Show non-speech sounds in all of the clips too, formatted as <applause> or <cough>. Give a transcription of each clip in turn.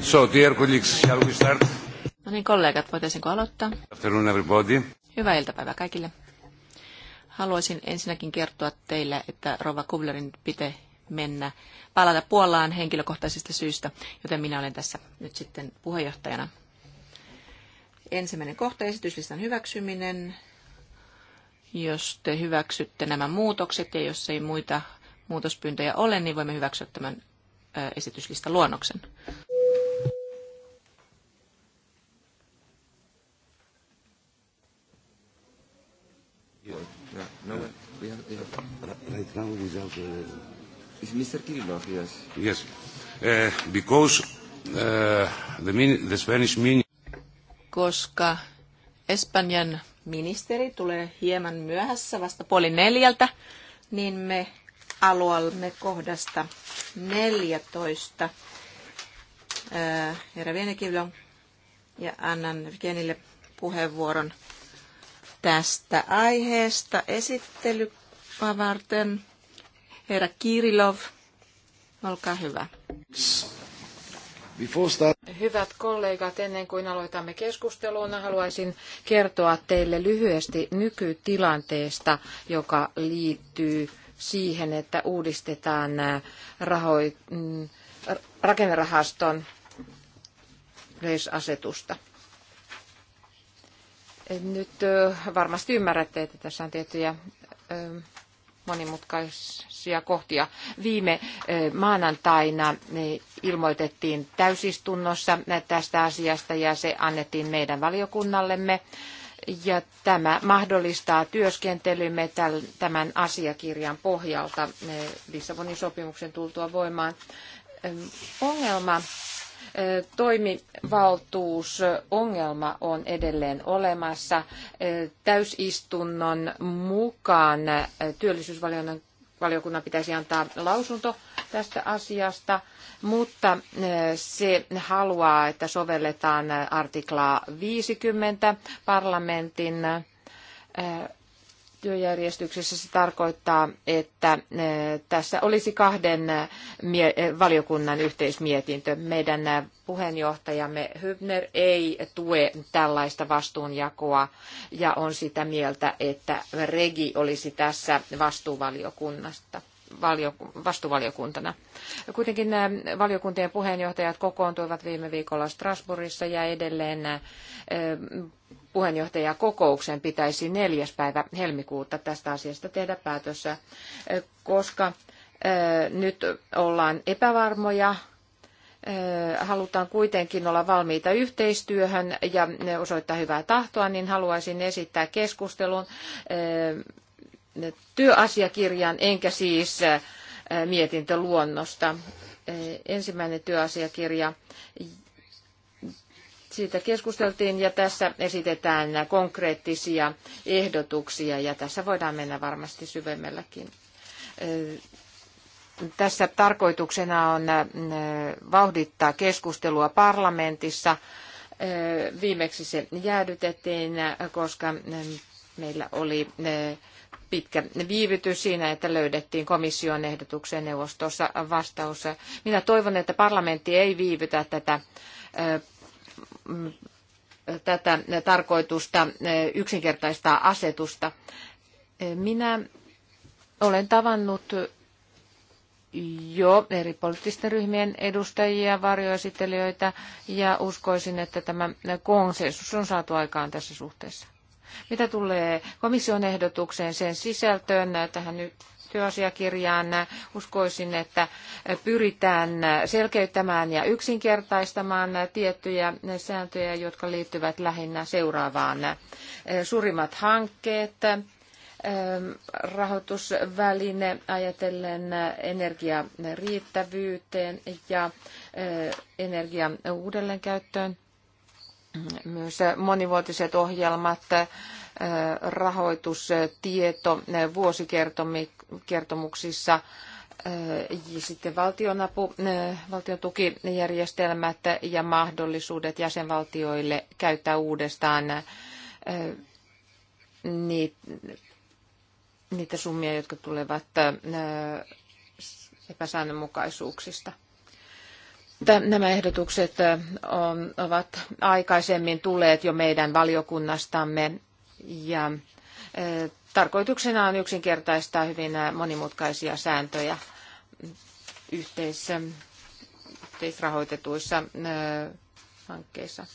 So, dear colleagues, shall we start? No niin, kollegat, voitaisiinko aloittaa? Afternoon everybody. Hyvää iltapäivää kaikille. Haluaisin ensinnäkin kertoa teille, että Rova Kublerin pite mennä palata Puolaan henkilökohtaisista syistä, joten minä olen tässä nyt sitten puheenjohtajana. Ensimmäinen kohta, esityslistan hyväksyminen. Jos te hyväksytte nämä muutokset ja jos ei muita muutospyyntöjä ole, niin voimme hyväksyä tämän esityslistaluonnoksen. Mr. Kirillov, yes. Yes. Uh, because uh, the, min- the Spanish min- Koska Espanjan ministeri tulee hieman myöhässä vasta puoli neljältä, niin me alueemme kohdasta 14. Äh, Herra Vienekivlon ja annan Evgenille puheenvuoron tästä aiheesta esittelyä varten. Herra Kirilov, olkaa hyvä. Hyvät kollegat, ennen kuin aloitamme keskustelun, haluaisin kertoa teille lyhyesti nykytilanteesta, joka liittyy siihen, että uudistetaan äh, mm, rakennerahaston yleisasetusta. Nyt äh, varmasti ymmärrätte, että tässä on tiettyjä äh, monimutkaisia kohtia. Viime maanantaina niin ilmoitettiin täysistunnossa tästä asiasta ja se annettiin meidän valiokunnallemme ja tämä mahdollistaa työskentelymme tämän asiakirjan pohjalta Lissabonin sopimuksen tultua voimaan. Ongelma, toimivaltuusongelma on edelleen olemassa. Täysistunnon mukaan työllisyysvaliokunnan pitäisi antaa lausunto tästä asiasta, mutta eh, se haluaa, että sovelletaan eh, artiklaa 50 parlamentin eh, työjärjestyksessä. Se tarkoittaa, että tässä olisi kahden valiokunnan yhteismietintö. Meidän puheenjohtajamme Hübner ei tue tällaista vastuunjakoa ja on sitä mieltä, että Regi olisi tässä vastuuvaliokunnasta vastuvaliokuntana. Kuitenkin nämä äh, valiokuntien puheenjohtajat kokoontuivat viime viikolla Strasbourgissa ja edelleen äh, puheenjohtajakokouksen pitäisi neljäs päivä helmikuuta tästä asiasta tehdä päätös, äh, koska nyt ollaan epävarmoja halutaan kuitenkin olla valmiita yhteistyöhön ja osoittaa hyvää tahtoa, niin haluaisin esittää keskustelun työasiakirjan, enkä siis mietintöluonnosta. Ensimmäinen työasiakirja, siitä keskusteltiin ja tässä esitetään konkreettisia ehdotuksia ja tässä voidaan mennä varmasti syvemmälläkin. Tässä tarkoituksena on vauhdittaa keskustelua parlamentissa. Viimeksi se jäädytettiin, koska meillä oli pitkä viivytys siinä, että löydettiin komission ehdotukseen neuvostossa vastaus. Minä toivon, että parlamentti ei viivytä tätä tätä tarkoitusta yksinkertaistaa asetusta. Minä olen tavannut jo eri poliittisten ryhmien edustajia, varjoesittelijöitä ja uskoisin, että tämä konsensus on saatu aikaan tässä suhteessa. Mitä tulee komission ehdotukseen, sen sisältöön, tähän työasiakirjaan, uskoisin, että pyritään selkeyttämään ja yksinkertaistamaan tiettyjä sääntöjä, jotka liittyvät lähinnä seuraavaan. suurimmat hankkeet, ähm, rahoitusväline ajatellen energiariittävyyteen ja äh, energian uudelleenkäyttöön myös monivuotiset ohjelmat, rahoitus, tieto vuosikertomuksissa ja sitten valtionapu, valtion ja mahdollisuudet jäsenvaltioille käyttää uudestaan niitä summia, jotka tulevat epäsäännönmukaisuuksista nämä ehdotukset ovat aikaisemmin tulleet jo meidän valiokunnastamme ja tarkoituksena on yksinkertaistaa hyvin monimutkaisia sääntöjä yhteisrahoitetuissa hankkeissa.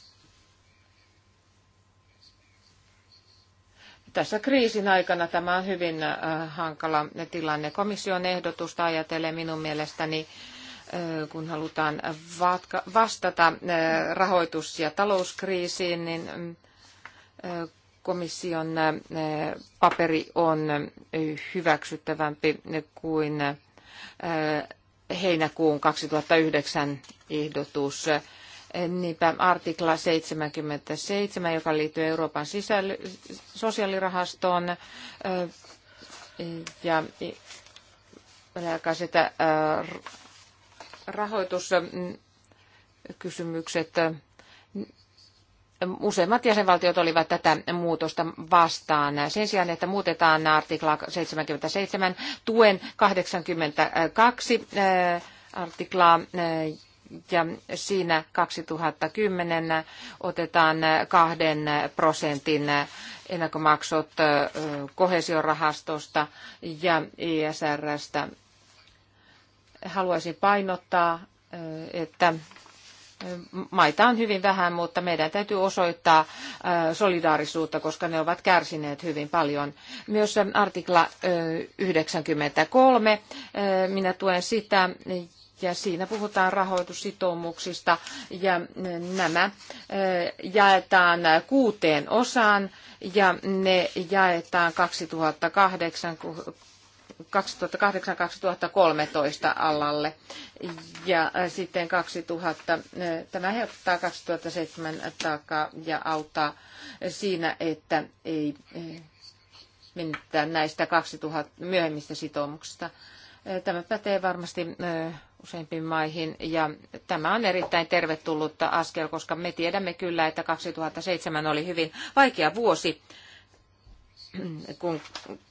Tässä kriisin aikana tämä on hyvin hankala tilanne. Komission ehdotusta ajatellen minun mielestäni kun halutaan vastata rahoitus- ja talouskriisiin, niin komission paperi on hyväksyttävämpi kuin heinäkuun 2009 ehdotus. Niinpä artikla 77, joka liittyy Euroopan sisällä, sosiaalirahastoon ja sitä rahoituskysymykset. Useimmat jäsenvaltiot olivat tätä muutosta vastaan. Sen sijaan, että muutetaan artikla 77 tuen 82 äh, artiklaa äh, ja siinä 2010 otetaan kahden prosentin ennakkomaksut äh, kohesiorahastosta ja ESRstä haluaisin painottaa, että maita on hyvin vähän, mutta meidän täytyy osoittaa solidaarisuutta, koska ne ovat kärsineet hyvin paljon. Myös artikla 93, minä tuen sitä, ja siinä puhutaan rahoitussitoumuksista ja nämä jaetaan kuuteen osaan ja ne jaetaan 2008 2008-2013 alalle. Ja äh, sitten 2000, äh, tämä helpottaa 2007 taakkaa ja auttaa siinä, että ei äh, menettää näistä 2000 myöhemmistä sitoumuksista. Tämä pätee varmasti useimpiin maihin ja tämä on erittäin tervetullut askel, koska me tiedämme kyllä, että 2007 oli hyvin vaikea vuosi kun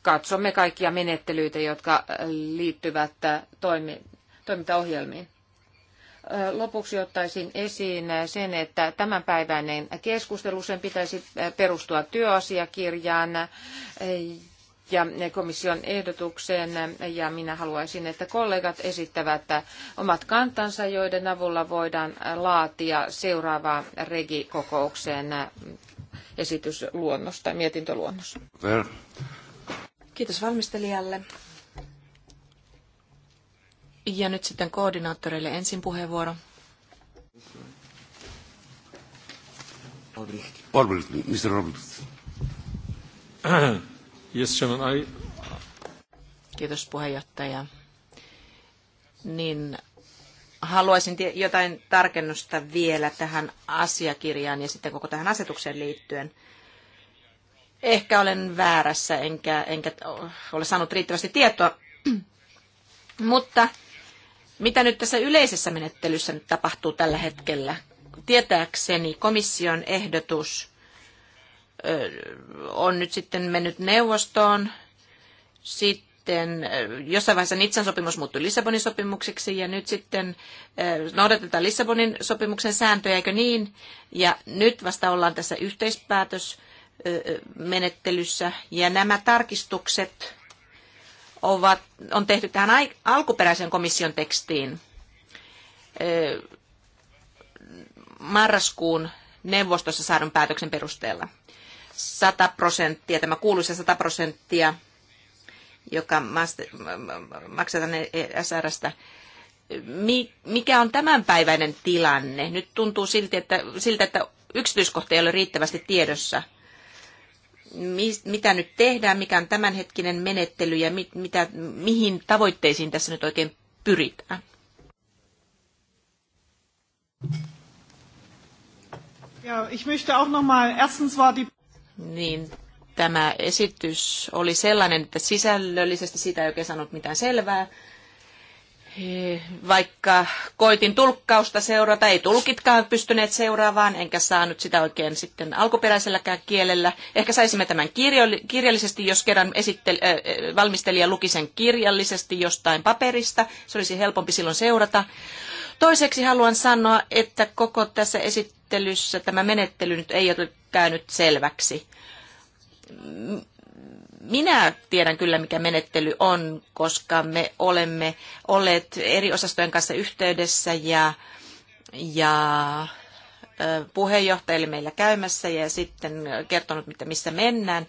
katsomme kaikkia menettelyitä, jotka liittyvät toimi, toimintaohjelmiin. Lopuksi ottaisin esiin sen, että tämänpäiväinen keskustelu sen pitäisi perustua työasiakirjaan ja komission ehdotukseen, ja minä haluaisin, että kollegat esittävät omat kantansa, joiden avulla voidaan laatia seuraavaan regikokoukseen esitysluonnos tai mietintöluonnos. Kiitos valmistelijalle. Ja nyt sitten koordinaattoreille ensin puheenvuoro. Mr. Olbricht. <clears throat> Kiitos puheenjohtaja. Niin haluaisin jotain tarkennusta vielä tähän asiakirjaan ja sitten koko tähän asetukseen liittyen. Ehkä olen väärässä, enkä, enkä ole saanut riittävästi tietoa, <clears throat> mutta mitä nyt tässä yleisessä menettelyssä nyt tapahtuu tällä hetkellä? Tietääkseni komission ehdotus on nyt sitten mennyt neuvostoon, sitten sitten eh, jossain vaiheessa Nitsan sopimus muuttui Lissabonin sopimukseksi ja nyt sitten eh, noudatetaan Lissabonin sopimuksen sääntöjä, eikö niin? Ja nyt vasta ollaan tässä yhteispäätösmenettelyssä eh, ja nämä tarkistukset ovat, on tehty tähän alkuperäisen komission tekstiin marraskuun neuvostossa saadun päätöksen perusteella. 100 prosenttia, tämä kuuluisa 100 prosenttia joka maksetaan SRstä. Mikä on tämänpäiväinen tilanne? Nyt tuntuu silti, että, siltä, että yksityiskohtia ei ole riittävästi tiedossa. Mitä nyt tehdään, mikä on tämänhetkinen menettely ja mitä, mihin tavoitteisiin tässä nyt oikein pyritään? Ja, ich möchte auch noch mal, erstens war die... Niin, tämä esitys oli sellainen, että sisällöllisesti sitä ei oikein sanonut mitään selvää. Vaikka koitin tulkkausta seurata, ei tulkitkaan pystyneet seuraavaan, enkä saanut sitä oikein sitten alkuperäiselläkään kielellä. Ehkä saisimme tämän kirjallisesti, jos kerran esittel, äh, äh, valmistelija luki sen kirjallisesti jostain paperista. Se olisi helpompi silloin seurata. Toiseksi haluan sanoa, että koko tässä esittelyssä tämä menettely nyt ei ole käynyt selväksi minä tiedän kyllä, mikä menettely on, koska me olemme olleet eri osastojen kanssa yhteydessä ja, ja puheenjohtajille meillä käymässä ja sitten kertonut, mitä, missä mennään.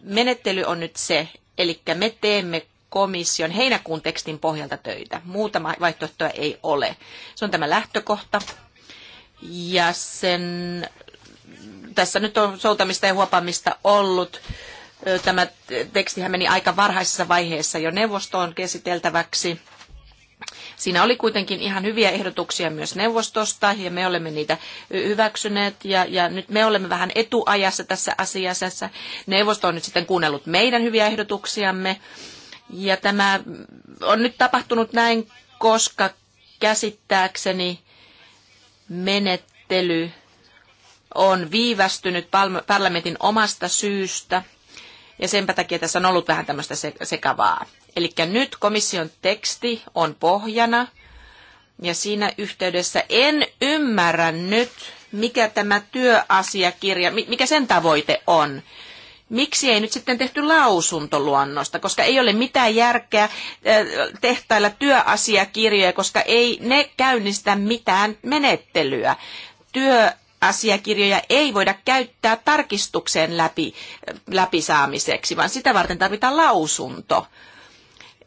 Menettely on nyt se, eli me teemme komission heinäkuun tekstin pohjalta töitä. Muutama vaihtoehtoa ei ole. Se on tämä lähtökohta. Ja sen tässä nyt on soutamista ja huopamista ollut. Tämä tekstihän meni aika varhaisessa vaiheessa jo neuvostoon käsiteltäväksi. Siinä oli kuitenkin ihan hyviä ehdotuksia myös neuvostosta ja me olemme niitä hyväksyneet ja, ja nyt me olemme vähän etuajassa tässä asiassa. Neuvosto on nyt sitten kuunnellut meidän hyviä ehdotuksiamme ja tämä on nyt tapahtunut näin, koska käsittääkseni menettely on viivästynyt parlamentin omasta syystä, ja senpä takia tässä on ollut vähän tämmöistä sekavaa. Eli nyt komission teksti on pohjana, ja siinä yhteydessä en ymmärrä nyt, mikä tämä työasiakirja, mikä sen tavoite on. Miksi ei nyt sitten tehty lausuntoluonnosta, koska ei ole mitään järkeä äh, tehtailla työasiakirjoja, koska ei ne käynnistä mitään menettelyä. Työ asiakirjoja ei voida käyttää tarkistuksen läpi, läpisaamiseksi, vaan sitä varten tarvitaan lausunto.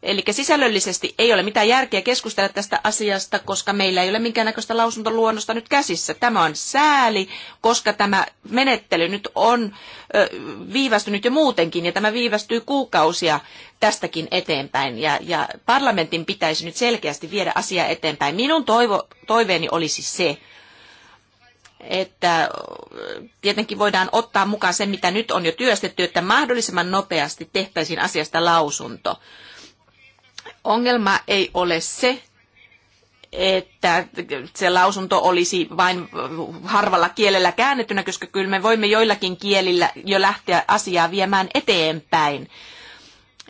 Eli sisällöllisesti ei ole mitään järkeä keskustella tästä asiasta, koska meillä ei ole minkäännäköistä lausuntoluonnosta nyt käsissä. Tämä on sääli, koska tämä menettely nyt on ö, viivästynyt jo muutenkin, ja tämä viivästyy kuukausia tästäkin eteenpäin. Ja, ja parlamentin pitäisi nyt selkeästi viedä asiaa eteenpäin. Minun toivo, toiveeni olisi se, että tietenkin voidaan ottaa mukaan se, mitä nyt on jo työstetty, että mahdollisimman nopeasti tehtäisiin asiasta lausunto. Ongelma ei ole se, että se lausunto olisi vain harvalla kielellä käännettynä, koska kyllä me voimme joillakin kielillä jo lähteä asiaa viemään eteenpäin.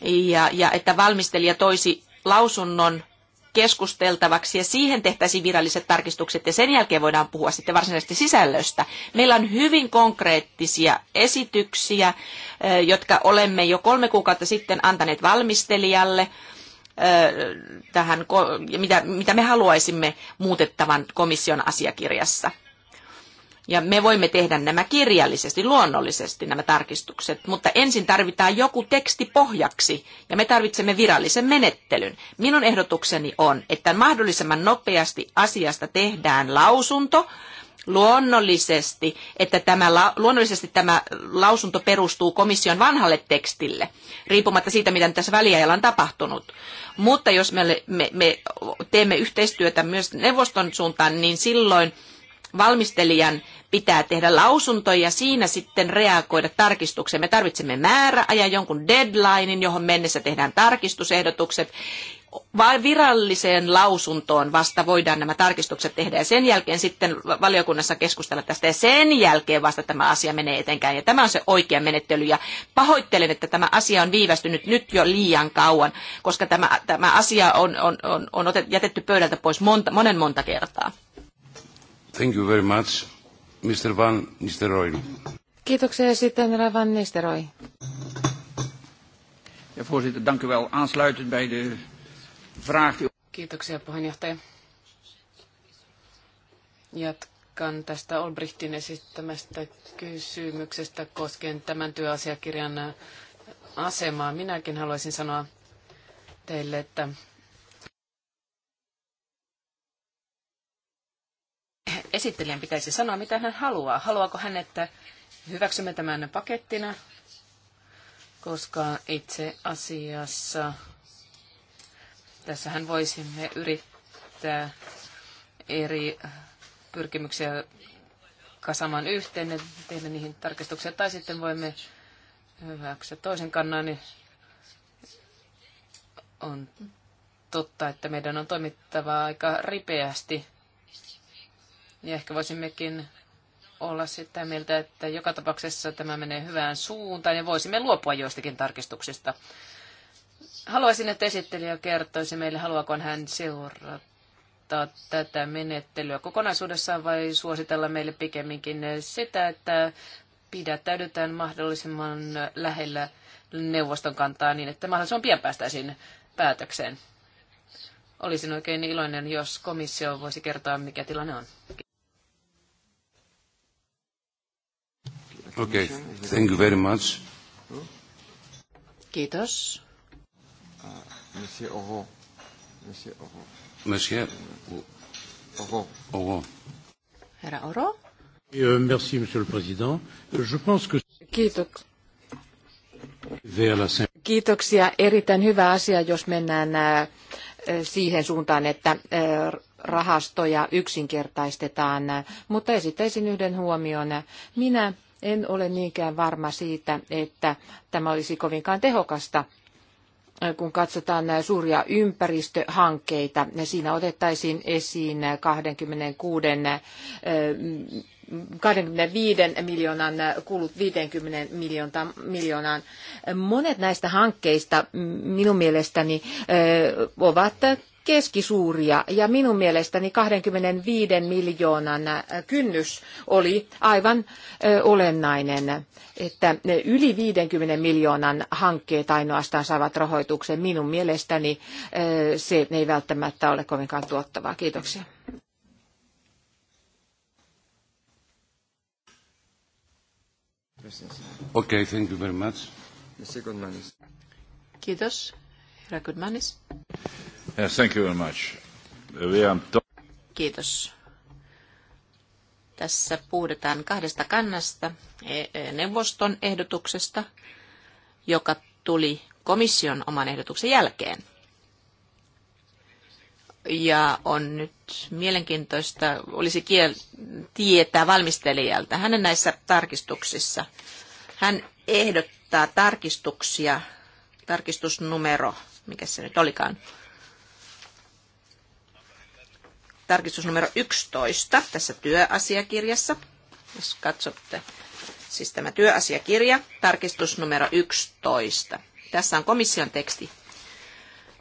Ja, ja että valmistelija toisi lausunnon keskusteltavaksi ja siihen tehtäisiin viralliset tarkistukset ja sen jälkeen voidaan puhua sitten varsinaisesti sisällöstä. Meillä on hyvin konkreettisia esityksiä, jotka olemme jo kolme kuukautta sitten antaneet valmistelijalle tähän, mitä, mitä me haluaisimme muutettavan komission asiakirjassa. Ja me voimme tehdä nämä kirjallisesti, luonnollisesti nämä tarkistukset, mutta ensin tarvitaan joku teksti pohjaksi ja me tarvitsemme virallisen menettelyn. Minun ehdotukseni on, että mahdollisimman nopeasti asiasta tehdään lausunto, luonnollisesti, että tämä, luonnollisesti tämä lausunto perustuu komission vanhalle tekstille, riippumatta siitä, mitä tässä väliajalla on tapahtunut. Mutta jos me, me, me teemme yhteistyötä myös neuvoston suuntaan, niin silloin valmistelijan pitää tehdä lausuntoja ja siinä sitten reagoida tarkistukseen. Me tarvitsemme määräajan, jonkun deadlinein, johon mennessä tehdään tarkistusehdotukset. Vai viralliseen lausuntoon vasta voidaan nämä tarkistukset tehdä ja sen jälkeen sitten valiokunnassa keskustella tästä ja sen jälkeen vasta tämä asia menee etenkään ja tämä on se oikea menettely ja pahoittelen, että tämä asia on viivästynyt nyt jo liian kauan, koska tämä, tämä asia on, on, on, on otet, jätetty pöydältä pois monta, monen monta kertaa. Thank you very much, Mr. Van Nistelrooy. Kiitoksia sitten herra Van Nistelrooy. Ja voorzitter, dank u wel. Aansluitend bij de vraag die... Kiitoksia puheenjohtaja. Jatkan tästä Olbrichtin esittämästä kysymyksestä koskien tämän työasiakirjan asemaa. Minäkin haluaisin sanoa teille, että esittelijän pitäisi sanoa, mitä hän haluaa. Haluaako hän, että hyväksymme tämän pakettina, koska itse asiassa tässähän voisimme yrittää eri pyrkimyksiä kasamaan yhteen ja tehdä niihin tarkistuksia, tai sitten voimme hyväksyä toisen kannan, niin on totta, että meidän on toimittava aika ripeästi niin ehkä voisimmekin olla sitä mieltä, että joka tapauksessa tämä menee hyvään suuntaan ja voisimme luopua joistakin tarkistuksista. Haluaisin, että esittelijä kertoisi meille, haluaako hän seurata tätä menettelyä kokonaisuudessaan vai suositella meille pikemminkin sitä, että pidättäydytään mahdollisimman lähellä neuvoston kantaa niin, että mahdollisimman pian päästäisiin päätökseen. Olisin oikein iloinen, jos komissio voisi kertoa, mikä tilanne on. Okay, thank you very much. Kiitos. Uh, monsieur Oro. Monsieur Oro. Monsieur Oro. Oro. Herra Oro. Euh, merci, monsieur le président. Euh, je pense que... Kiitos. Kiitoksia. Erittäin hyvä asia, jos mennään äh, äh, siihen suuntaan, että äh, rahastoja yksinkertaistetaan, mutta esittäisin yhden huomion. Minä en ole niinkään varma siitä, että tämä olisi kovinkaan tehokasta, kun katsotaan suuria ympäristöhankkeita. Siinä otettaisiin esiin 26 25 miljoonan kulut 50 miljoonaan. Monet näistä hankkeista minun mielestäni ovat keskisuuria ja minun mielestäni 25 miljoonan äh, kynnys oli aivan äh, olennainen, että äh, yli 50 miljoonan hankkeet ainoastaan saavat rahoituksen. Minun mielestäni se ei välttämättä ole kovinkaan tuottavaa. Kiitoksia. Okay, thank you very much. Kiitos, herra Goodmanis thank you very much. Kiitos. Tässä puhutaan kahdesta kannasta, e, e, neuvoston ehdotuksesta, joka tuli komission oman ehdotuksen jälkeen. Ja on nyt mielenkiintoista, olisi kiel- tietää valmistelijalta hänen näissä tarkistuksissa. Hän ehdottaa tarkistuksia, tarkistusnumero, mikä se nyt olikaan, tarkistus numero 11 tässä työasiakirjassa. Jos katsotte, siis tämä työasiakirja, tarkistus numero 11. Tässä on komission teksti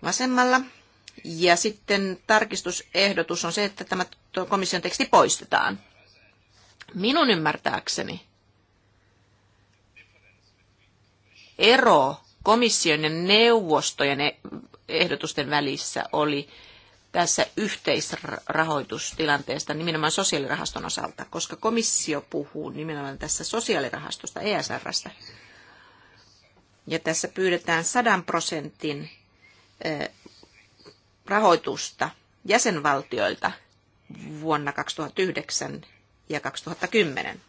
vasemmalla. Ja sitten tarkistusehdotus on se, että tämä komission teksti poistetaan. Minun ymmärtääkseni ero komission ja neuvostojen e- ehdotusten välissä oli tässä yhteisrahoitustilanteesta nimenomaan sosiaalirahaston osalta, koska komissio puhuu nimenomaan tässä sosiaalirahastosta, ESRstä. Ja tässä pyydetään sadan prosentin rahoitusta jäsenvaltioilta vuonna 2009 ja 2010,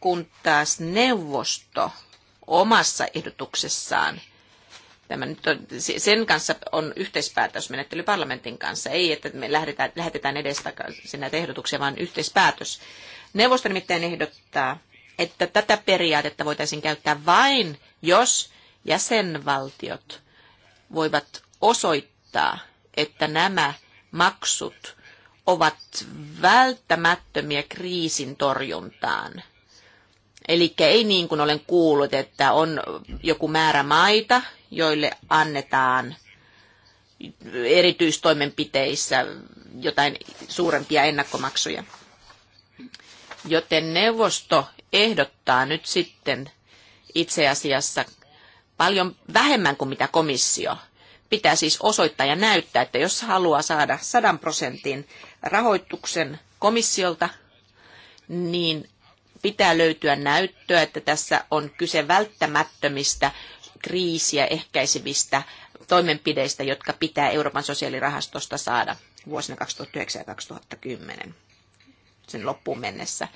kun taas neuvosto omassa ehdotuksessaan Tämä nyt on, sen kanssa on yhteispäätösmenettely parlamentin kanssa. Ei, että me lähdetään, lähetetään edestakaisin näitä ehdotuksia, vaan yhteispäätös. Neuvosto nimittäin ehdottaa, että tätä periaatetta voitaisiin käyttää vain, jos jäsenvaltiot voivat osoittaa, että nämä maksut ovat välttämättömiä kriisin torjuntaan. Eli ei niin kuin olen kuullut, että on joku määrä maita, joille annetaan erityistoimenpiteissä jotain suurempia ennakkomaksuja. Joten neuvosto ehdottaa nyt sitten itse asiassa paljon vähemmän kuin mitä komissio. Pitää siis osoittaa ja näyttää, että jos haluaa saada 100 prosentin rahoituksen komissiolta, niin pitää löytyä näyttöä, että tässä on kyse välttämättömistä kriisiä ehkäisevistä toimenpideistä, jotka pitää Euroopan sosiaalirahastosta saada vuosina 2009 ja 2010 sen loppuun mennessä.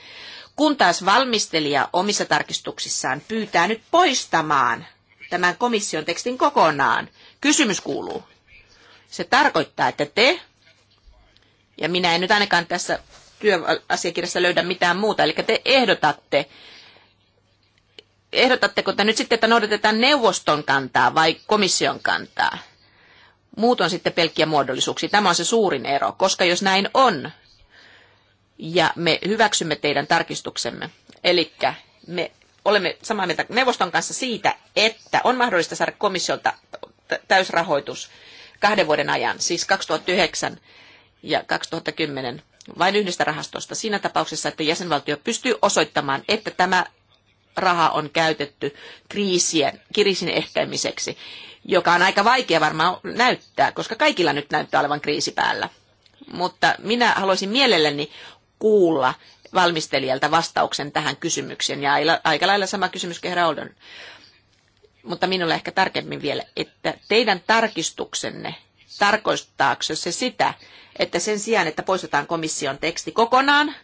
Kun taas valmistelija omissa tarkistuksissaan pyytää nyt poistamaan tämän komission tekstin kokonaan. Kysymys kuuluu. Se tarkoittaa, että te, ja minä en nyt ainakaan tässä työasiakirjassa löydä mitään muuta, eli te ehdotatte ehdotatteko te nyt sitten, että noudatetaan neuvoston kantaa vai komission kantaa? Muut on sitten pelkkiä muodollisuuksia. Tämä on se suurin ero, koska jos näin on, ja me hyväksymme teidän tarkistuksemme, eli me olemme samaa mieltä neuvoston kanssa siitä, että on mahdollista saada komissiolta täysrahoitus kahden vuoden ajan, siis 2009 ja 2010 vain yhdestä rahastosta siinä tapauksessa, että jäsenvaltio pystyy osoittamaan, että tämä raha on käytetty kriisien, kriisin ehkäimiseksi, joka on aika vaikea varmaan näyttää, koska kaikilla nyt näyttää olevan kriisi päällä. Mutta minä haluaisin mielelläni kuulla valmistelijalta vastauksen tähän kysymykseen, ja aika lailla sama kysymys kuin herra Oldon. Mutta minulle ehkä tarkemmin vielä, että teidän tarkistuksenne tarkoittaako se sitä, että sen sijaan, että poistetaan komission teksti kokonaan,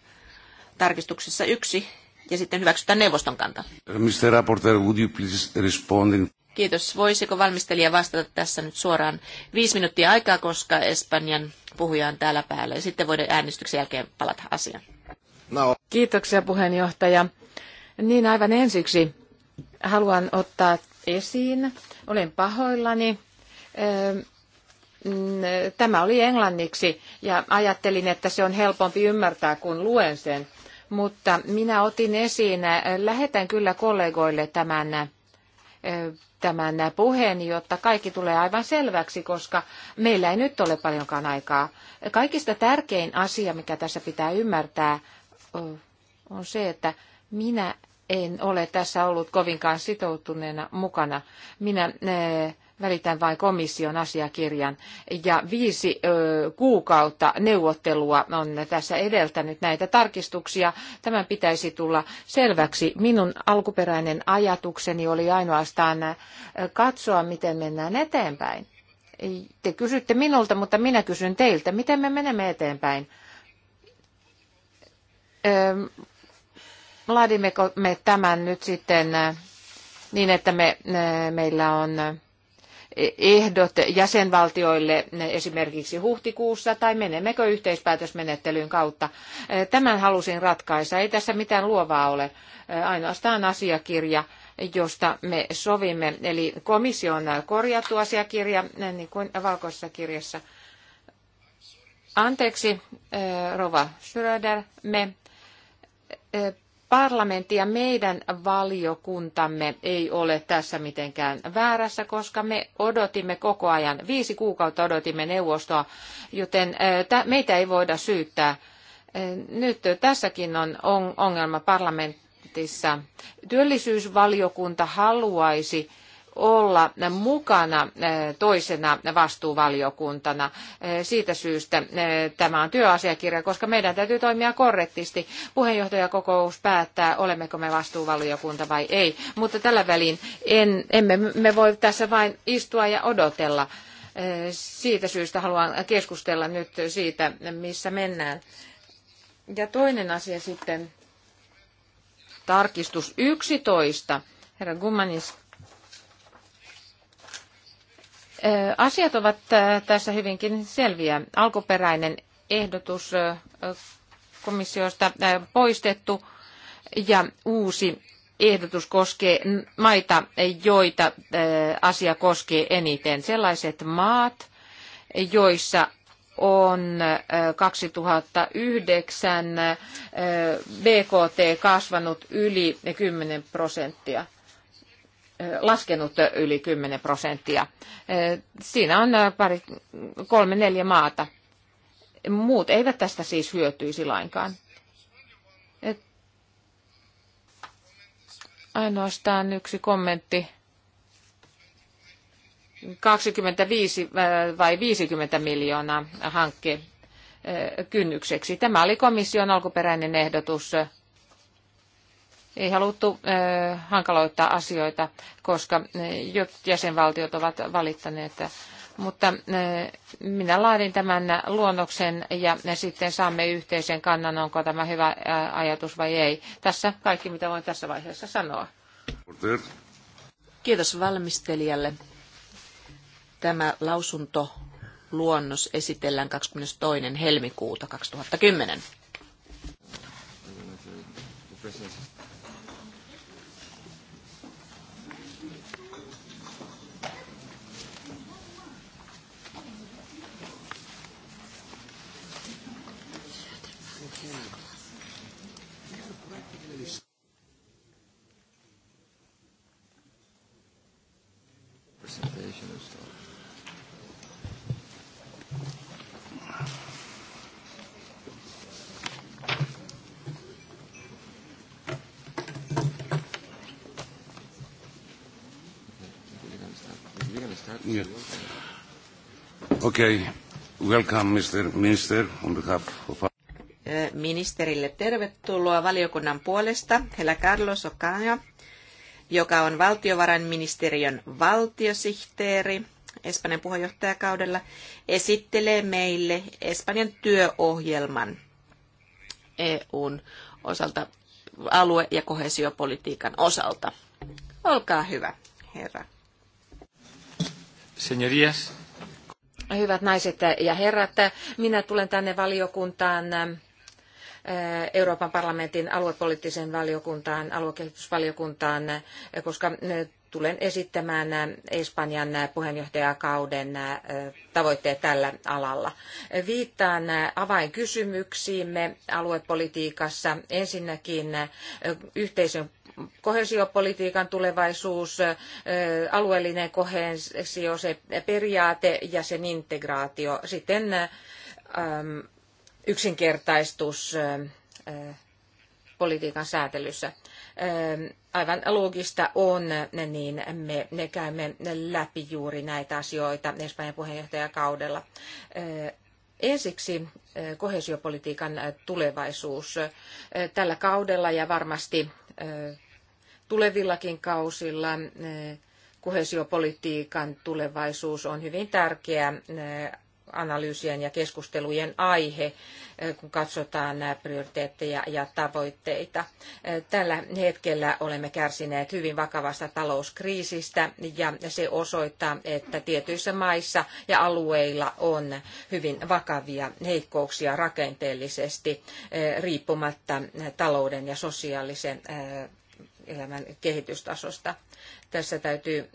tarkistuksessa yksi, ja sitten hyväksytään neuvoston kanta. Mr. Rapporteur, would you please respond in... Kiitos. Voisiko valmistelija vastata tässä nyt suoraan viisi minuuttia aikaa, koska Espanjan puhuja on täällä päällä. Ja sitten voidaan äänestyksen jälkeen palata asiaan. No. Kiitoksia puheenjohtaja. Niin aivan ensiksi haluan ottaa esiin. Olen pahoillani. Öö, tämä oli englanniksi ja ajattelin, että se on helpompi ymmärtää, kun luen sen mutta minä otin esiin, lähetän kyllä kollegoille tämän, tämän puheen, jotta kaikki tulee aivan selväksi, koska meillä ei nyt ole paljonkaan aikaa. Kaikista tärkein asia, mikä tässä pitää ymmärtää, on se, että minä en ole tässä ollut kovinkaan sitoutuneena mukana. Minä välitän vain komission asiakirjan. Ja viisi kuukautta neuvottelua on tässä edeltänyt näitä tarkistuksia. Tämän pitäisi tulla selväksi. Minun alkuperäinen ajatukseni oli ainoastaan katsoa, miten mennään eteenpäin. Te kysytte minulta, mutta minä kysyn teiltä, miten me menemme eteenpäin. Laadimmeko me tämän nyt sitten niin, että me, meillä on ehdot jäsenvaltioille esimerkiksi huhtikuussa tai menemmekö yhteispäätösmenettelyn kautta. Tämän halusin ratkaista. Ei tässä mitään luovaa ole, ainoastaan asiakirja josta me sovimme. Eli komission korjattu asiakirja, niin kuin valkoisessa kirjassa. Anteeksi, Rova Schröder, me parlamentti ja meidän valiokuntamme ei ole tässä mitenkään väärässä, koska me odotimme koko ajan, viisi kuukautta odotimme neuvostoa, joten meitä ei voida syyttää. Nyt tässäkin on ongelma parlamentissa. Työllisyysvaliokunta haluaisi olla mukana eh, toisena vastuuvaliokuntana. Eh, siitä syystä eh, tämä on työasiakirja, koska meidän täytyy toimia korrektisti. Puheenjohtajakokous päättää, olemmeko me vastuuvaliokunta vai ei. Mutta tällä välin en, emme me voi tässä vain istua ja odotella. Siitä syystä haluan keskustella nyt siitä, missä mennään. Ja toinen asia sitten, tarkistus 11. Herra Gumanis Asiat ovat tässä hyvinkin selviä. Alkuperäinen ehdotus komissiosta poistettu ja uusi ehdotus koskee maita, joita asia koskee eniten. Sellaiset maat, joissa on 2009 BKT kasvanut yli 10 prosenttia laskenut yli 10 prosenttia. Siinä on pari, kolme, neljä maata. Muut eivät tästä siis hyötyisi lainkaan. Ainoastaan yksi kommentti. 25 vai 50 miljoonaa hankkeen kynnykseksi. Tämä oli komission alkuperäinen ehdotus ei haluttu hankaloittaa asioita, koska jotkut jäsenvaltiot ovat valittaneet, mutta minä laadin tämän luonnoksen ja sitten saamme yhteisen kannan, onko tämä hyvä ajatus vai ei. Tässä kaikki, mitä voin tässä vaiheessa sanoa. Kiitos valmistelijalle. Tämä lausunto luonnos esitellään 22. helmikuuta 2010. Okay. Welcome, Mr. Minister, on behalf of... Ministerille tervetuloa valiokunnan puolesta. Hela Carlos Ocaña, joka on valtiovarainministeriön valtiosihteeri Espanjan puheenjohtajakaudella, esittelee meille Espanjan työohjelman EUn osalta alue- ja kohesiopolitiikan osalta. Olkaa hyvä, herra. Señorías, Hyvät naiset ja herrat, minä tulen tänne valiokuntaan Euroopan parlamentin aluepoliittiseen valiokuntaan, aluekehitysvaliokuntaan, koska tulen esittämään Espanjan puheenjohtajakauden tavoitteet tällä alalla. Viittaan avainkysymyksiimme aluepolitiikassa. Ensinnäkin yhteisön kohesiopolitiikan tulevaisuus, alueellinen kohesio, se periaate ja sen integraatio. Sitten yksinkertaistus politiikan säätelyssä. Aivan loogista on, niin me, me käymme läpi juuri näitä asioita Espanjan puheenjohtajakaudella. Ensiksi kohesiopolitiikan tulevaisuus tällä kaudella ja varmasti tulevillakin kausilla kohesiopolitiikan tulevaisuus on hyvin tärkeä analyysien ja keskustelujen aihe, eh, kun katsotaan nämä prioriteetteja ja tavoitteita. Eh, tällä hetkellä olemme kärsineet hyvin vakavasta talouskriisistä ja se osoittaa, että tietyissä maissa ja alueilla on hyvin vakavia heikkouksia rakenteellisesti eh, riippumatta talouden ja sosiaalisen elämän kehitystasosta. Tässä täytyy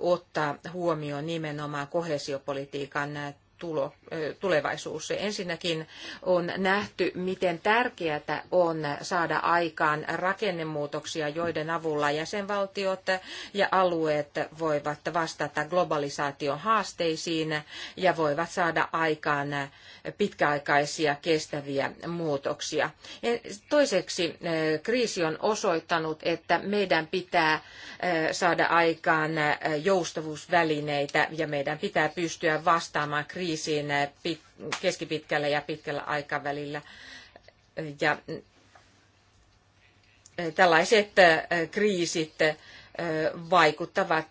ottaa huomioon nimenomaan koheesiopolitiikan tulo tulevaisuus. Ensinnäkin on nähty, miten tärkeää on saada aikaan rakennemuutoksia, joiden avulla jäsenvaltiot ja alueet voivat vastata globalisaation haasteisiin ja voivat saada aikaan pitkäaikaisia kestäviä muutoksia. Toiseksi kriisi on osoittanut, että meidän pitää saada aikaan joustavuusvälineitä ja meidän pitää pystyä vastaamaan kriisiin keskipitkällä ja pitkällä aikavälillä. Ja tällaiset kriisit vaikuttavat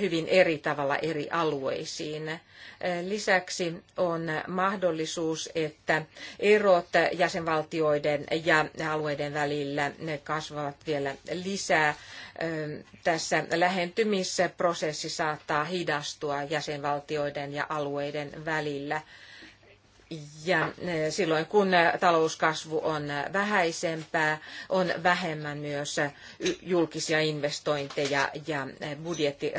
hyvin eri tavalla eri alueisiin. Lisäksi on mahdollisuus, että erot jäsenvaltioiden ja alueiden välillä kasvavat vielä lisää. Tässä lähentymisprosessi saattaa hidastua jäsenvaltioiden ja alueiden välillä ja eh, silloin kun eh, talouskasvu on eh, vähäisempää, on vähemmän myös julkisia investointeja ja budjetti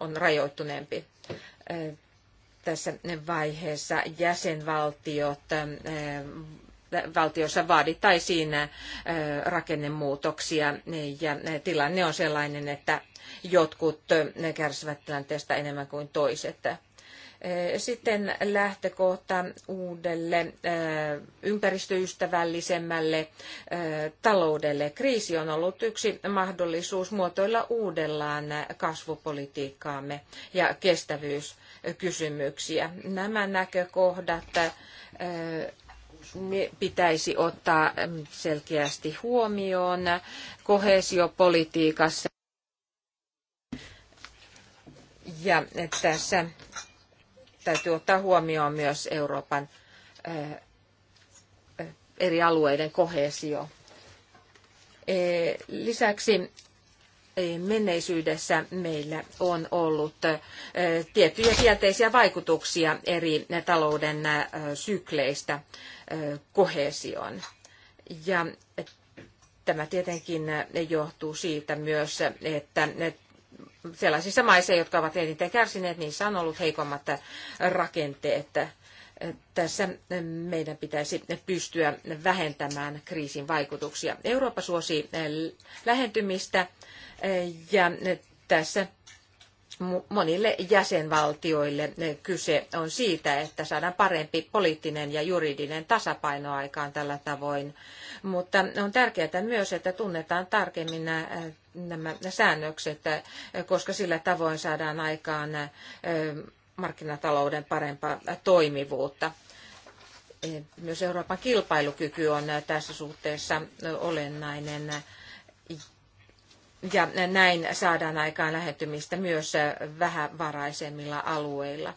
on rajoittuneempi. Tässä vaiheessa jäsenvaltiot valtiossa vaadittaisiin rakennemuutoksia ja tilanne on sellainen, että jotkut kärsivät tilanteesta enemmän kuin toiset Eh, sitten lähtökohta uudelle eh, ympäristöystävällisemmälle eh, taloudelle. Kriisi on ollut yksi mahdollisuus muotoilla uudellaan kasvupolitiikkaamme ja kestävyyskysymyksiä. Nämä näkökohdat pitäisi ottaa selkeästi huomioon koheesiopolitiikassa Ja tässä täytyy ottaa huomioon myös Euroopan eh, eh, eri alueiden kohesio. Eh, lisäksi menneisyydessä meillä on ollut tiettyjä kielteisiä vaikutuksia eri talouden sykleistä kohesioon. Ja tämä tietenkin johtuu siitä myös, että sellaisissa maissa, jotka ovat eniten kärsineet, niissä on ollut heikommat rakenteet. Tässä meidän pitäisi pystyä vähentämään kriisin vaikutuksia. Eurooppa suosii lähentymistä ja tässä monille jäsenvaltioille. Kyse on siitä, että saadaan parempi poliittinen ja juridinen tasapaino aikaan tällä tavoin. Mutta on tärkeää myös, että tunnetaan tarkemmin nämä säännökset, koska sillä tavoin saadaan aikaan markkinatalouden parempaa toimivuutta. E, myös Euroopan kilpailukyky on tässä suhteessa olennainen ja näin saadaan aikaan lähentymistä myös vähävaraisemmilla alueilla.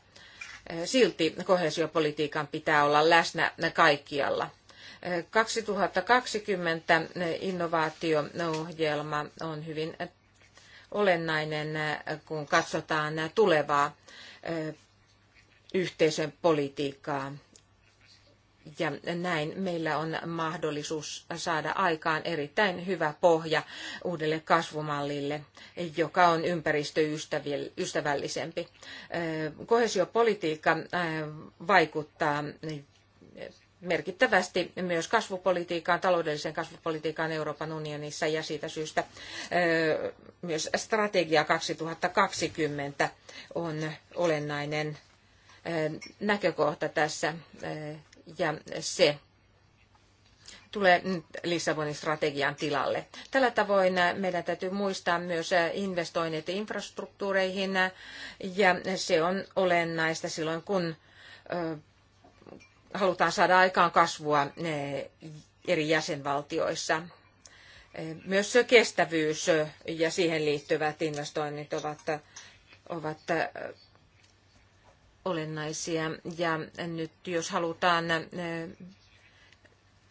Silti koheesiopolitiikan pitää olla läsnä kaikkialla. 2020 innovaatio-ohjelma on hyvin olennainen, kun katsotaan tulevaa yhteisön politiikkaa. Ja näin meillä on mahdollisuus saada aikaan erittäin hyvä pohja uudelle kasvumallille, joka on ympäristöystävällisempi. Kohesiopolitiikka vaikuttaa merkittävästi myös kasvupolitiikkaan, taloudelliseen kasvupolitiikkaan Euroopan unionissa ja siitä syystä myös strategia 2020 on olennainen näkökohta tässä ja se tulee nyt Lissabonin strategian tilalle. Tällä tavoin meidän täytyy muistaa myös investoinnit infrastruktuureihin ja se on olennaista silloin, kun halutaan saada aikaan kasvua e, eri jäsenvaltioissa. E, myös kestävyys ja siihen liittyvät investoinnit ovat, ovat olennaisia. Ja nyt jos halutaan, äh,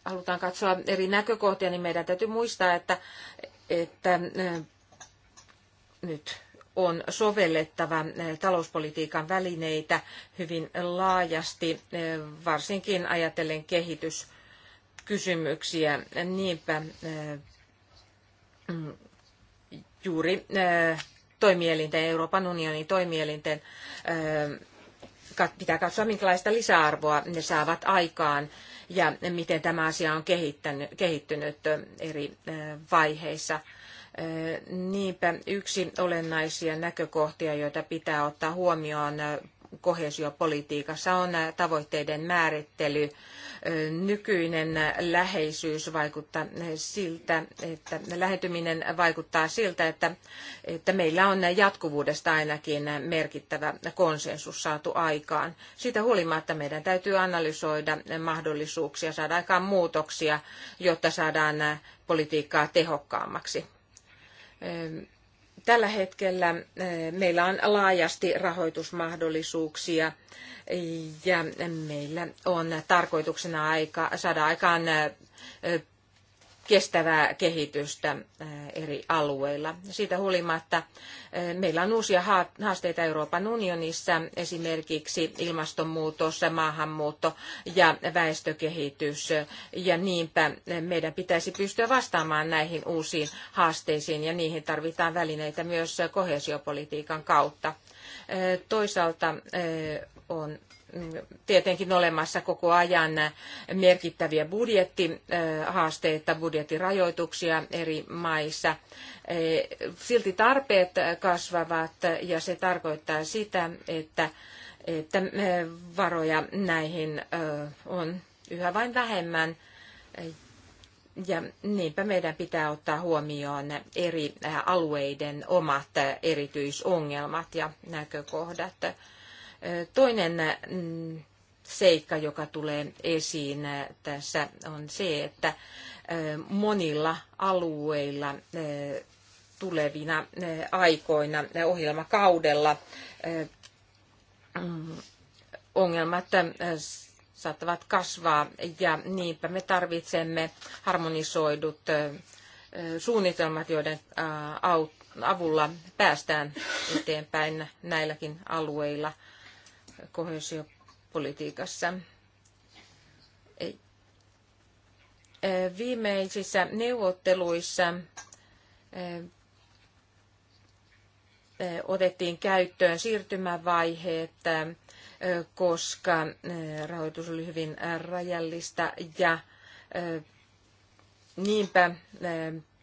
halutaan katsoa eri näkökohtia, niin meidän täytyy muistaa, että, että äh, nyt on sovellettava äh, talouspolitiikan välineitä hyvin laajasti, varsinkin ajatellen kehityskysymyksiä. Niinpä juuri toimielinten, Euroopan unionin toimielinten pitää katsoa, minkälaista lisäarvoa ne saavat aikaan ja miten tämä asia on kehittynyt eri vaiheissa. Niinpä yksi olennaisia näkökohtia, joita pitää ottaa huomioon koheesiopolitiikassa on tavoitteiden määrittely nykyinen läheisyys vaikuttaa siltä, että lähentyminen vaikuttaa siltä, että, että meillä on jatkuvuudesta ainakin merkittävä konsensus saatu aikaan. Siitä huolimatta meidän täytyy analysoida mahdollisuuksia saada aikaan muutoksia, jotta saadaan politiikkaa tehokkaammaksi Tällä hetkellä eh, meillä on laajasti rahoitusmahdollisuuksia ja meillä on tarkoituksena aika, saada aikaan eh, kestävää kehitystä äh, eri alueilla. Siitä huolimatta äh, meillä on uusia haasteita Euroopan unionissa, esimerkiksi ilmastonmuutos, maahanmuutto ja väestökehitys, ja niinpä meidän pitäisi pystyä vastaamaan näihin uusiin haasteisiin, ja niihin tarvitaan välineitä myös kohesiopolitiikan kautta. Äh, toisaalta on tietenkin olemassa koko ajan merkittäviä budjettihaasteita, budjettirajoituksia eri maissa. E, silti tarpeet kasvavat ja se tarkoittaa sitä, että, että varoja näihin on yhä vain vähemmän. Ja niinpä meidän pitää ottaa huomioon eri alueiden omat erityisongelmat ja näkökohdat Toinen mm, seikka, joka tulee esiin äh, tässä, on se, että äh, monilla alueilla äh, tulevina aikoina ohjelmakaudella mm, ongelmat saattavat kasvaa ja niinpä me tarvitsemme harmonisoidut suunnitelmat, joiden avulla päästään eteenpäin näilläkin alueilla – kohesiopolitiikassa. Viimeisissä neuvotteluissa otettiin käyttöön siirtymävaiheet, koska rahoitus oli hyvin rajallista ja niinpä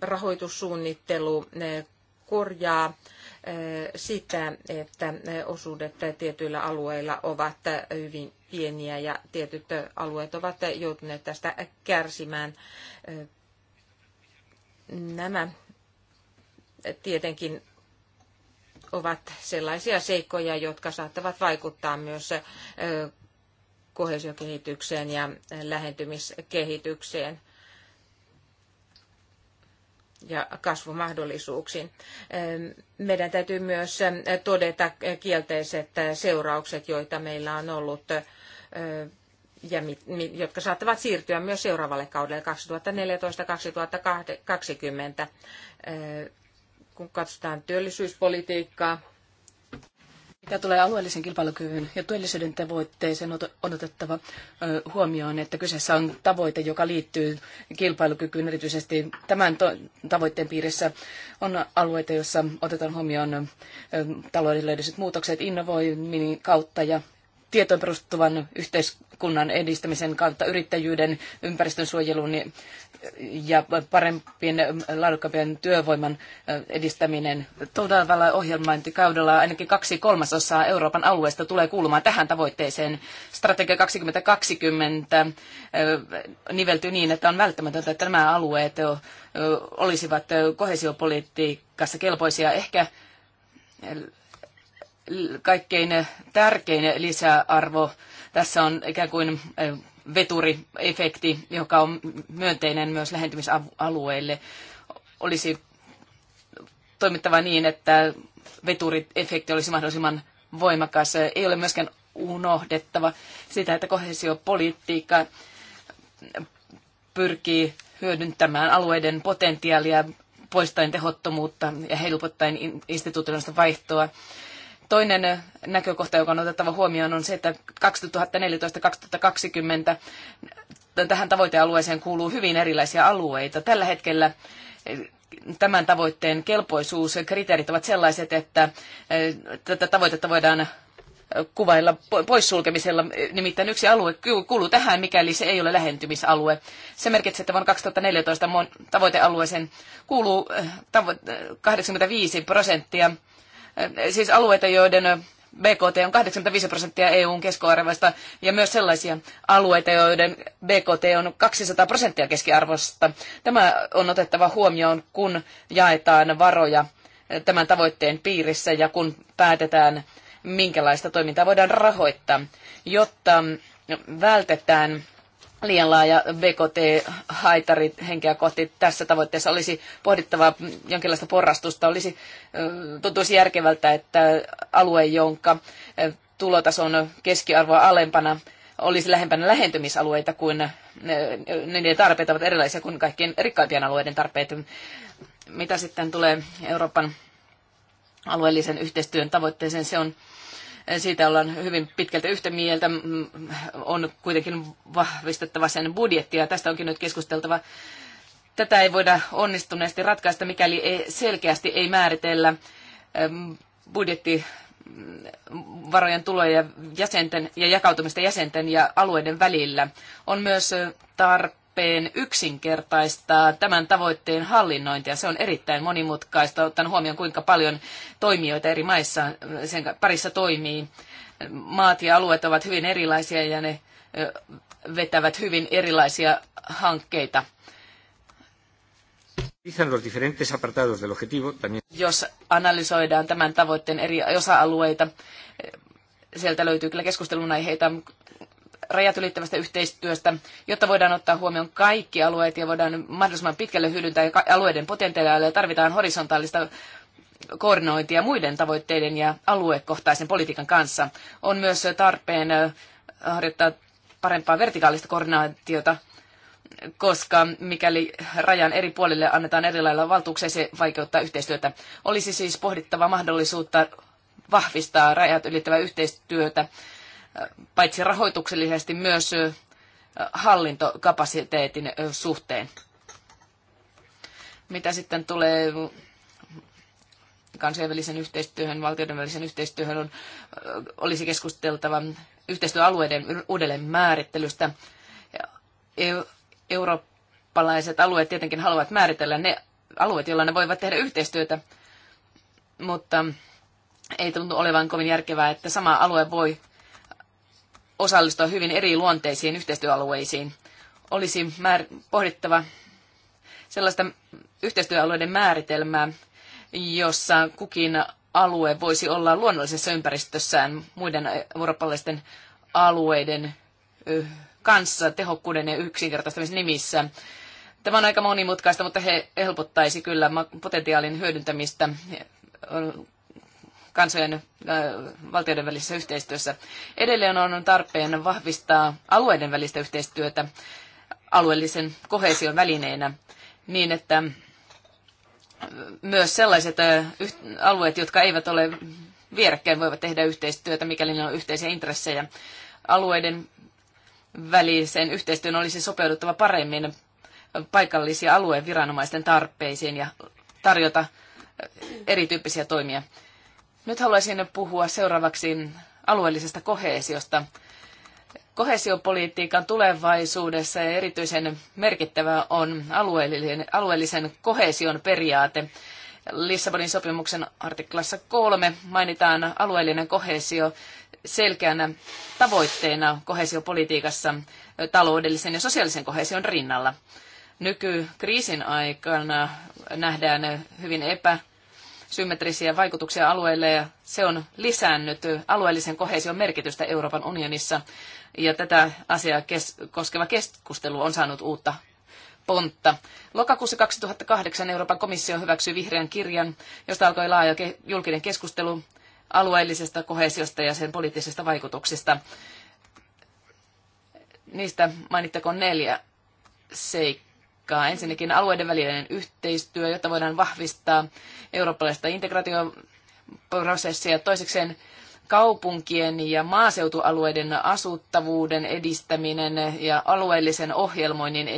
rahoitussuunnittelu korjaa sitä, että osuudet tietyillä alueilla ovat hyvin pieniä ja tietyt alueet ovat joutuneet tästä kärsimään. Nämä tietenkin ovat sellaisia seikkoja, jotka saattavat vaikuttaa myös kohesiokehitykseen ja lähentymiskehitykseen – ja kasvumahdollisuuksiin. Meidän täytyy myös todeta kielteiset seuraukset, joita meillä on ollut ja jotka saattavat siirtyä myös seuraavalle kaudelle 2014-2020, kun katsotaan työllisyyspolitiikkaa mitä tulee alueellisen kilpailukyvyn ja työllisyyden tavoitteeseen, on otettava huomioon, että kyseessä on tavoite, joka liittyy kilpailukykyyn. Erityisesti tämän tavoitteen piirissä on alueita, joissa otetaan huomioon taloudelliset muutokset innovoinnin kautta ja tietoon perustuvan yhteiskunnan edistämisen kautta yrittäjyyden, ympäristönsuojelun ja parempien laadukkaampien työvoiman edistäminen. Todella ohjelmointikaudella ainakin kaksi kolmasosaa Euroopan alueesta tulee kuulumaan tähän tavoitteeseen. Strategia 2020 niveltyy niin, että on välttämätöntä, että nämä alueet olisivat kohesiopolitiikassa kelpoisia. Ehkä kaikkein tärkein lisäarvo tässä on ikään kuin veturiefekti, joka on myönteinen myös lähentymisalueille. Olisi toimittava niin, että veturiefekti olisi mahdollisimman voimakas. Ei ole myöskään unohdettava sitä, että kohesiopolitiikka pyrkii hyödyntämään alueiden potentiaalia poistaen tehottomuutta ja helpottaen instituutioista vaihtoa Toinen näkökohta, joka on otettava huomioon, on se, että 2014-2020 tähän tavoitealueeseen kuuluu hyvin erilaisia alueita. Tällä hetkellä eh, tämän tavoitteen kelpoisuuskriteerit ovat sellaiset, että eh, tätä tavoitetta voidaan eh, kuvailla poissulkemisella. Nimittäin yksi alue kuuluu tähän, mikäli se ei ole lähentymisalue. Se merkitsee, että vuonna 2014 tavoitealueeseen kuuluu 85 prosenttia siis alueita, joiden BKT on 85 prosenttia EUn keskiarvoista ja myös sellaisia alueita, joiden BKT on 200 prosenttia keskiarvosta. Tämä on otettava huomioon, kun jaetaan varoja eh, tämän tavoitteen piirissä ja kun päätetään, minkälaista toimintaa voidaan rahoittaa, jotta vältetään liian laaja BKT-haitari henkeä kohti tässä tavoitteessa olisi pohdittava jonkinlaista porrastusta. Olisi, tuntuisi järkevältä, että alue, jonka tulotason keskiarvoa alempana olisi lähempänä lähentymisalueita kuin niiden tarpeet ovat erilaisia kuin kaikkien rikkaimpien alueiden tarpeet. Mitä sitten tulee Euroopan alueellisen yhteistyön tavoitteeseen, se on siitä ollaan hyvin pitkälti yhtä mieltä. On kuitenkin vahvistettava sen budjettia. Tästä onkin nyt keskusteltava. Tätä ei voida onnistuneesti ratkaista, mikäli ei, selkeästi ei määritellä budjetti varojen tuloja jäsenten ja jakautumista jäsenten ja alueiden välillä. On myös tarpeen tarpeen yksinkertaistaa tämän tavoitteen hallinnointia. Se on erittäin monimutkaista, ottaen huomioon kuinka paljon toimijoita eri maissa sen parissa toimii. Maat ja alueet ovat hyvin erilaisia ja ne vetävät hyvin erilaisia hankkeita. Jos analysoidaan tämän tavoitteen eri osa-alueita, sieltä löytyy kyllä keskustelun aiheita rajat ylittävästä yhteistyöstä, jotta voidaan ottaa huomioon kaikki alueet ja voidaan mahdollisimman pitkälle hyödyntää alueiden potentiaalia. Tarvitaan horisontaalista koordinointia muiden tavoitteiden ja aluekohtaisen politiikan kanssa. On myös tarpeen harjoittaa parempaa vertikaalista koordinaatiota, koska mikäli rajan eri puolille annetaan erilailla valtuuksia, se vaikeuttaa yhteistyötä. Olisi siis pohdittava mahdollisuutta vahvistaa rajat ylittävää yhteistyötä paitsi rahoituksellisesti myös hallintokapasiteetin suhteen. Mitä sitten tulee kansainvälisen yhteistyöhön, valtioiden välisen yhteistyöhön, on, olisi keskusteltava yhteistyöalueiden uudelleen määrittelystä. Eurooppalaiset alueet tietenkin haluavat määritellä ne alueet, joilla ne voivat tehdä yhteistyötä, mutta ei tuntu olevan kovin järkevää, että sama alue voi osallistua hyvin eri luonteisiin yhteistyöalueisiin. Olisi määr- pohdittava sellaista yhteistyöalueiden määritelmää, jossa kukin alue voisi olla luonnollisessa ympäristössään muiden eurooppalaisten alueiden kanssa tehokkuuden ja yksinkertaistamisen nimissä. Tämä on aika monimutkaista, mutta he helpottaisi kyllä potentiaalin hyödyntämistä kansojen valtioiden välisessä yhteistyössä. Edelleen on tarpeen vahvistaa alueiden välistä yhteistyötä alueellisen kohesion välineenä niin, että myös sellaiset alueet, jotka eivät ole vierekkäin, voivat tehdä yhteistyötä, mikäli ne on yhteisiä intressejä. Alueiden väliseen yhteistyön olisi sopeuduttava paremmin paikallisia alueen viranomaisten tarpeisiin ja tarjota erityyppisiä toimia. Nyt haluaisin puhua seuraavaksi alueellisesta kohesiosta. Kohesiopolitiikan tulevaisuudessa ja erityisen merkittävä on alueellinen, alueellisen kohesion periaate. Lissabonin sopimuksen artiklassa kolme mainitaan alueellinen kohesio selkeänä tavoitteena kohesiopolitiikassa taloudellisen ja sosiaalisen kohesion rinnalla. Nykykriisin aikana nähdään hyvin epä symmetrisiä vaikutuksia alueille ja se on lisännyt alueellisen kohesion merkitystä Euroopan unionissa ja tätä asiaa kes- koskeva keskustelu on saanut uutta pontta. Lokakuussa 2008 Euroopan komissio hyväksyi vihreän kirjan, josta alkoi laaja julkinen keskustelu alueellisesta kohesiosta ja sen poliittisista vaikutuksista. Niistä mainittakoon neljä seikkaa politiikkaa. Ensinnäkin alueiden välinen yhteistyö, jotta voidaan vahvistaa eurooppalaista integraatioprosessia. Toisekseen kaupunkien ja maaseutualueiden asuttavuuden edistäminen ja alueellisen ohjelmoinnin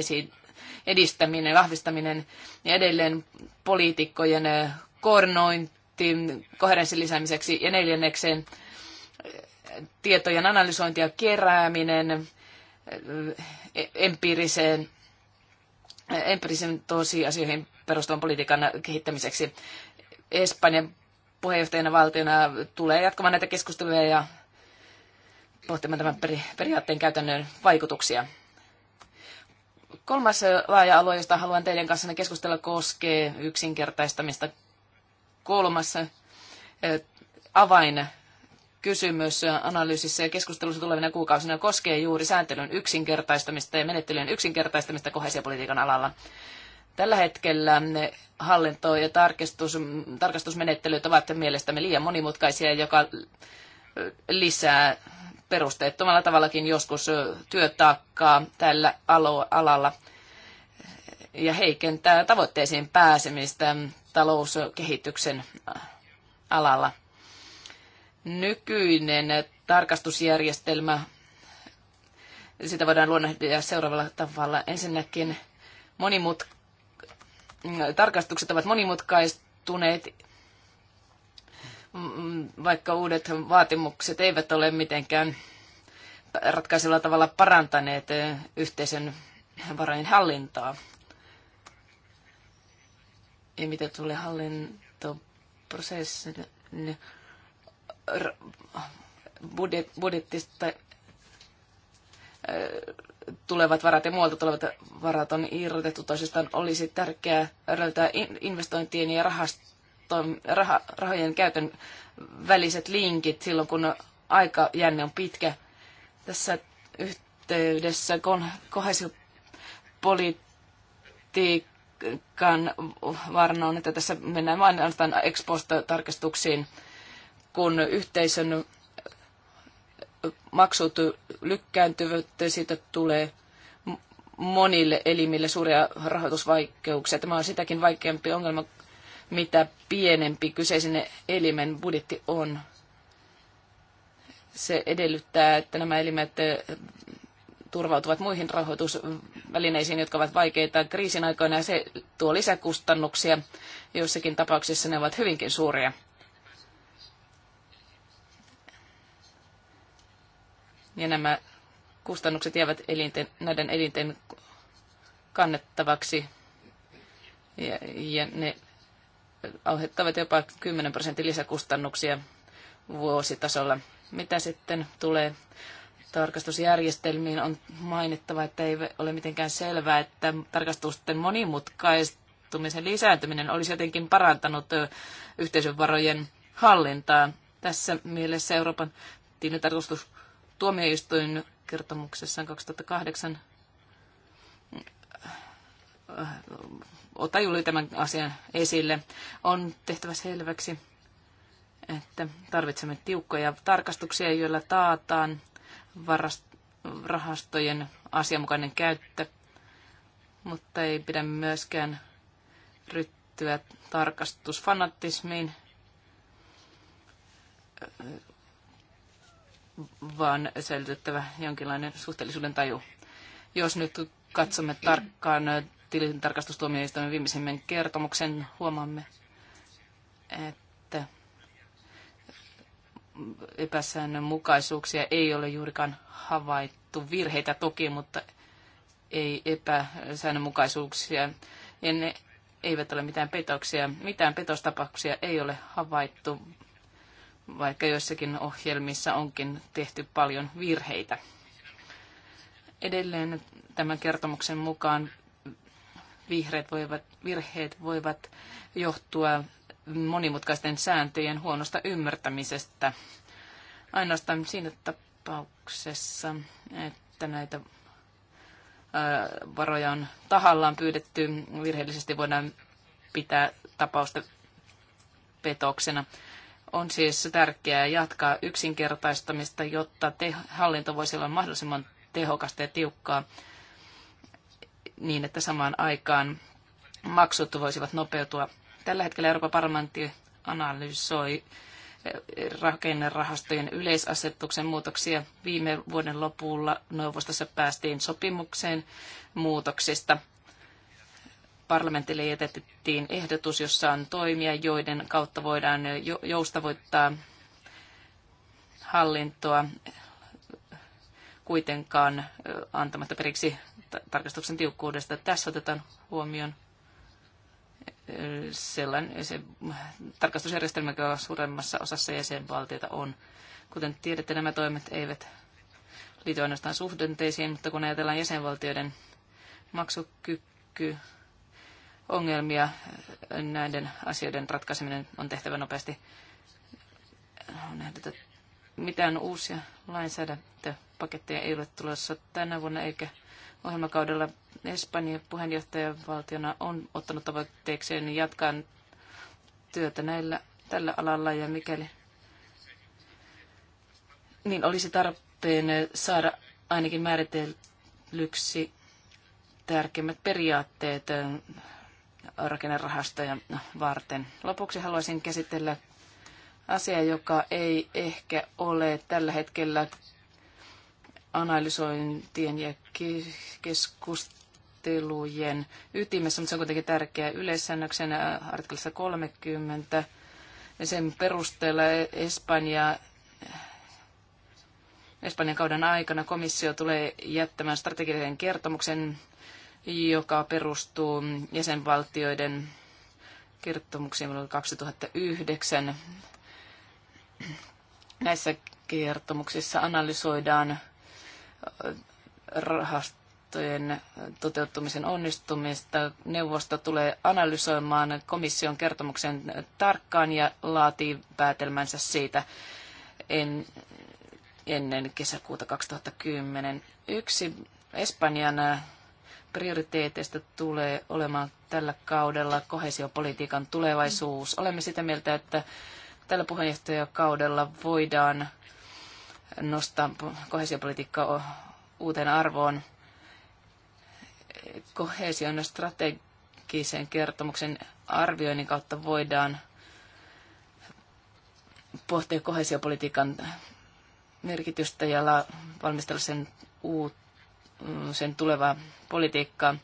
edistäminen, vahvistaminen ja edelleen poliitikkojen koordinointi koherenssin lisäämiseksi ja neljännekseen tietojen analysointi ja kerääminen eh, empiiriseen empiirisen tosiasioihin perustuvan politiikan kehittämiseksi. Espanjan puheenjohtajana valtiona tulee jatkamaan näitä keskusteluja ja pohtimaan tämän periaatteen käytännön vaikutuksia. Kolmas laaja alue, josta haluan teidän kanssanne keskustella, koskee yksinkertaistamista. Kolmas eh, avain kysymys analyysissä ja keskustelussa tulevina kuukausina koskee juuri sääntelyn yksinkertaistamista ja menettelyjen yksinkertaistamista kohesiopolitiikan alalla. Tällä hetkellä hallinto- ja tarkistus, tarkastusmenettelyt ovat mielestämme liian monimutkaisia, joka lisää perusteettomalla tavallakin joskus työtaakkaa tällä alalla ja heikentää tavoitteisiin pääsemistä talouskehityksen alalla nykyinen tarkastusjärjestelmä, sitä voidaan luonnehtia seuraavalla tavalla. Ensinnäkin monimut, tarkastukset ovat monimutkaistuneet, vaikka uudet vaatimukset eivät ole mitenkään ratkaisella tavalla parantaneet yhteisen varojen hallintaa. Ja mitä tulee hallintoprosessiin, budjettista tulevat varat ja muualta tulevat varat on irrotettu toisistaan, olisi tärkeää löytää investointien ja rahaston, rah, rahojen käytön väliset linkit silloin, kun aika jänne on pitkä. Tässä yhteydessä kohesiopolitiikan vaarana on, että tässä mennään vain ainoastaan ex tarkistuksiin kun yhteisön maksut lykkääntyvät, siitä tulee monille elimille suuria rahoitusvaikeuksia. Tämä on sitäkin vaikeampi ongelma, mitä pienempi kyseisen elimen budjetti on. Se edellyttää, että nämä elimet eh, turvautuvat muihin rahoitusvälineisiin, jotka ovat vaikeita kriisin aikoina, ja se tuo lisäkustannuksia. Joissakin tapauksissa ne ovat hyvinkin suuria. ja nämä kustannukset jäävät elinten, näiden elinten kannettavaksi ja, ja ne aiheuttavat jopa 10 prosentin lisäkustannuksia vuositasolla. Mitä sitten tulee tarkastusjärjestelmiin, on mainittava, että ei ole mitenkään selvää, että tarkastusten monimutkaistumisen lisääntyminen olisi jotenkin parantanut yhteisön varojen hallintaa. Tässä mielessä Euroopan tiinitarkastus tuomioistuin kertomuksessaan 2008 äh, Otajuli tämän asian esille. On tehtävä selväksi, että tarvitsemme tiukkoja tarkastuksia, joilla taataan varast- rahastojen asianmukainen käyttö, mutta ei pidä myöskään ryttyä tarkastusfanatismiin vaan säilytettävä jonkinlainen suhteellisuuden taju. Jos nyt katsomme tarkkaan äh, tilintarkastustuomioistuimen viimeisimmän kertomuksen, huomaamme, että epäsäännönmukaisuuksia ei ole juurikaan havaittu. Virheitä toki, mutta ei epäsäännönmukaisuuksia. Ja ne eivät ole mitään petoksia. Mitään petostapauksia ei ole havaittu vaikka joissakin ohjelmissa onkin tehty paljon virheitä. Edelleen tämän kertomuksen mukaan vihreät voivat, virheet voivat johtua monimutkaisten sääntöjen huonosta ymmärtämisestä. Ainoastaan siinä tapauksessa, että näitä varoja on tahallaan pyydetty, virheellisesti voidaan pitää tapausta petoksena. On siis tärkeää jatkaa yksinkertaistamista, jotta te- hallinto voisi olla mahdollisimman tehokasta ja tiukkaa niin, että samaan aikaan maksut voisivat nopeutua. Tällä hetkellä Euroopan parlamentti analysoi eh, rakennerahastojen yleisasetuksen muutoksia. Viime vuoden lopulla neuvostossa päästiin sopimukseen muutoksista parlamentille jätettiin ehdotus, jossa on toimia, joiden kautta voidaan joustavoittaa hallintoa kuitenkaan antamatta periksi tarkastuksen tiukkuudesta. Tässä otetaan huomioon sellainen se tarkastusjärjestelmä, joka suuremmassa osassa jäsenvaltiota on. Kuten tiedätte, nämä toimet eivät liity ainoastaan suhdanteisiin, mutta kun ajatellaan jäsenvaltioiden maksukyky ongelmia. Näiden asioiden ratkaiseminen on tehtävä nopeasti. mitään uusia lainsäädäntöpaketteja ei ole tulossa tänä vuonna eikä ohjelmakaudella. Espanjan puheenjohtajavaltiona on ottanut tavoitteekseen jatkaa työtä näillä, tällä alalla ja mikäli niin olisi tarpeen saada ainakin määritellyksi tärkeimmät periaatteet rakennerahastoja varten. Lopuksi haluaisin käsitellä asiaa, joka ei ehkä ole tällä hetkellä analysointien ja keskustelujen ytimessä, mutta se on kuitenkin tärkeä yleissäännöksen äh, artiklassa 30. Ja sen perusteella Espanja Espanjan kauden aikana komissio tulee jättämään strategisen kertomuksen joka perustuu jäsenvaltioiden kertomuksiin vuonna 2009. Näissä kertomuksissa analysoidaan rahastojen toteuttamisen onnistumista. Neuvosto tulee analysoimaan komission kertomuksen tarkkaan ja laatii päätelmänsä siitä en, ennen kesäkuuta 2010. Yksi Espanjan prioriteeteista tulee olemaan tällä kaudella kohesiopolitiikan tulevaisuus. Olemme sitä mieltä, että tällä puheenjohtajakaudella voidaan nostaa kohesiopolitiikka uuteen arvoon. Kohesion strategisen kertomuksen arvioinnin kautta voidaan pohtia kohesiopolitiikan merkitystä ja valmistella sen uutta sen tulevaa politiikkaa.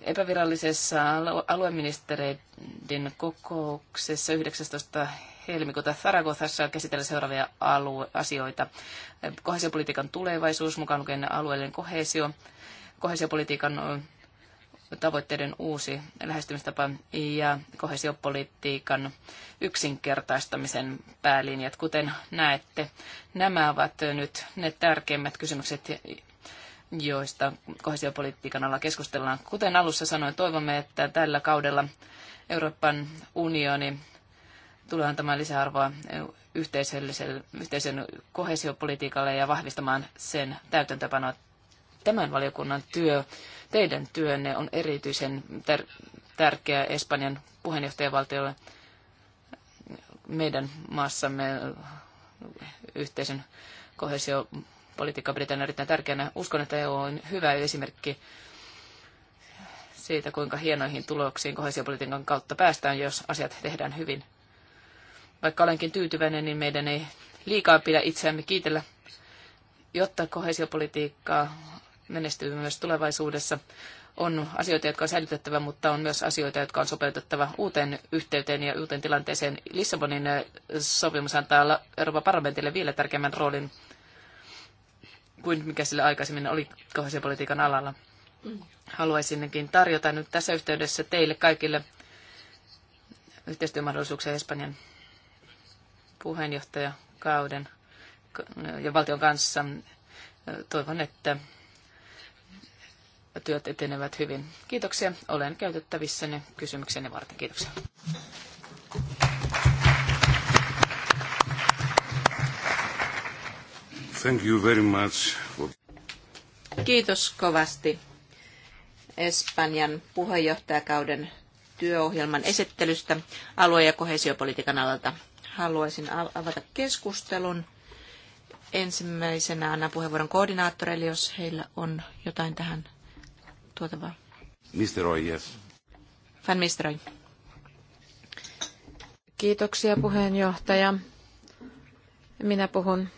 Epävirallisessa alueministereiden kokouksessa 19. helmikuuta Zaragoza:ssa käsitellä seuraavia alue- asioita. Kohesiopolitiikan tulevaisuus, mukaan lukien alueellinen kohesio, kohesiopolitiikan tavoitteiden uusi lähestymistapa ja kohesiopolitiikan yksinkertaistamisen päälinjat. Kuten näette, nämä ovat nyt ne tärkeimmät kysymykset, joista kohesiopolitiikan alla keskustellaan. Kuten alussa sanoin, toivomme, että tällä kaudella Euroopan unioni tulee antamaan lisäarvoa yhteisen kohesiopolitiikalle ja vahvistamaan sen täytäntöpanoa tämän valiokunnan työ, teidän työnne on erityisen ter- tärkeä Espanjan puheenjohtajavaltiolle meidän maassamme yhteisen kohesiopolitiikka Britannia erittäin tärkeänä. Uskon, että EU on hyvä esimerkki siitä, kuinka hienoihin tuloksiin kohesiopolitiikan kautta päästään, jos asiat tehdään hyvin. Vaikka olenkin tyytyväinen, niin meidän ei liikaa pidä itseämme kiitellä, jotta kohesiopolitiikkaa menestyy myös tulevaisuudessa. On asioita, jotka on säilytettävä, mutta on myös asioita, jotka on sopeutettava uuteen yhteyteen ja uuteen tilanteeseen. Lissabonin eh, sopimus antaa Euroopan parlamentille vielä tärkeämmän roolin kuin mikä sillä aikaisemmin oli kohesiopolitiikan alalla. Haluaisinkin tarjota nyt tässä yhteydessä teille kaikille yhteistyömahdollisuuksia Espanjan puheenjohtajakauden ja valtion kanssa. Toivon, että työt etenevät hyvin. Kiitoksia. Olen käytettävissäni kysymyksenne varten. Kiitoksia. Thank you very much. Kiitos kovasti Espanjan puheenjohtajakauden työohjelman esittelystä alue- ja kohesiopolitiikan alalta. Haluaisin avata keskustelun. Ensimmäisenä annan puheenvuoron koordinaattoreille, jos heillä on jotain tähän tuotavaa. Roy, yes. Van Misteroi. Kiitoksia puheenjohtaja. Minä puhun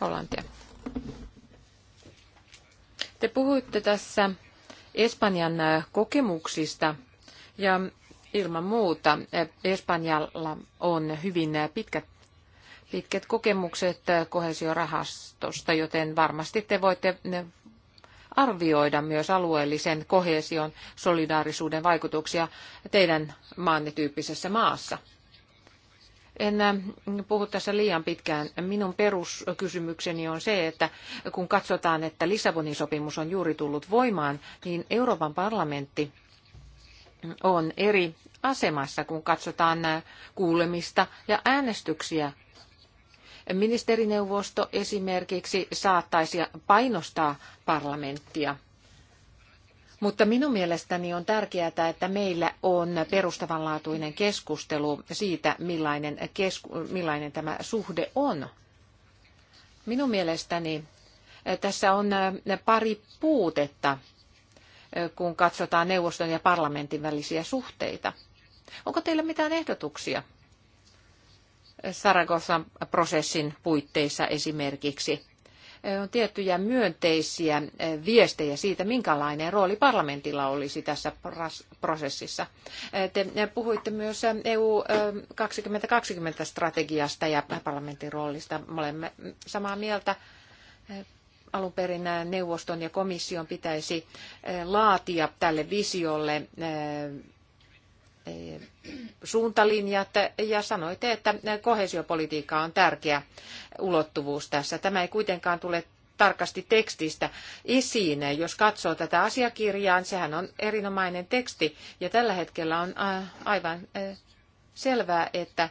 hollantia. Te puhuitte tässä Espanjan äh, kokemuksista ja ilman muuta äh, Espanjalla on hyvin äh, pitkät, pitkät kokemukset kohesiorahastosta, joten varmasti te voitte arvioida myös alueellisen kohesion solidaarisuuden vaikutuksia teidän maanne tyyppisessä maassa. En äh, puhu tässä liian pitkään. Minun peruskysymykseni on se, että kun katsotaan, että Lissabonin sopimus on juuri tullut voimaan, niin Euroopan parlamentti on eri asemassa, kun katsotaan äh, kuulemista ja äänestyksiä Ministerineuvosto esimerkiksi saattaisi painostaa parlamenttia. Mutta minun mielestäni on tärkeää, että meillä on perustavanlaatuinen keskustelu siitä, millainen, kesku, millainen tämä suhde on. Minun mielestäni tässä on pari puutetta, kun katsotaan neuvoston ja parlamentin välisiä suhteita. Onko teillä mitään ehdotuksia? Saragossan prosessin puitteissa esimerkiksi. On tiettyjä myönteisiä viestejä siitä, minkälainen rooli parlamentilla olisi tässä prosessissa. Te puhuitte myös EU 2020-strategiasta ja parlamentin roolista. Me olemme samaa mieltä alun perin neuvoston ja komission pitäisi laatia tälle visiolle Eh, suuntalinjat ja sanoitte, että kohesiopolitiikka on tärkeä ulottuvuus tässä. Tämä ei kuitenkaan tule tarkasti tekstistä esiin. Jos katsoo tätä asiakirjaa, niin sehän on erinomainen teksti ja tällä hetkellä on äh, aivan äh, selvää, että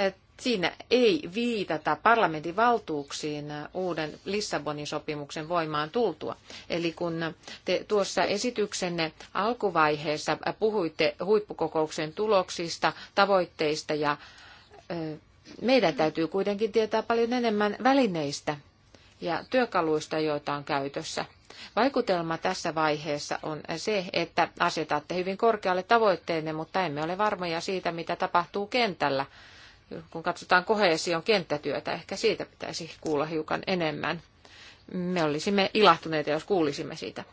äh, Siinä ei viitata parlamentin valtuuksiin uuden Lissabonin sopimuksen voimaan tultua. Eli kun te tuossa esityksenne alkuvaiheessa puhuitte huippukokouksen tuloksista, tavoitteista ja meidän täytyy kuitenkin tietää paljon enemmän välineistä ja työkaluista, joita on käytössä. Vaikutelma tässä vaiheessa on se, että asetatte hyvin korkealle tavoitteenne, mutta emme ole varmoja siitä, mitä tapahtuu kentällä kun katsotaan kohesion kenttätyötä, ehkä siitä pitäisi kuulla hiukan enemmän. Me olisimme ilahtuneita, jos kuulisimme siitä.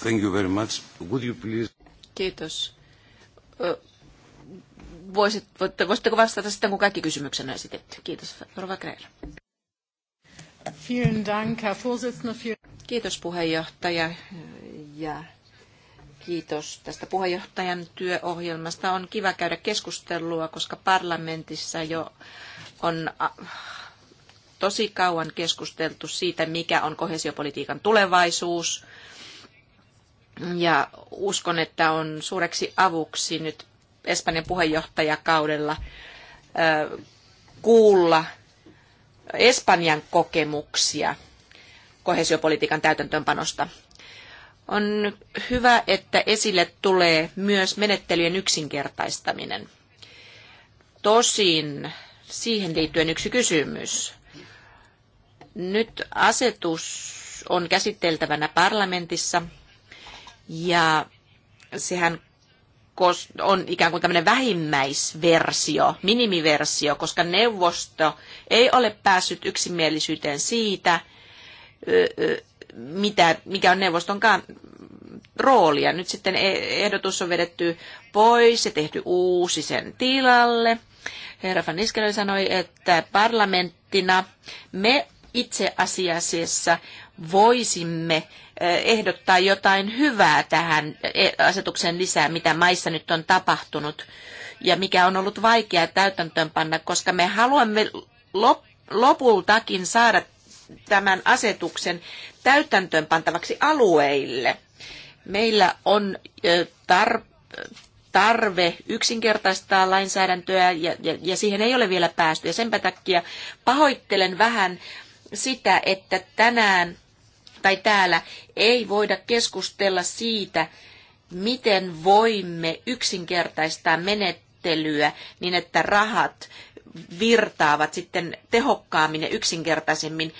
Thank you very much. Would you please... Kiitos. Voisit, voisitteko vastata sitten, kun kaikki kysymykset on esitetty? Kiitos, Rova Greer. Vielen Kiitos puheenjohtaja ja Kiitos tästä puheenjohtajan työohjelmasta. On kiva käydä keskustelua, koska parlamentissa jo on tosi kauan keskusteltu siitä, mikä on kohesiopolitiikan tulevaisuus. Ja uskon, että on suureksi avuksi nyt Espanjan puheenjohtajakaudella kuulla Espanjan kokemuksia kohesiopolitiikan täytäntöönpanosta. On hyvä, että esille tulee myös menettelyjen yksinkertaistaminen. Tosin siihen liittyen yksi kysymys. Nyt asetus on käsiteltävänä parlamentissa ja sehän on ikään kuin tämmöinen vähimmäisversio, minimiversio, koska neuvosto ei ole päässyt yksimielisyyteen siitä, mitä, mikä on neuvoston roolia. Nyt sitten e- ehdotus on vedetty pois ja tehty uusi sen tilalle. Herra Van Iskelö sanoi, että parlamenttina me itse asiassa voisimme e, ehdottaa jotain hyvää tähän e- asetuksen lisää, mitä maissa nyt on tapahtunut ja mikä on ollut vaikeaa täytäntöönpanna, koska me haluamme lopultakin saada tämän asetuksen täytäntöönpantavaksi alueille. Meillä on tarve yksinkertaistaa lainsäädäntöä ja, ja, ja siihen ei ole vielä päästy. Ja sen takia pahoittelen vähän sitä, että tänään tai täällä ei voida keskustella siitä, miten voimme yksinkertaistaa menettelyä niin, että rahat virtaavat sitten tehokkaammin ja yksinkertaisemmin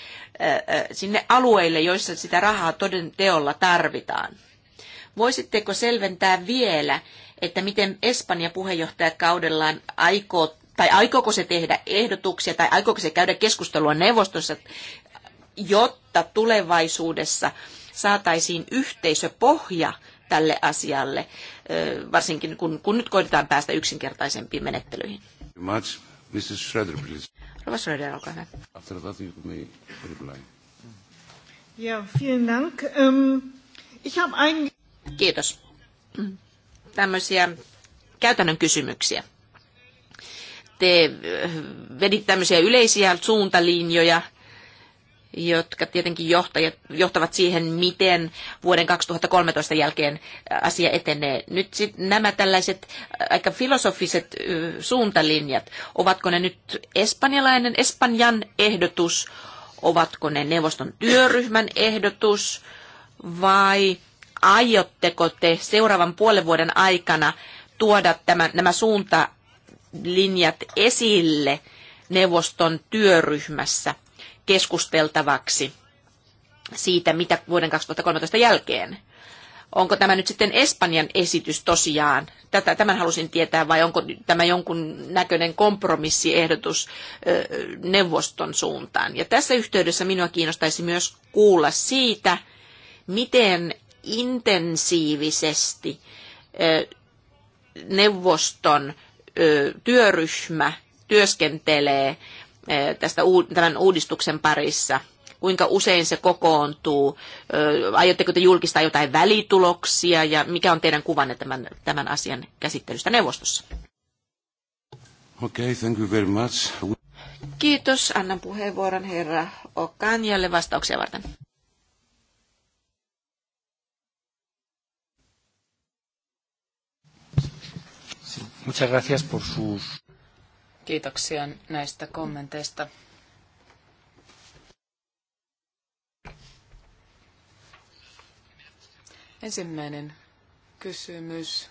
sinne alueille, joissa sitä rahaa toden teolla tarvitaan. Voisitteko selventää vielä, että miten Espanja puheenjohtajakaudellaan aikoo, tai aikooko se tehdä ehdotuksia, tai aikooko se käydä keskustelua neuvostossa, jotta tulevaisuudessa saataisiin yhteisöpohja tälle asialle, varsinkin kun, kun nyt koitetaan päästä yksinkertaisempiin menettelyihin. Much. Mrs. Schroeder, please. Rova Schroeder, After that you may reply. Ja, vielen Dank. Ähm, ich habe ein... Kiitos. Tämmöisiä käytännön kysymyksiä te äh, veditte tämmöisiä yleisiä suuntalinjoja jotka tietenkin johtajat, johtavat siihen, miten vuoden 2013 jälkeen äh, asia etenee. Nyt sit nämä tällaiset äh, aika filosofiset äh, suuntalinjat, ovatko ne nyt espanjalainen, Espanjan ehdotus, ovatko ne neuvoston työryhmän ehdotus vai aiotteko te seuraavan puolen vuoden aikana tuoda tämän, nämä suuntalinjat esille neuvoston työryhmässä keskusteltavaksi siitä, mitä vuoden 2013 jälkeen. Onko tämä nyt sitten Espanjan esitys tosiaan? Tätä, tämän halusin tietää, vai onko tämä jonkun näköinen kompromissiehdotus neuvoston suuntaan? Ja tässä yhteydessä minua kiinnostaisi myös kuulla siitä, miten intensiivisesti neuvoston työryhmä työskentelee Eh, tästä, tämän uudistuksen parissa? Kuinka usein se kokoontuu? Aiotteko te julkistaa jotain välituloksia ja mikä on teidän kuvanne tämän, tämän asian käsittelystä neuvostossa? Okay, thank you very much. Kiitos. Annan puheenvuoron herra Okanjalle vastauksia varten. Muchas gracias por sus Kiitoksia näistä kommenteista. Ensimmäinen kysymys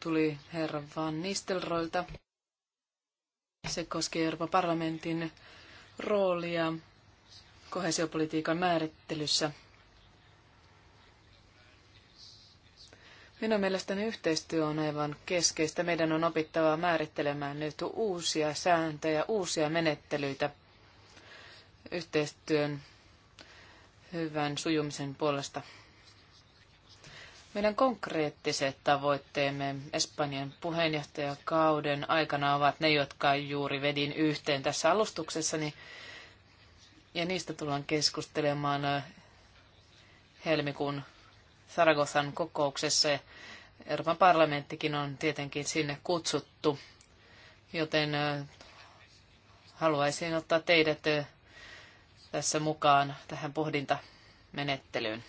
tuli herra Van Nistelroilta. Se koski Euroopan parlamentin roolia kohesiopolitiikan määrittelyssä Minun mielestäni yhteistyö on aivan keskeistä. Meidän on opittava määrittelemään nyt uusia sääntöjä, uusia menettelyitä yhteistyön hyvän sujumisen puolesta. Meidän konkreettiset tavoitteemme Espanjan puheenjohtajakauden aikana ovat ne, jotka juuri vedin yhteen tässä alustuksessani. Ja niistä tullaan keskustelemaan helmikuun Saragosan kokouksessa. Euroopan parlamenttikin on tietenkin sinne kutsuttu, joten haluaisin ottaa teidät tässä mukaan tähän pohdintamenettelyyn.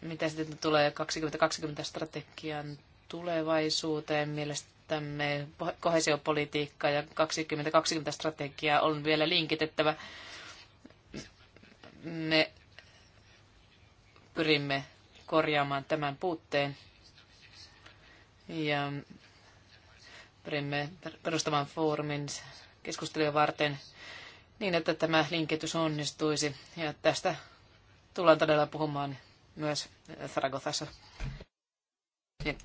Mitä sitten tulee 2020-strategian tulevaisuuteen? Mielestämme kohesiopolitiikka ja 2020-strategia on vielä linkitettävä. Me pyrimme korjaamaan tämän puutteen ja pyrimme perustamaan foorumin keskustelua varten niin, että tämä linkitys onnistuisi. Ja tästä tullaan todella puhumaan myös Zaragozaissa.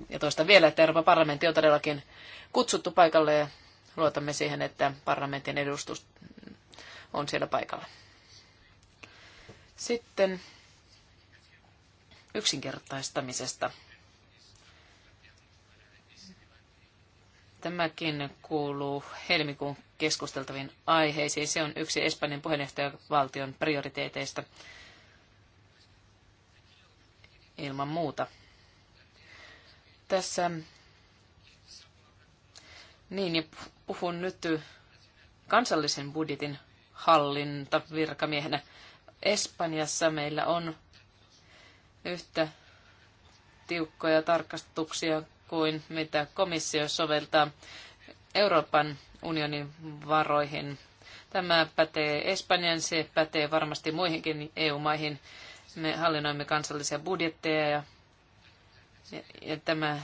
Ja toista vielä, että Euroopan parlamentti on todellakin kutsuttu paikalle ja luotamme siihen, että parlamentin edustus on siellä paikalla. Sitten yksinkertaistamisesta. Tämäkin kuuluu helmikuun keskusteltaviin aiheisiin. Se on yksi Espanjan puheenjohtajavaltion prioriteeteista ilman muuta. Tässä niin, ja puhun nyt kansallisen budjetin hallintavirkamiehenä. Espanjassa meillä on yhtä tiukkoja tarkastuksia kuin mitä komissio soveltaa Euroopan unionin varoihin. Tämä pätee Espanjan, se pätee varmasti muihinkin EU-maihin. Me hallinnoimme kansallisia budjetteja ja, ja, ja tämä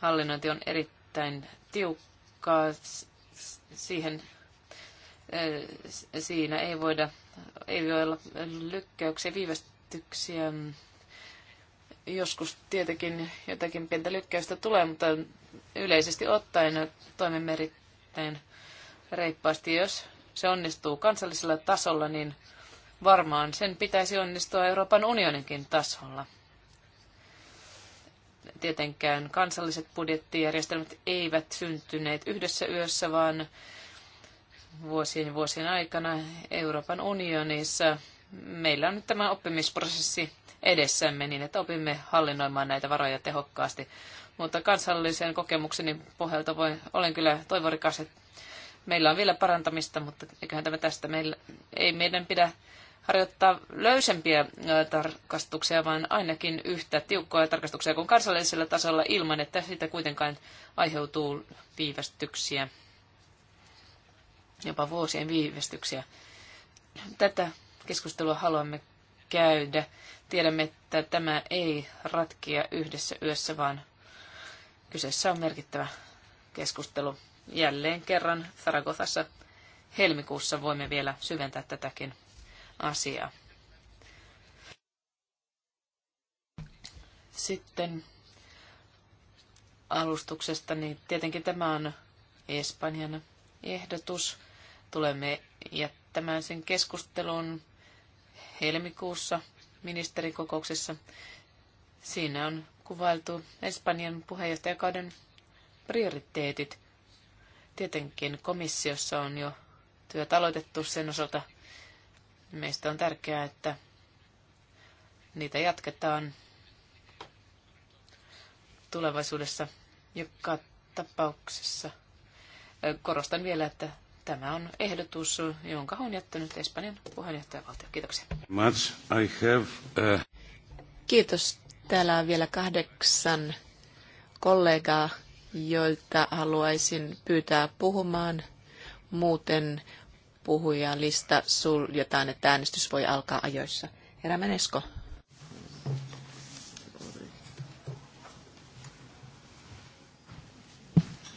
hallinnointi on erittäin tiukkaa. Siihen, siinä ei voida ei voi olla lykkäyksiä, viivästyksiä menetyksiä. Joskus tietenkin jotakin pientä lykkäystä tulee, mutta yleisesti ottaen toimimme erittäin reippaasti. Jos se onnistuu kansallisella tasolla, niin varmaan sen pitäisi onnistua Euroopan unioninkin tasolla. Tietenkään kansalliset budjettijärjestelmät eivät syntyneet yhdessä yössä, vaan vuosien ja vuosien aikana Euroopan unionissa meillä on nyt tämä oppimisprosessi edessämme niin, että opimme hallinnoimaan näitä varoja tehokkaasti. Mutta kansallisen kokemukseni pohjalta voi, olen kyllä toivorikas, että meillä on vielä parantamista, mutta eiköhän tämä tästä. Meillä, ei meidän pidä harjoittaa löysempiä tarkastuksia, vaan ainakin yhtä tiukkoja tarkastuksia kuin kansallisella tasolla ilman, että siitä kuitenkaan aiheutuu viivästyksiä, jopa vuosien viivästyksiä. Tätä keskustelua haluamme käydä. Tiedämme, että tämä ei ratkia yhdessä yössä, vaan kyseessä on merkittävä keskustelu. Jälleen kerran Zaragozassa helmikuussa voimme vielä syventää tätäkin asiaa. Sitten alustuksesta, niin tietenkin tämä on Espanjan ehdotus. Tulemme jättämään sen keskustelun helmikuussa ministerikokouksessa. Siinä on kuvailtu Espanjan puheenjohtajakauden prioriteetit. Tietenkin komissiossa on jo työt aloitettu sen osalta. Meistä on tärkeää, että niitä jatketaan tulevaisuudessa joka tapauksessa. Korostan vielä, että Tämä on ehdotus, jonka on jättänyt Espanjan puheenjohtajavaltio. Kiitoksia. Much I have, uh... Kiitos. Täällä on vielä kahdeksan kollegaa, joilta haluaisin pyytää puhumaan. Muuten puhujalista suljetaan, että äänestys voi alkaa ajoissa. Herra Menesko.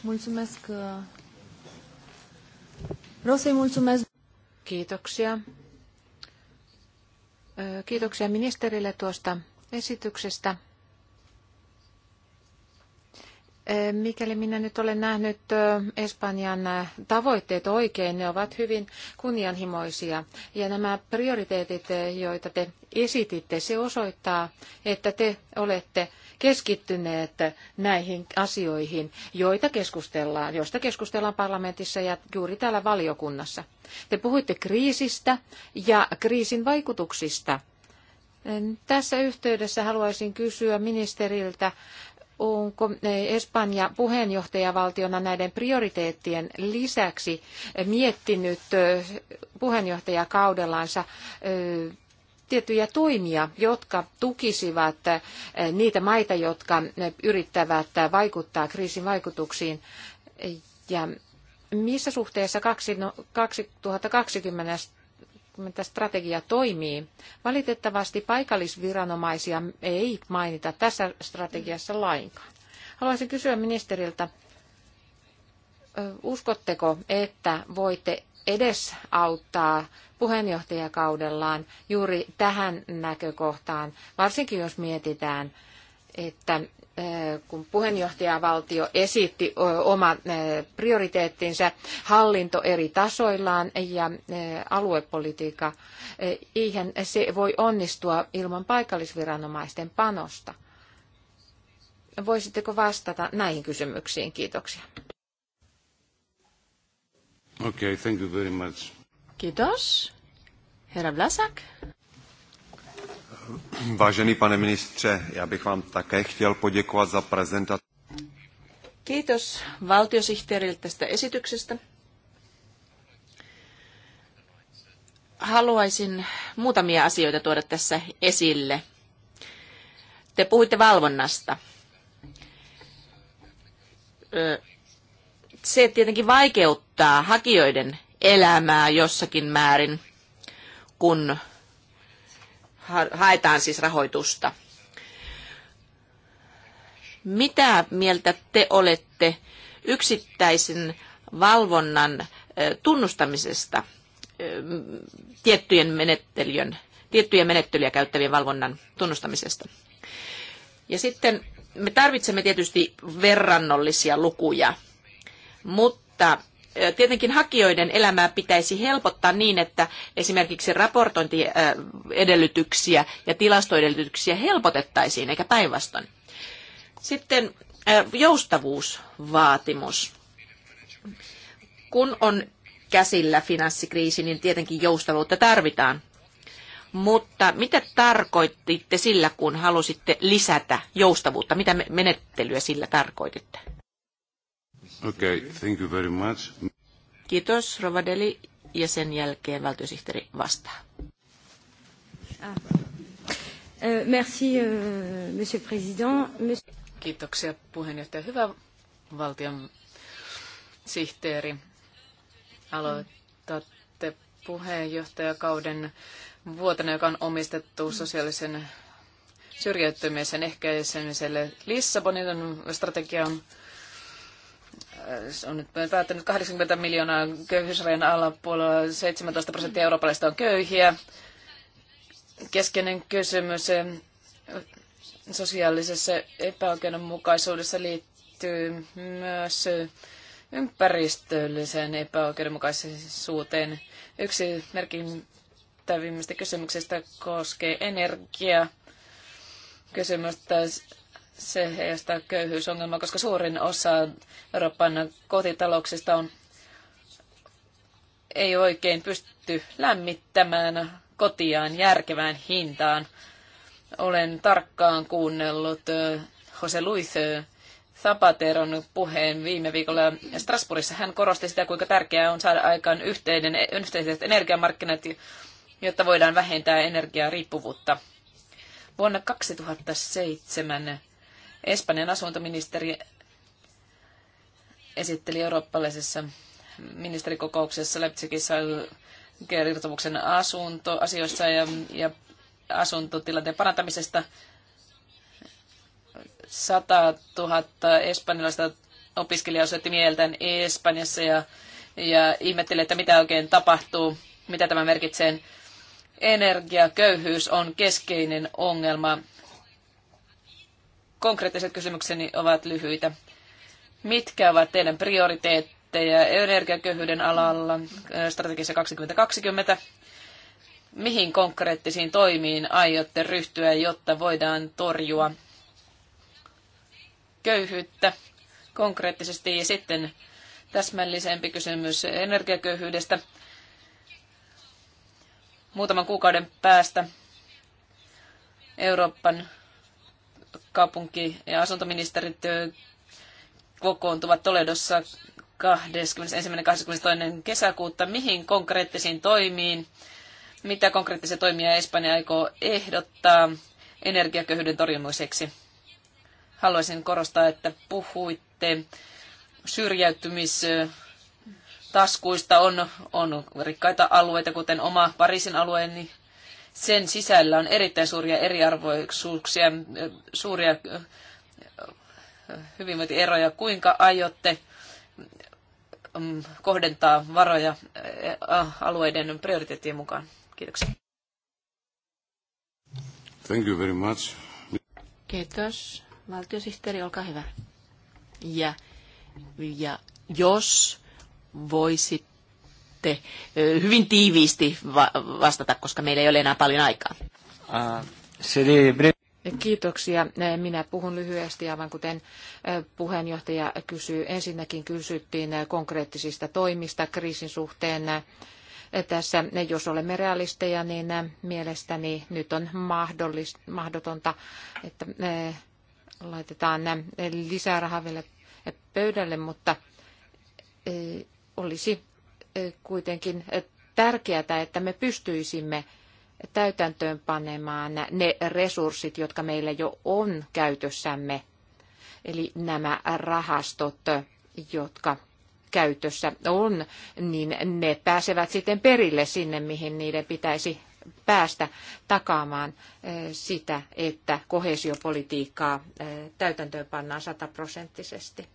Mulțumesc uh, Rosi, să mulțumesc. Kiitoksia. Kiitoksia ministerille tuosta esityksestä. Mikäli minä nyt olen nähnyt Espanjan tavoitteet oikein, ne ovat hyvin kunnianhimoisia. Ja nämä prioriteetit, joita te esititte, se osoittaa, että te olette keskittyneet näihin asioihin, joita keskustellaan, joista keskustellaan parlamentissa ja juuri täällä valiokunnassa. Te puhuitte kriisistä ja kriisin vaikutuksista. Tässä yhteydessä haluaisin kysyä ministeriltä, onko Espanja puheenjohtajavaltiona näiden prioriteettien lisäksi miettinyt puheenjohtajakaudellansa tiettyjä toimia, jotka tukisivat eh, niitä maita, jotka eh, yrittävät eh, vaikuttaa kriisin vaikutuksiin. Ja missä suhteessa 2020 no, strategia toimii. Valitettavasti paikallisviranomaisia ei mainita tässä strategiassa lainkaan. Haluaisin kysyä ministeriltä, uskotteko, että voitte edes auttaa puheenjohtajakaudellaan juuri tähän näkökohtaan, varsinkin jos mietitään, että eh, kun puheenjohtajavaltio esitti omat eh, prioriteettinsa hallinto eri tasoillaan ja eh, aluepolitiikka, eihän se voi onnistua ilman paikallisviranomaisten panosta. Voisitteko vastata näihin kysymyksiin? Kiitoksia. Okay, thank you very much. Kiitos. Herra Vlasak. Vážený pane ministře, já bych vám také chtěl poděkovat za prezentaci. Kiitos valtiosihteerille tästä esityksestä. Haluaisin muutamia asioita tuoda tässä esille. Te puhuitte valvonnasta. Ö, se tietenkin vaikeuttaa hakijoiden elämää jossakin määrin, kun haetaan siis rahoitusta. Mitä mieltä te olette yksittäisen valvonnan tunnustamisesta tiettyjen, menettelyjen, tiettyjen menettelyjä käyttävien valvonnan tunnustamisesta? Ja sitten me tarvitsemme tietysti verrannollisia lukuja mutta Tietenkin hakijoiden elämää pitäisi helpottaa niin, että esimerkiksi raportointiedellytyksiä ja tilastoedellytyksiä helpotettaisiin, eikä päinvastoin. Sitten joustavuusvaatimus. Kun on käsillä finanssikriisi, niin tietenkin joustavuutta tarvitaan. Mutta mitä tarkoititte sillä, kun halusitte lisätä joustavuutta? Mitä menettelyä sillä tarkoititte? Okay, thank you very much. Kiitos, Rovadeli, ja sen jälkeen valtiosihteeri vastaa. Ah. Euh, merci, euh, monsieur président. Kiitoksia puheenjohtaja. Hyvä valtion sihteeri. Aloitatte puheenjohtajakauden vuotena, joka on omistettu sosiaalisen syrjäyttymisen ehkäisemiselle. Lissabonin strategia on se äh, on nyt päättänyt 80 miljoonaa köyhyysrajan alapuolella, 17 prosenttia eurooppalaisista on köyhiä. Keskeinen kysymys äh, sosiaalisessa epäoikeudenmukaisuudessa liittyy myös äh, ympäristölliseen epäoikeudenmukaisuuteen. Yksi merkittävimmistä kysymyksistä koskee energiaa kysymystä se heijastaa köyhyysongelmaa, koska suurin osa Euroopan kotitalouksista on, ei oikein pysty lämmittämään kotiaan järkevään hintaan. Olen tarkkaan kuunnellut Jose Luis Zapateron puheen viime viikolla Strasbourgissa. Hän korosti sitä, kuinka tärkeää on saada aikaan yhteinen, yhteiset energiamarkkinat, jotta voidaan vähentää energiariippuvuutta. Vuonna 2007 Espanjan asuntoministeri esitteli eurooppalaisessa ministerikokouksessa Leipzigissä kertomuksen asuntoasioissa ja, ja asuntotilanteen parantamisesta. 100 000 espanjalaista opiskelijaa osoitti mieltään Espanjassa ja, ja ihmetteli, että mitä oikein tapahtuu, mitä tämä merkitsee. Energiaköyhyys on keskeinen ongelma konkreettiset kysymykseni ovat lyhyitä. Mitkä ovat teidän prioriteetteja energiaköyhyyden alalla äh, strategiassa 2020? Mihin konkreettisiin toimiin aiotte ryhtyä, jotta voidaan torjua köyhyyttä konkreettisesti? Ja sitten täsmällisempi kysymys energiaköyhyydestä. Muutaman kuukauden päästä Euroopan kaupunki- ja asuntoministerit kokoontuvat Toledossa 21.–22. kesäkuuta. Mihin konkreettisiin toimiin, mitä konkreettisia toimia Espanja aikoo ehdottaa energiaköyhyyden torjumiseksi? Haluaisin korostaa, että puhuitte syrjäytymistaskuista. On, on rikkaita alueita, kuten oma Pariisin alueeni, sen sisällä on erittäin suuria eriarvoisuuksia, suuria eh, hyvinvointieroja. Kuinka aiotte mm, kohdentaa varoja eh, ah, alueiden prioriteettien mukaan? Kiitoksia. Thank you very much. Kiitos. Valtiosihteeri, olkaa hyvä. Ja, ja jos voisit voitte hyvin tiiviisti vastata, koska meillä ei ole enää paljon aikaa. Ah, Kiitoksia. Minä puhun lyhyesti, aivan kuten puheenjohtaja kysyy. Ensinnäkin kysyttiin konkreettisista toimista kriisin suhteen. Tässä, jos olemme realisteja, niin mielestäni nyt on mahdotonta, että laitetaan lisää rahaa vielä pöydälle, mutta olisi kuitenkin tärkeää, että me pystyisimme täytäntöön panemaan ne resurssit, jotka meillä jo on käytössämme, eli nämä rahastot, jotka käytössä on, niin ne pääsevät sitten perille sinne, mihin niiden pitäisi päästä takaamaan sitä, että koheesiopolitiikkaa täytäntöön pannaan sataprosenttisesti.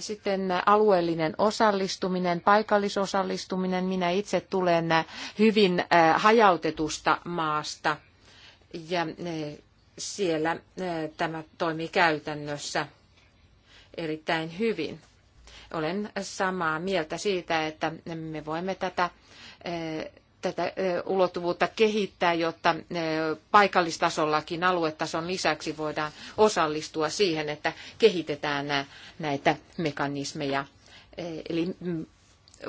Sitten alueellinen osallistuminen, paikallisosallistuminen. Minä itse tulen hyvin hajautetusta maasta ja siellä tämä toimii käytännössä erittäin hyvin. Olen samaa mieltä siitä, että me voimme tätä tätä ulottuvuutta kehittää, jotta paikallistasollakin aluetason lisäksi voidaan osallistua siihen, että kehitetään näitä mekanismeja. Eli mm,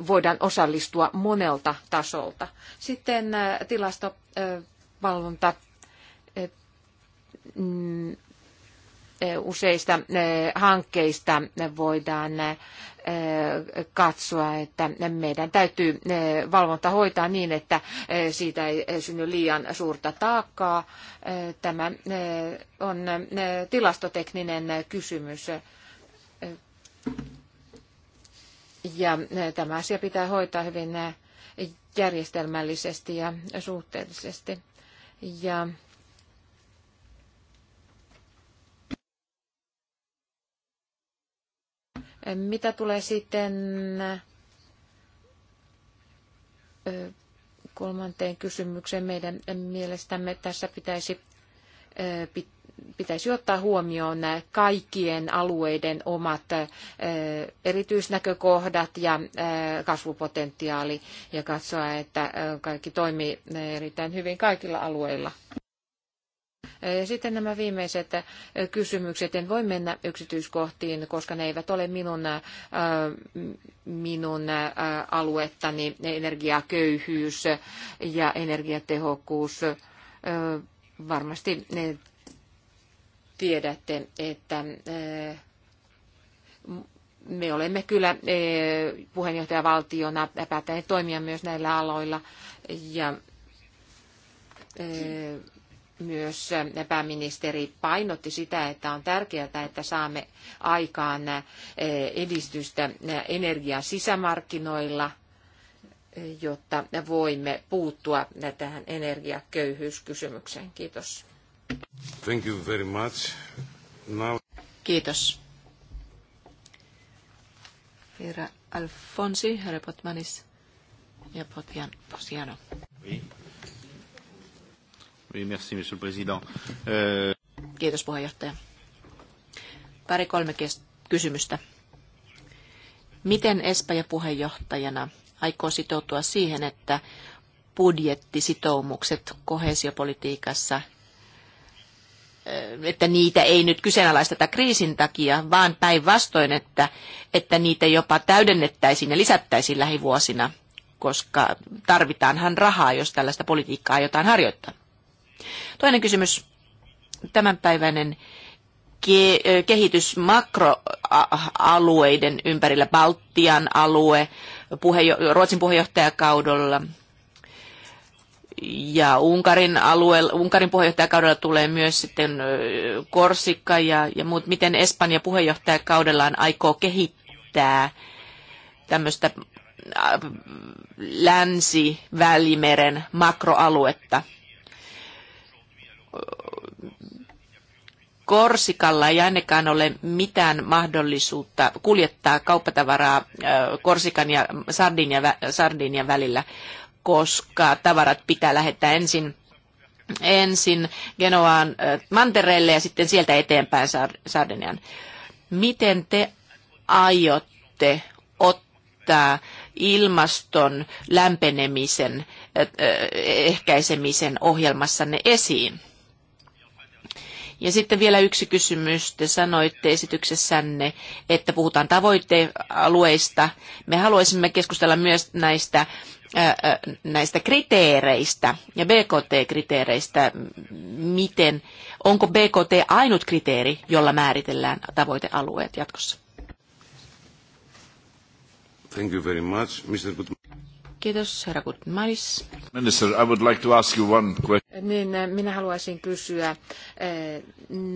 voidaan osallistua monelta tasolta. Sitten tilastovalvonta mm, Eh, useista eh, hankkeista voidaan eh, katsoa, että meidän täytyy valvonta hoitaa niin, että siitä ei synny liian suurta taakkaa. Tämä on tilastotekninen kysymys. Ja tämä asia pitää hoitaa hyvin järjestelmällisesti ja suhteellisesti. Ja Mitä tulee sitten kolmanteen kysymykseen, meidän mielestämme tässä pitäisi, pitäisi ottaa huomioon kaikkien alueiden omat erityisnäkökohdat ja kasvupotentiaali ja katsoa, että kaikki toimii erittäin hyvin kaikilla alueilla. Sitten nämä viimeiset kysymykset. En voi mennä yksityiskohtiin, koska ne eivät ole minun, minun aluettani. Energiaköyhyys ja energiatehokkuus. Varmasti ne tiedätte, että me olemme kyllä puheenjohtajavaltiona päättäneet toimia myös näillä aloilla. Ja myös pääministeri painotti sitä, että on tärkeää, että saamme aikaan eh, edistystä eh, energian sisämarkkinoilla, eh, jotta voimme puuttua tähän energiaköyhyyskysymykseen. Kiitos. Thank you very much. Now... Kiitos. Herra Alfonsi, herra Potmanis ja Potian Posiano. Oui merci, monsieur le président. Euh, Kiitos puheenjohtaja. Pari kolme kysymystä. Miten Espanja puheenjohtajana aikoo sitoutua siihen, että budjettisitoumukset kohesiopolitiikassa, äh, että niitä ei nyt kyseenalaisteta kriisin takia, vaan päinvastoin, että, että niitä jopa täydennettäisiin ja lisättäisiin lähivuosina, koska tarvitaanhan rahaa, jos tällaista politiikkaa aiotaan harjoittaa. Toinen kysymys, tämänpäiväinen kehitys makroalueiden ympärillä, Baltian alue, puheenjo- Ruotsin puheenjohtajakaudella ja Unkarin, alue Unkarin puheenjohtajakaudella tulee myös sitten Korsikka ja, ja muut. Miten Espanja puheenjohtajakaudellaan aikoo kehittää tämmöistä länsi-välimeren makroaluetta? Korsikalla ei ainakaan ole mitään mahdollisuutta kuljettaa kauppatavaraa Korsikan ja Sardinian, Sardinia välillä, koska tavarat pitää lähettää ensin ensin Genoaan mantereelle ja sitten sieltä eteenpäin Sardinian. Miten te aiotte ottaa ilmaston lämpenemisen ehkäisemisen ohjelmassanne esiin? Ja sitten vielä yksi kysymys. Te sanoitte esityksessänne, että puhutaan tavoitealueista. Me haluaisimme keskustella myös näistä, näistä kriteereistä ja BKT-kriteereistä. Miten, onko BKT ainut kriteeri, jolla määritellään tavoitealueet jatkossa? Thank you very much, Mr. Kiitos, herra Kutmaris. Minister, I would like to ask you one question. Niin, eh, minä haluaisin kysyä eh,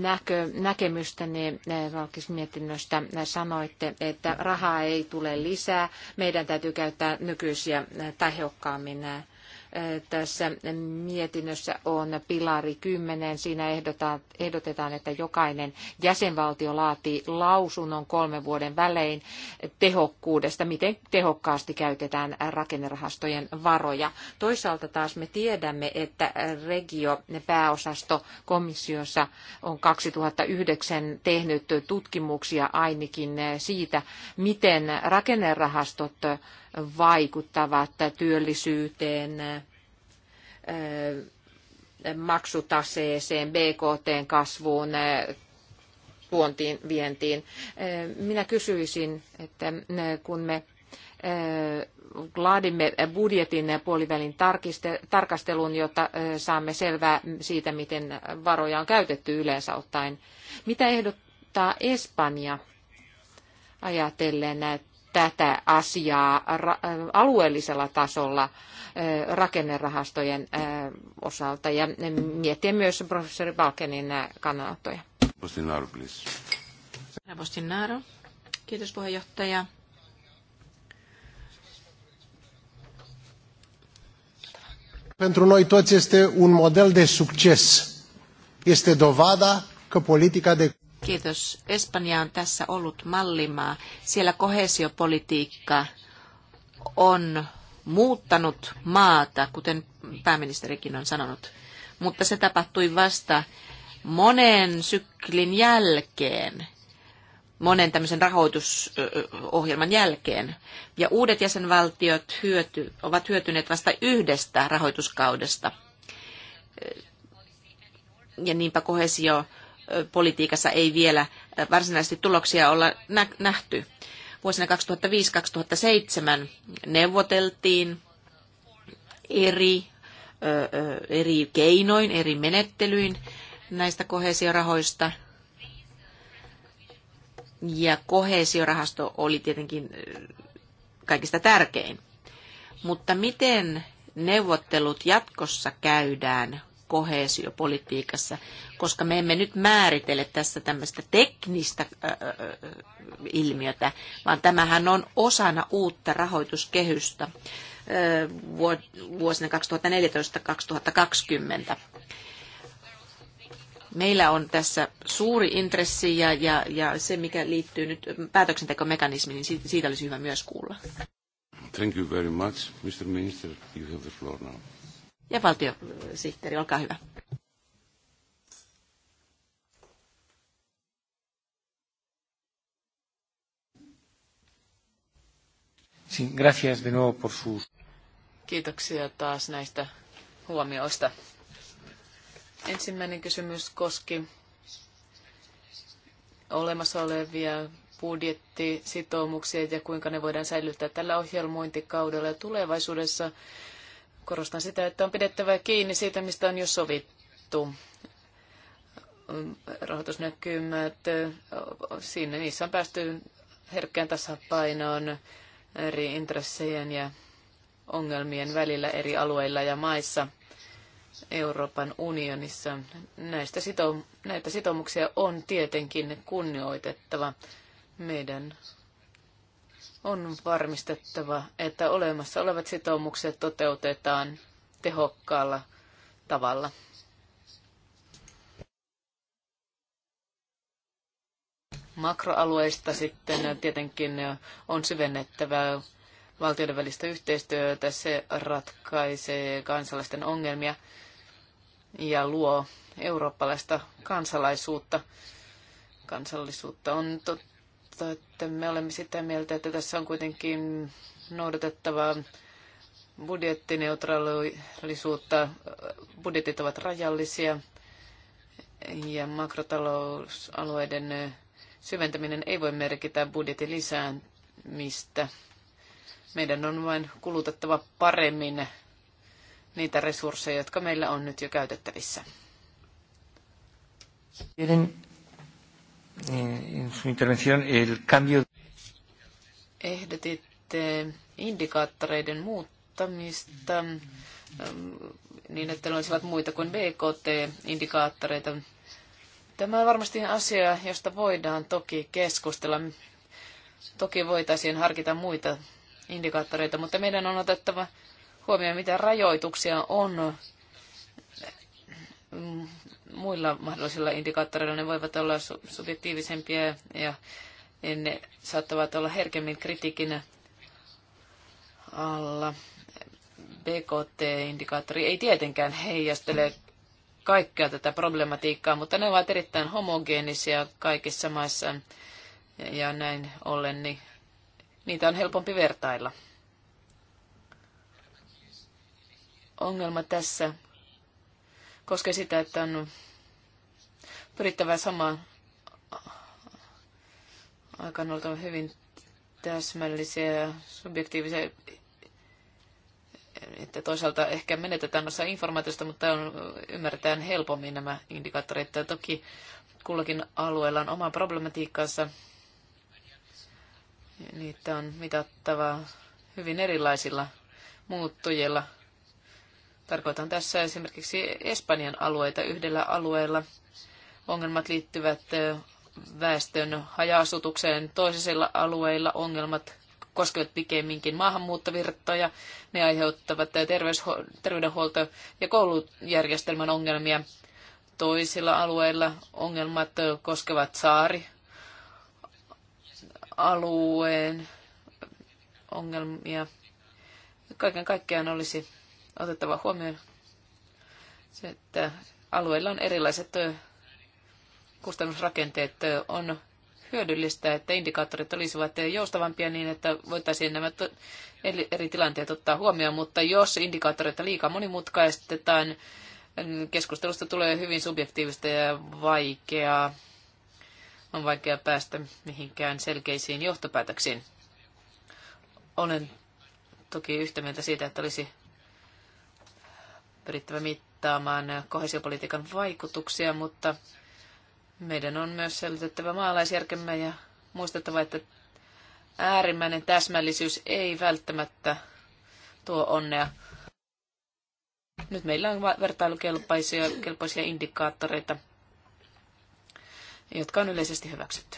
näkö, näkemystäni eh, valkismietinnöstä. Sanoitte, että rahaa ei tule lisää. Meidän täytyy käyttää nykyisiä tehokkaammin tässä mietinnössä on pilari 10. Siinä ehdotetaan, että jokainen jäsenvaltio laatii lausunnon kolmen vuoden välein tehokkuudesta, miten tehokkaasti käytetään rakennerahastojen varoja. Toisaalta taas me tiedämme, että regio pääosasto komissiossa on 2009 tehnyt tutkimuksia ainakin siitä, miten rakennerahastot vaikuttavat työllisyyteen, maksutaseeseen, BKTn kasvuun, tuontiin, vientiin. Minä kysyisin, että kun me laadimme budjetin puolivälin tarkastelun, jotta saamme selvää siitä, miten varoja on käytetty yleensä ottaen. Mitä ehdottaa Espanja ajatellen tätä asiaa alueellisella tasolla rakennerahastojen osalta ja miettiä myös professori Balkenin kannanottoja. Postinaro, please. Postinaro. Kiitos puheenjohtaja. Pentru noi toți este un model de succes. Este dovada că politica de Kiitos. Espanja on tässä ollut mallimaa. Siellä kohesiopolitiikka on muuttanut maata, kuten pääministerikin on sanonut. Mutta se tapahtui vasta monen syklin jälkeen, monen tämmöisen rahoitusohjelman jälkeen. Ja uudet jäsenvaltiot hyöty, ovat hyötyneet vasta yhdestä rahoituskaudesta. Ja niinpä kohesio politiikassa ei vielä varsinaisesti tuloksia olla nähty. Vuosina 2005-2007 neuvoteltiin eri, eri keinoin, eri menettelyin näistä kohesiorahoista. Ja kohesiorahasto oli tietenkin kaikista tärkein. Mutta miten neuvottelut jatkossa käydään Koheesiopolitiikassa, koska me emme nyt määritele tässä tämmöistä teknistä ilmiötä, vaan tämähän on osana uutta rahoituskehystä vuosina 2014-2020. Meillä on tässä suuri intressi ja, ja, ja se, mikä liittyy nyt päätöksentekomekanismiin, niin siitä olisi hyvä myös kuulla. Thank you very much. Mr. Minister, you have the floor now ja valtiosihteeri, olkaa hyvä. Kiitoksia taas näistä huomioista. Ensimmäinen kysymys koski olemassa olevia budjettisitoumuksia ja kuinka ne voidaan säilyttää tällä ohjelmointikaudella ja tulevaisuudessa Korostan sitä, että on pidettävä kiinni siitä, mistä on jo sovittu rahoitusnäkymät. Siinä niissä on päästy herkkään tasapainoon eri intressejen ja ongelmien välillä eri alueilla ja maissa Euroopan unionissa. Näistä sito, näitä sitoumuksia on tietenkin kunnioitettava. Meidän on varmistettava, että olemassa olevat sitoumukset toteutetaan tehokkaalla tavalla. Makroalueista sitten tietenkin on syvennettävä valtioiden välistä yhteistyötä. Se ratkaisee kansalaisten ongelmia ja luo eurooppalaista kansalaisuutta. Kansallisuutta on sellaista, että me olemme sitä mieltä, että tässä on kuitenkin noudatettava budjettineutraalisuutta. Budjetit ovat rajallisia ja makrotalousalueiden syventäminen ei voi merkitä budjetin lisäämistä. Meidän on vain kulutettava paremmin niitä resursseja, jotka meillä on nyt jo käytettävissä. Eh, en su intervención el cambio. Ehdotitte indikaattoreiden muuttamista mm, niin, että ne olisivat muita kuin BKT-indikaattoreita. Tämä on varmasti asia, josta voidaan toki keskustella. Toki voitaisiin harkita muita indikaattoreita, mutta meidän on otettava huomioon, mitä rajoituksia on mm, muilla mahdollisilla indikaattoreilla. Ne voivat olla subjektiivisempia ja ne saattavat olla herkemmin kritiikin alla. BKT-indikaattori ei tietenkään heijastele kaikkea tätä problematiikkaa, mutta ne ovat erittäin homogeenisia kaikissa maissa ja näin ollen niin niitä on helpompi vertailla. Ongelma tässä koskee sitä, että on pyrittävä samaan aikaan oltava hyvin täsmällisiä ja subjektiivisia, että toisaalta ehkä menetetään osa informaatiosta, mutta on, ymmärretään helpommin nämä indikaattorit. Ja toki kullakin alueella on oma problematiikkaansa. Niitä on mitattava hyvin erilaisilla muuttujilla – Tarkoitan tässä esimerkiksi Espanjan alueita yhdellä alueella. Ongelmat liittyvät väestön haja-asutukseen toisella alueilla. Ongelmat koskevat pikemminkin maahanmuuttovirtoja. Ne aiheuttavat terveydenhuolto- ja koulujärjestelmän ongelmia. Toisilla alueilla ongelmat koskevat saari alueen ongelmia. Kaiken kaikkiaan olisi otettava huomioon se, että alueilla on erilaiset kustannusrakenteet. On hyödyllistä, että indikaattorit olisivat joustavampia niin, että voitaisiin nämä eri tilanteet ottaa huomioon, mutta jos indikaattoreita liikaa monimutkaistetaan, keskustelusta tulee hyvin subjektiivista ja vaikeaa. On vaikea päästä mihinkään selkeisiin johtopäätöksiin. Olen toki yhtä mieltä siitä, että olisi pyrittävä mittaamaan kohesiopolitiikan vaikutuksia, mutta meidän on myös selvitettävä maalaisjärkemme ja muistettava, että äärimmäinen täsmällisyys ei välttämättä tuo onnea. Nyt meillä on vertailukelpoisia kelpoisia indikaattoreita, jotka on yleisesti hyväksytty.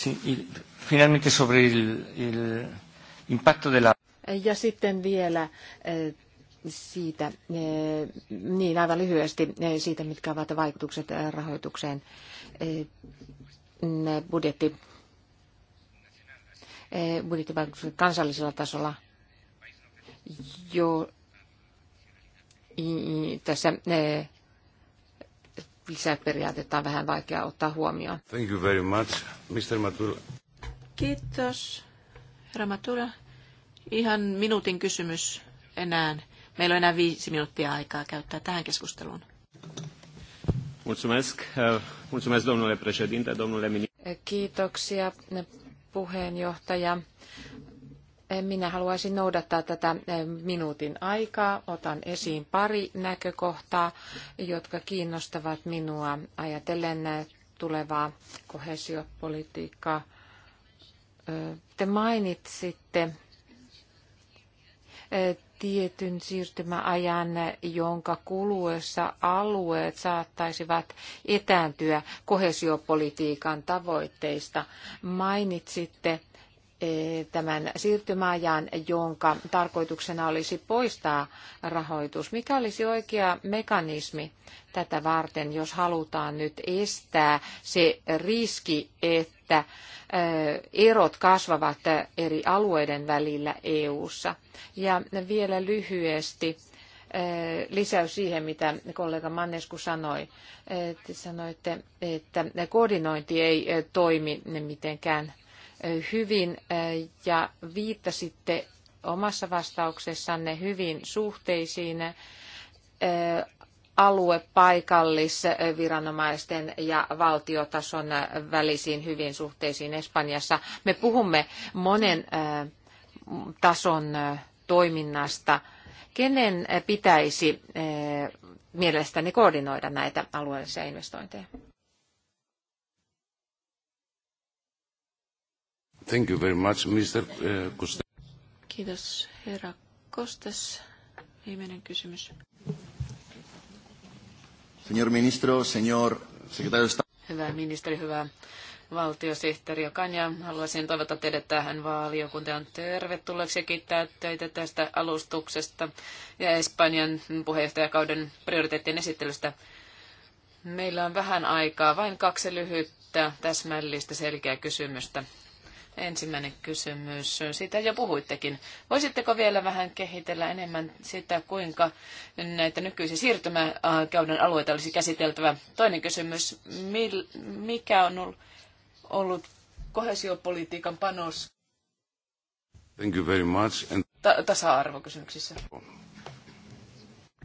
Sí, y finalmente sobre el, el impacto de la... Eh, ja sitten vielä eh, siitä, eh, niin aivan lyhyesti siitä, mitkä ovat vaikutukset rahoitukseen budjetti, budjettivaikutukset kansallisella tasolla. Jo tässä lisäperiaatetta on vähän vaikea ottaa huomioon. Thank you very much, Mr. Matula. Kiitos, herra Matula. Ihan minuutin kysymys enää. Meillä on enää viisi minuuttia aikaa käyttää tähän keskusteluun. Mulțumesc. Eh, mulțumesc, domnule președinte, domnule ministeri. Kiitoksia, puheenjohtaja. Minä haluaisin noudattaa tätä eh, minuutin aikaa. Otan esiin pari näkökohtaa, jotka kiinnostavat minua ajatellen eh, tulevaa kohesiopolitiikkaa. Eh, te mainitsitte tietyn siirtymäajan, jonka kuluessa alueet saattaisivat etääntyä kohesiopolitiikan tavoitteista. Mainitsitte Eh, tämän siirtymäajan, jonka tarkoituksena olisi poistaa rahoitus. Mikä olisi oikea mekanismi tätä varten, jos halutaan nyt estää se riski, että eh, erot kasvavat eri alueiden välillä EU:ssa? Ja vielä lyhyesti eh, lisäys siihen, mitä kollega Mannesku sanoi. Te sanoitte, että koordinointi ei toimi mitenkään hyvin ja viittasitte omassa vastauksessanne hyvin suhteisiin alue-, paikallisviranomaisten ja valtiotason välisiin hyvin suhteisiin Espanjassa. Me puhumme monen tason toiminnasta. Kenen pitäisi mielestäni koordinoida näitä alueellisia investointeja? Thank you very much, Mr. Uh, Kiitos, herra Viimeinen kysymys. Señor ministro, señor secretario Hyvä ministeri, hyvä valtiosihteeri Kanja. Haluaisin toivottaa teidät tähän valiokuntaan tervetulleeksi ja kiittää teitä tästä alustuksesta ja Espanjan puheenjohtajakauden prioriteettien esittelystä. Meillä on vähän aikaa, vain kaksi lyhyttä, täsmällistä, selkeää kysymystä ensimmäinen kysymys. Siitä jo puhuittekin. Voisitteko vielä vähän kehitellä enemmän sitä, kuinka näitä nykyisiä siirtymäkäyden alueita olisi käsiteltävä? Toinen kysymys, mikä on ollut kohesiopolitiikan panos Thank you very much. And... Ta- tasa-arvokysymyksissä?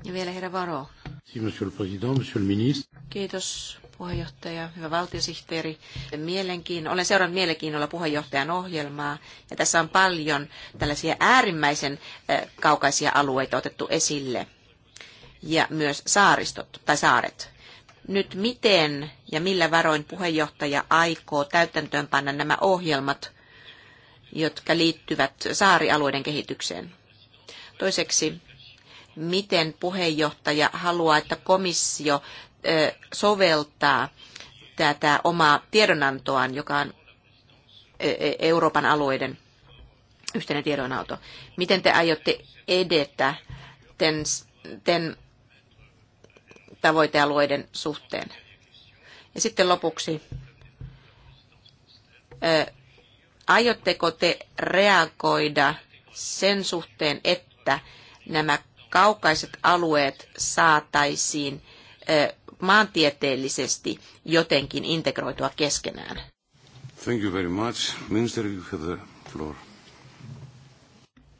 Ja vielä herra Varo. Kiitos, puheenjohtaja, hyvä valtiosihteeri. Mielenkiin, olen seurannut mielenkiinnolla puheenjohtajan ohjelmaa ja tässä on paljon tällaisia äärimmäisen kaukaisia alueita otettu esille ja myös saaristot tai saaret. Nyt miten ja millä varoin puheenjohtaja aikoo täytäntöönpanna nämä ohjelmat, jotka liittyvät saarialueiden kehitykseen? Toiseksi, miten puheenjohtaja haluaa, että komissio soveltaa tätä omaa tiedonantoaan, joka on Euroopan alueiden yhteinen tiedonanto. Miten te aiotte edetä ten, ten tavoitealueiden suhteen? Ja sitten lopuksi, aiotteko te reagoida sen suhteen, että nämä kaukaiset alueet saataisiin maantieteellisesti jotenkin integroitua keskenään. Thank you very much. Minister, you have the floor.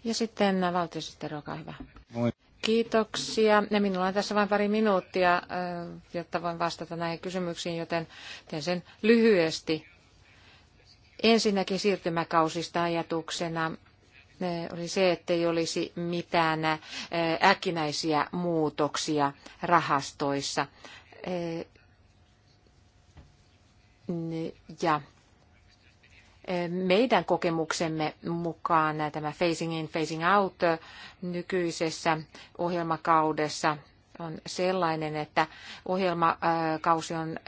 Ja sitten äh, valtiosihteeri, olkaa hyvä. Moi. Kiitoksia. Ja minulla on tässä vain pari minuuttia, äh, jotta voin vastata näihin kysymyksiin, joten teen sen lyhyesti. Ensinnäkin siirtymäkausista ajatuksena äh, oli se, ei olisi mitään äkkinäisiä muutoksia rahastoissa. Ja meidän kokemuksemme mukaan tämä phasing in, phasing out nykyisessä ohjelmakaudessa on sellainen, että ohjelmakausi on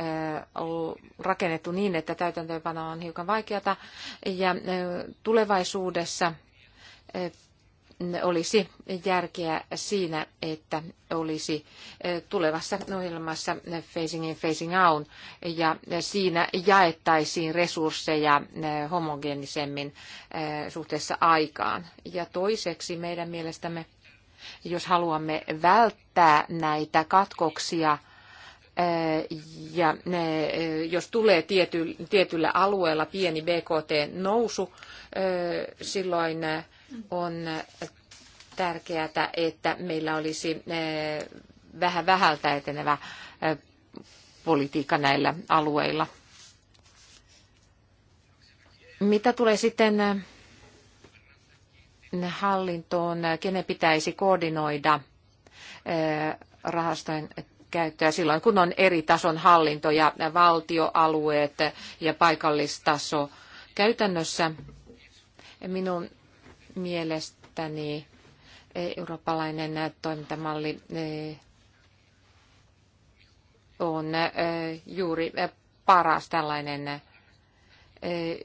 rakennettu niin, että täytäntöönpano on hiukan vaikeata ja tulevaisuudessa olisi järkeä siinä, että olisi tulevassa ohjelmassa Facing in, Facing Out, ja siinä jaettaisiin resursseja homogeenisemmin suhteessa aikaan. Ja toiseksi meidän mielestämme, jos haluamme välttää näitä katkoksia, ja ne, jos tulee tietyllä alueella pieni BKT-nousu, silloin on tärkeää, että meillä olisi eh, vähän vähältä etenevä eh, politiikka näillä alueilla. Mitä tulee sitten eh, hallintoon, kenen pitäisi koordinoida rahastojen käyttöä silloin, kun on eri tason hallinto ja valtioalueet ja paikallistaso. Käytännössä minun mielestäni eurooppalainen toimintamalli e, on e, juuri paras tällainen. E,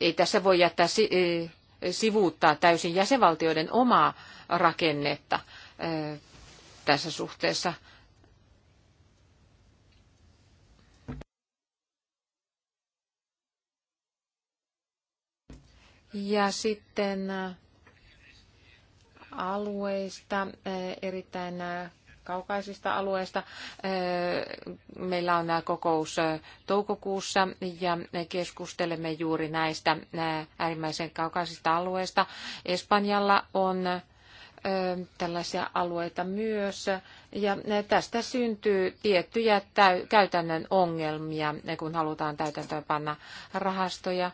ei tässä voi jättää sivuuttaa täysin jäsenvaltioiden omaa rakennetta tässä suhteessa. Ja sitten alueista, eh, erittäin eh, kaukaisista alueista. Eh, meillä on kokous toukokuussa ja keskustelemme juuri näistä äärimmäisen kaukaisista alueista. Espanjalla on tällaisia alueita myös. Ja tästä syntyy tiettyjä käytännön ongelmia, kun halutaan täytäntöön panna rahastoja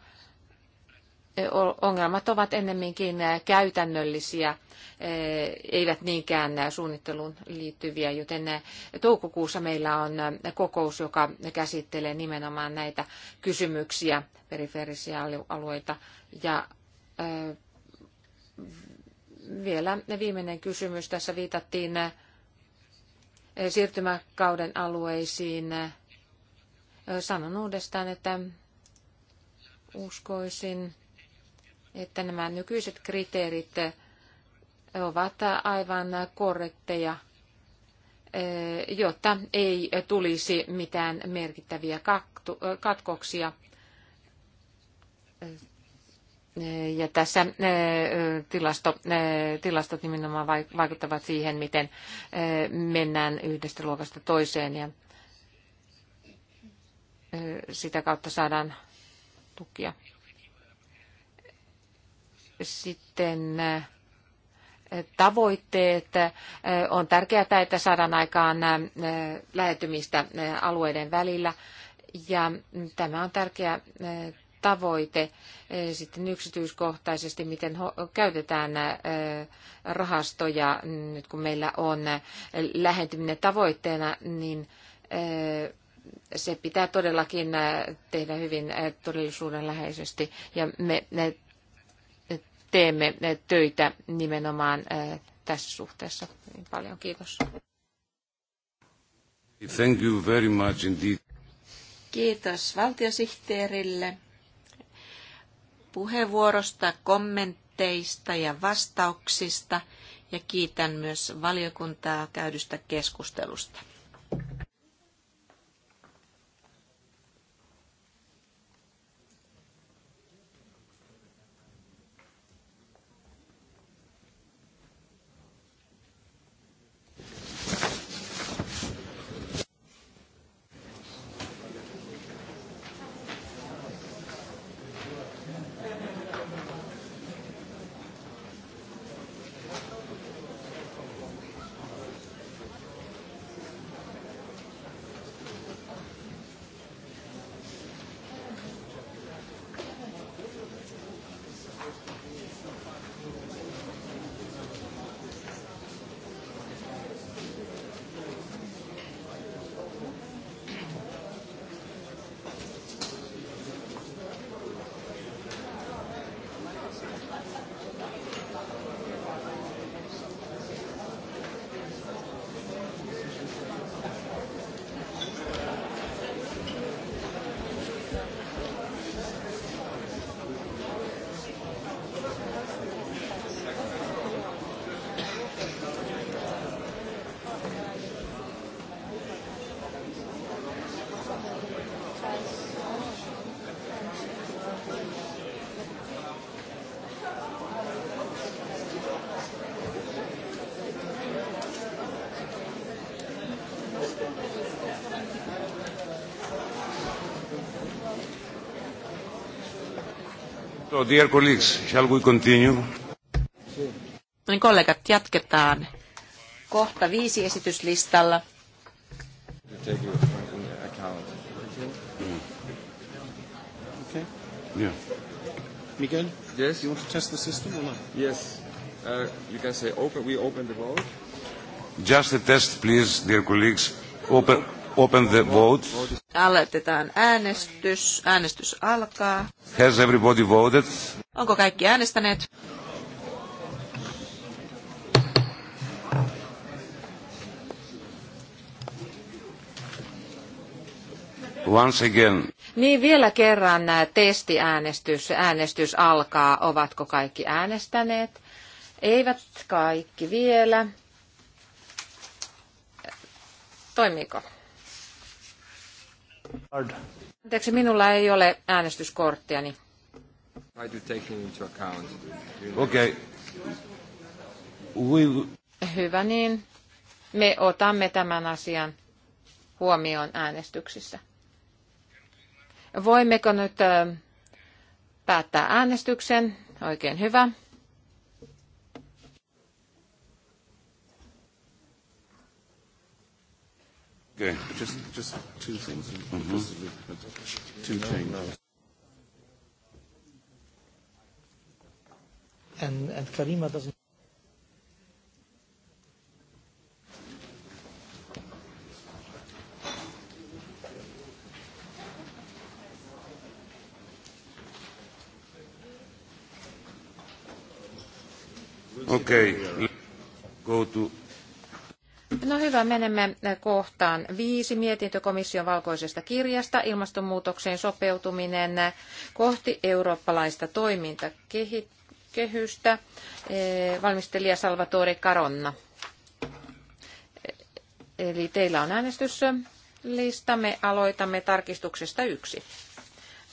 ongelmat ovat ennemminkin käytännöllisiä, eivät niinkään suunnitteluun liittyviä, joten toukokuussa meillä on kokous, joka käsittelee nimenomaan näitä kysymyksiä, perifeerisiä alueita. Ja vielä viimeinen kysymys. Tässä viitattiin siirtymäkauden alueisiin. Sanon uudestaan, että uskoisin, että nämä nykyiset kriteerit ovat aivan korrekteja, jotta ei tulisi mitään merkittäviä katkoksia. Ja tässä tilasto, tilastot nimenomaan vaikuttavat siihen, miten mennään yhdestä luokasta toiseen ja sitä kautta saadaan tukia. Sitten eh, tavoitteet. Eh, on tärkeää, että saadaan aikaan eh, lähetymistä alueiden välillä. Ja tämä on tärkeä tavoite sitten yksityiskohtaisesti, miten käytetään rahastoja. Nyt kun meillä on lähentyminen tavoitteena, niin se pitää todellakin tehdä hyvin todellisuudenläheisesti. Ja me teemme eh, töitä nimenomaan eh, tässä suhteessa niin paljon. Kiitos. Thank you very much indeed. Kiitos valtiosihteerille puheenvuorosta, kommentteista ja vastauksista ja kiitän myös valiokuntaa käydystä keskustelusta. dear colleagues, shall we continue? No niin kollegat, jatketaan. Kohta viisi esityslistalla. Okay. Miguel? Yes. You want to test the system or not? Yes. Uh, you can say open. We open the vote. Just a test, please, dear colleagues. Open. open. Open the Aloitetaan äänestys. Äänestys alkaa. Has everybody voted? Onko kaikki äänestäneet? Once again. Niin vielä kerran testiäänestys. Äänestys alkaa. Ovatko kaikki äänestäneet? Eivät kaikki vielä. Toimiiko? Hard. Anteeksi, minulla ei ole äänestyskorttiani. Okei. Okay. Hyvä niin. Me otamme tämän asian huomioon äänestyksissä. Voimmeko nyt päättää äänestyksen? Oikein hyvä. Okay. Just, just two things. Mm-hmm. Two no, changes. No. And, and Karima doesn't. Okay, go to No hyvä, menemme eh, kohtaan viisi mietintökomission valkoisesta kirjasta ilmastonmuutokseen sopeutuminen kohti eurooppalaista toimintakehystä. Eh, valmistelija Salvatore Caronna. Eh, eli teillä on äänestyslista. Me aloitamme tarkistuksesta yksi.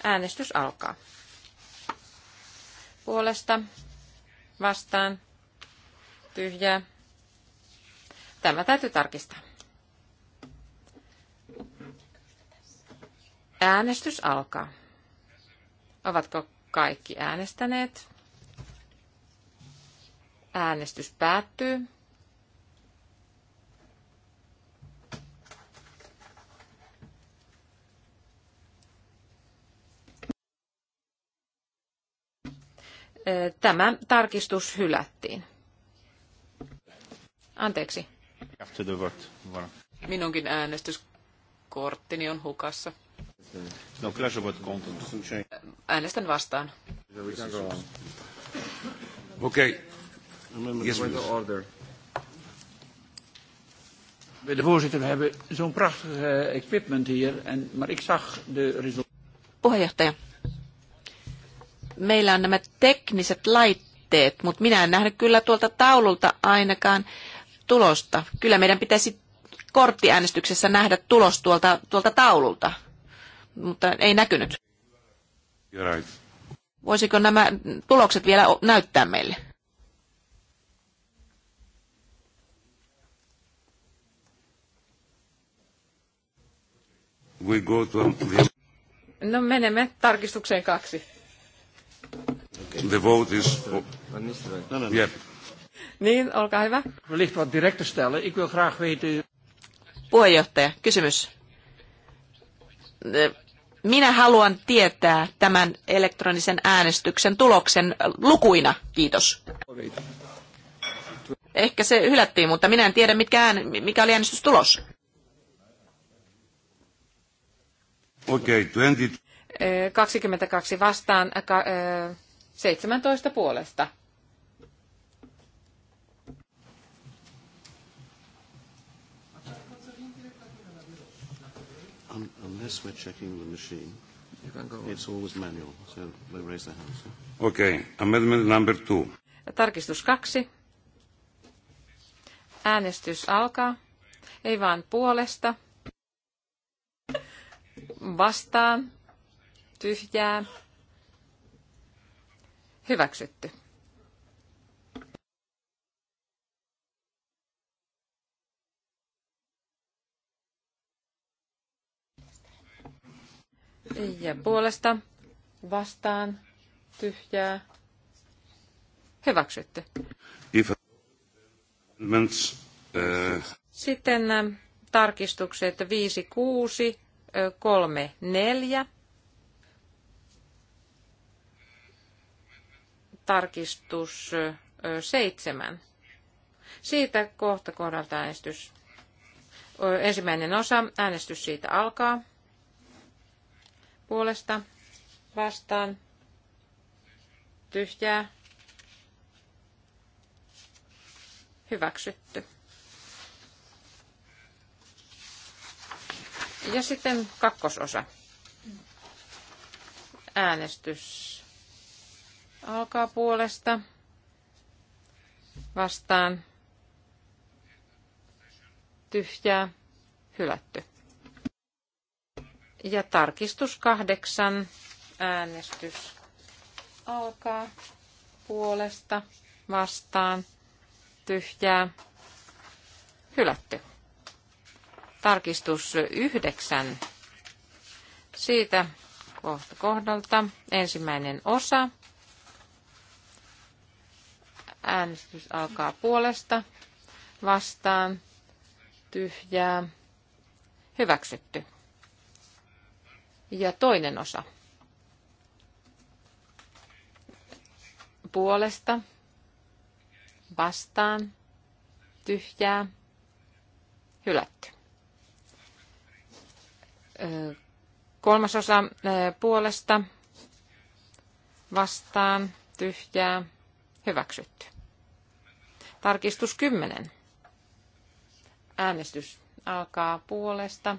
Äänestys alkaa. Puolesta, vastaan, tyhjää, Tämä täytyy tarkistaa. Äänestys alkaa. Ovatko kaikki äänestäneet? Äänestys päättyy. Tämä tarkistus hylättiin. Anteeksi. After the vote. Minunkin äänestyskorttini on hukassa. No, kyllä sä voit Äänestän vastaan. Okei. Okay. Yes, order. De voorzitter, we hebben zo'n prachtig eh, equipment hier, en, maar ik zag de resultaten. Puheenjohtaja, meillä on nämä tekniset laitteet, mutta minä en nähnyt kyllä tuolta taululta ainakaan tulosta. Kyllä meidän pitäisi korttiäänestyksessä nähdä tulos tuolta, tuolta taululta, mutta ei näkynyt. Right. Voisiko nämä tulokset vielä näyttää meille? We go to the... No menemme tarkistukseen kaksi. Okay. The vote is... No, no, no. Yeah. Niin, olkaa hyvä. Wellicht wat directer stellen. Ik wil graag weten... Puheenjohtaja, kysymys. Minä haluan tietää tämän elektronisen äänestyksen tuloksen lukuina. Kiitos. Ehkä se hylättiin, mutta minä en tiedä, mitkä ään, mikä oli äänestystulos. Okei, okay, 20. 22 vastaan, 17 puolesta. this we're checking the machine. You can go It's always manual, so they raise their hands. Okay, amendment number two. Tarkistus kaksi. Äänestys alkaa. Ei vaan puolesta. Vastaan. Tyhjää. Hyväksytty. ja puolesta vastaan tyhjää. Hyväksytty. Uh, Sitten äh, tarkistukset 5, 6, 3, 4. Tarkistus 7. Siitä kohta kohdalta äänestys. Ensimmäinen osa, äänestys siitä alkaa puolesta vastaan tyhjää hyväksytty. Ja sitten kakkososa. Äänestys alkaa puolesta vastaan tyhjää hylätty. Ja tarkistus kahdeksan. Äänestys alkaa puolesta vastaan tyhjää hylätty. Tarkistus yhdeksän. Siitä kohta kohdalta ensimmäinen osa. Äänestys alkaa puolesta vastaan tyhjää hyväksytty. Ja toinen osa. Puolesta, vastaan, tyhjää, hylätty. Kolmas osa puolesta, vastaan, tyhjää, hyväksytty. Tarkistus 10. Äänestys alkaa puolesta,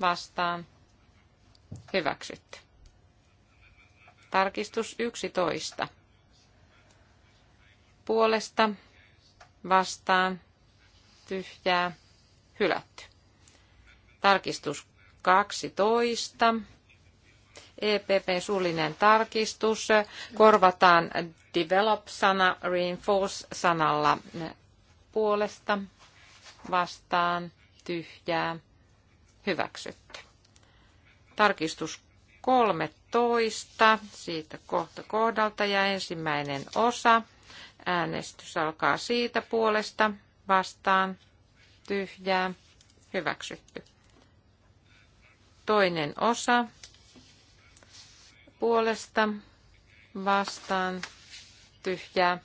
vastaan, Hyväksytty. Tarkistus 11. Puolesta vastaan tyhjää hylätty. Tarkistus 12. EPPn suullinen tarkistus korvataan develop-sana reinforce-sanalla puolesta vastaan tyhjää hyväksytty. Tarkistus 13, siitä kohta kohdalta ja ensimmäinen osa. Äänestys alkaa siitä puolesta vastaan tyhjää hyväksytty. Toinen osa puolesta vastaan tyhjää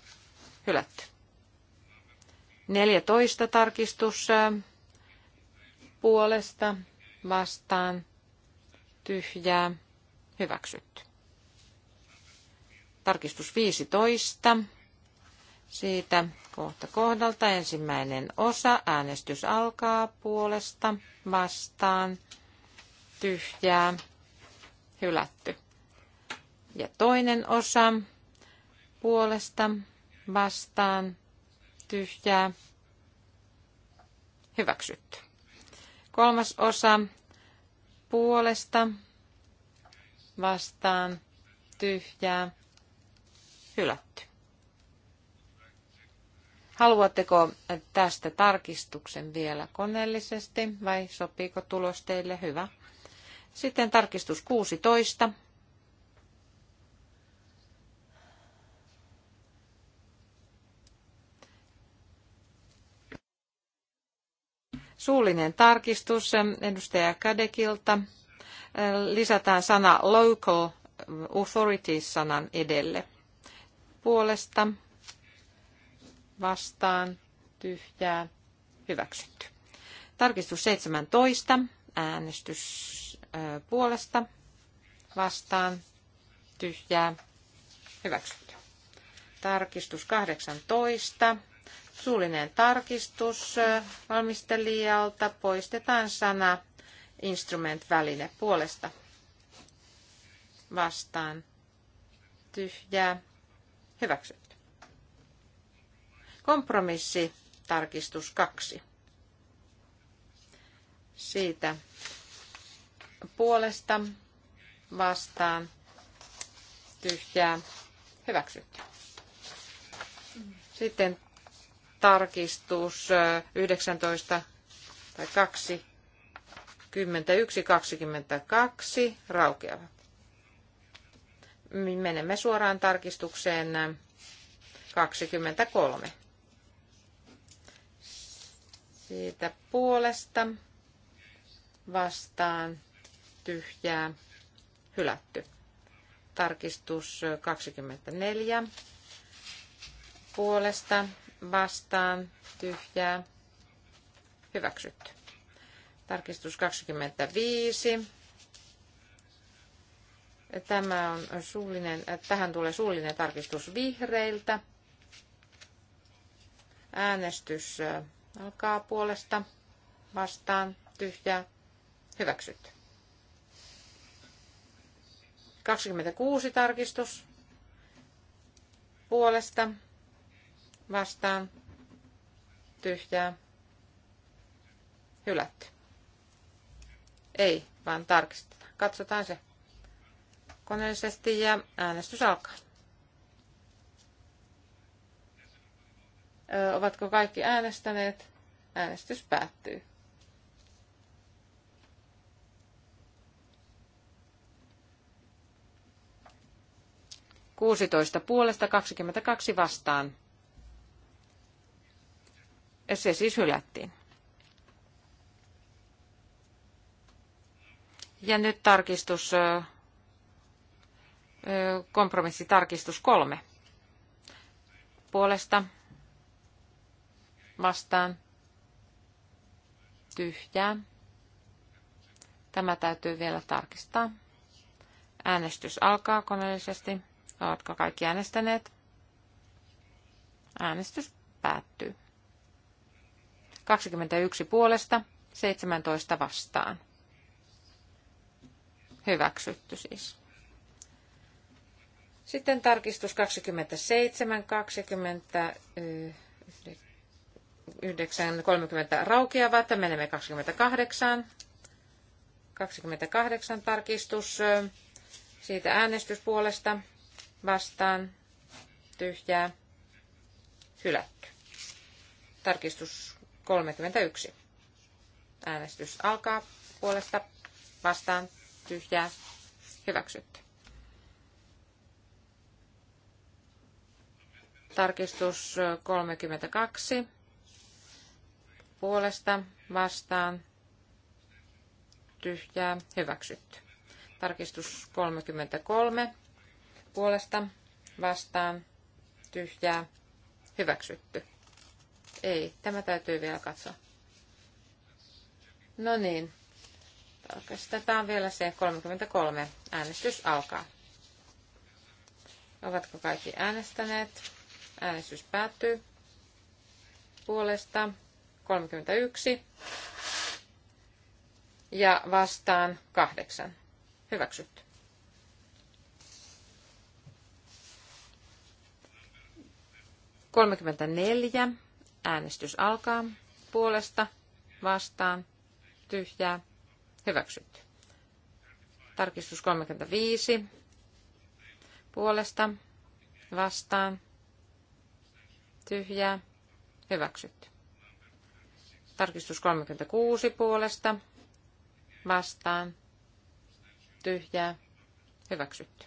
hylätty. 14 tarkistus puolesta vastaan tyhjää, hyväksytty. Tarkistus 15. Siitä kohta kohdalta ensimmäinen osa. Äänestys alkaa puolesta, vastaan, tyhjää, hylätty. Ja toinen osa puolesta, vastaan, tyhjää, hyväksytty. Kolmas osa puolesta vastaan tyhjää hylätty. Haluatteko tästä tarkistuksen vielä koneellisesti vai sopiiko tulos teille hyvä? Sitten tarkistus 16 Suullinen tarkistus edustaja Kadekilta. Lisätään sana local authorities sanan edelle. Puolesta vastaan tyhjää hyväksytty. Tarkistus 17. Äänestys puolesta vastaan tyhjää hyväksytty. Tarkistus 18 Suullinen tarkistus valmistelijalta poistetaan sana instrument väline puolesta vastaan tyhjää hyväksytty. Kompromissi tarkistus kaksi. Siitä puolesta vastaan tyhjää hyväksytty. Sitten tarkistus 19 tai 2, 21, 22 raukeavat. Menemme suoraan tarkistukseen 23. Siitä puolesta vastaan tyhjää hylätty. Tarkistus 24 puolesta vastaan, tyhjää, hyväksytty. Tarkistus 25. Tämä on suullinen, tähän tulee suullinen tarkistus vihreiltä. Äänestys alkaa puolesta, vastaan, tyhjää, hyväksytty. 26 tarkistus puolesta, vastaan tyhjää hylätty. Ei, vaan tarkistetaan. Katsotaan se koneellisesti ja äänestys alkaa. Ö, ovatko kaikki äänestäneet? Äänestys päättyy. Kuusitoista puolesta kaksi vastaan. Se siis hylättiin. Ja nyt tarkistus, kompromissitarkistus kolme. Puolesta vastaan tyhjää. Tämä täytyy vielä tarkistaa. Äänestys alkaa koneellisesti. Oletko kaikki äänestäneet? Äänestys päättyy. 21 puolesta, 17 vastaan. Hyväksytty siis. Sitten tarkistus 27, 29, 30 raukeavat. Menemme 28. 28 tarkistus. Siitä äänestyspuolesta vastaan tyhjää hylätty. Tarkistus 31. Äänestys alkaa puolesta vastaan tyhjää hyväksytty. Tarkistus 32 puolesta vastaan tyhjää hyväksytty. Tarkistus 33 puolesta vastaan tyhjää hyväksytty. Ei, tämä täytyy vielä katsoa. No niin, tarkastetaan vielä se 33. Äänestys alkaa. Ovatko kaikki äänestäneet? Äänestys päättyy. Puolesta 31 ja vastaan 8. Hyväksytty. neljä. Äänestys alkaa. Puolesta, vastaan, tyhjää, hyväksytty. Tarkistus 35. Puolesta, vastaan, tyhjää, hyväksytty. Tarkistus 36 puolesta, vastaan, tyhjää, hyväksytty.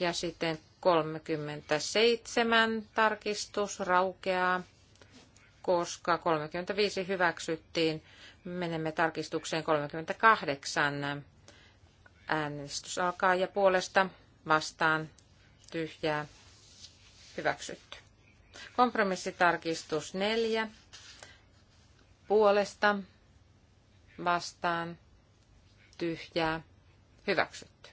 Ja sitten 37 tarkistus raukeaa, koska 35 hyväksyttiin. Menemme tarkistukseen 38. Äänestys alkaa ja puolesta vastaan tyhjää hyväksytty. Kompromissitarkistus 4 puolesta vastaan tyhjää hyväksytty.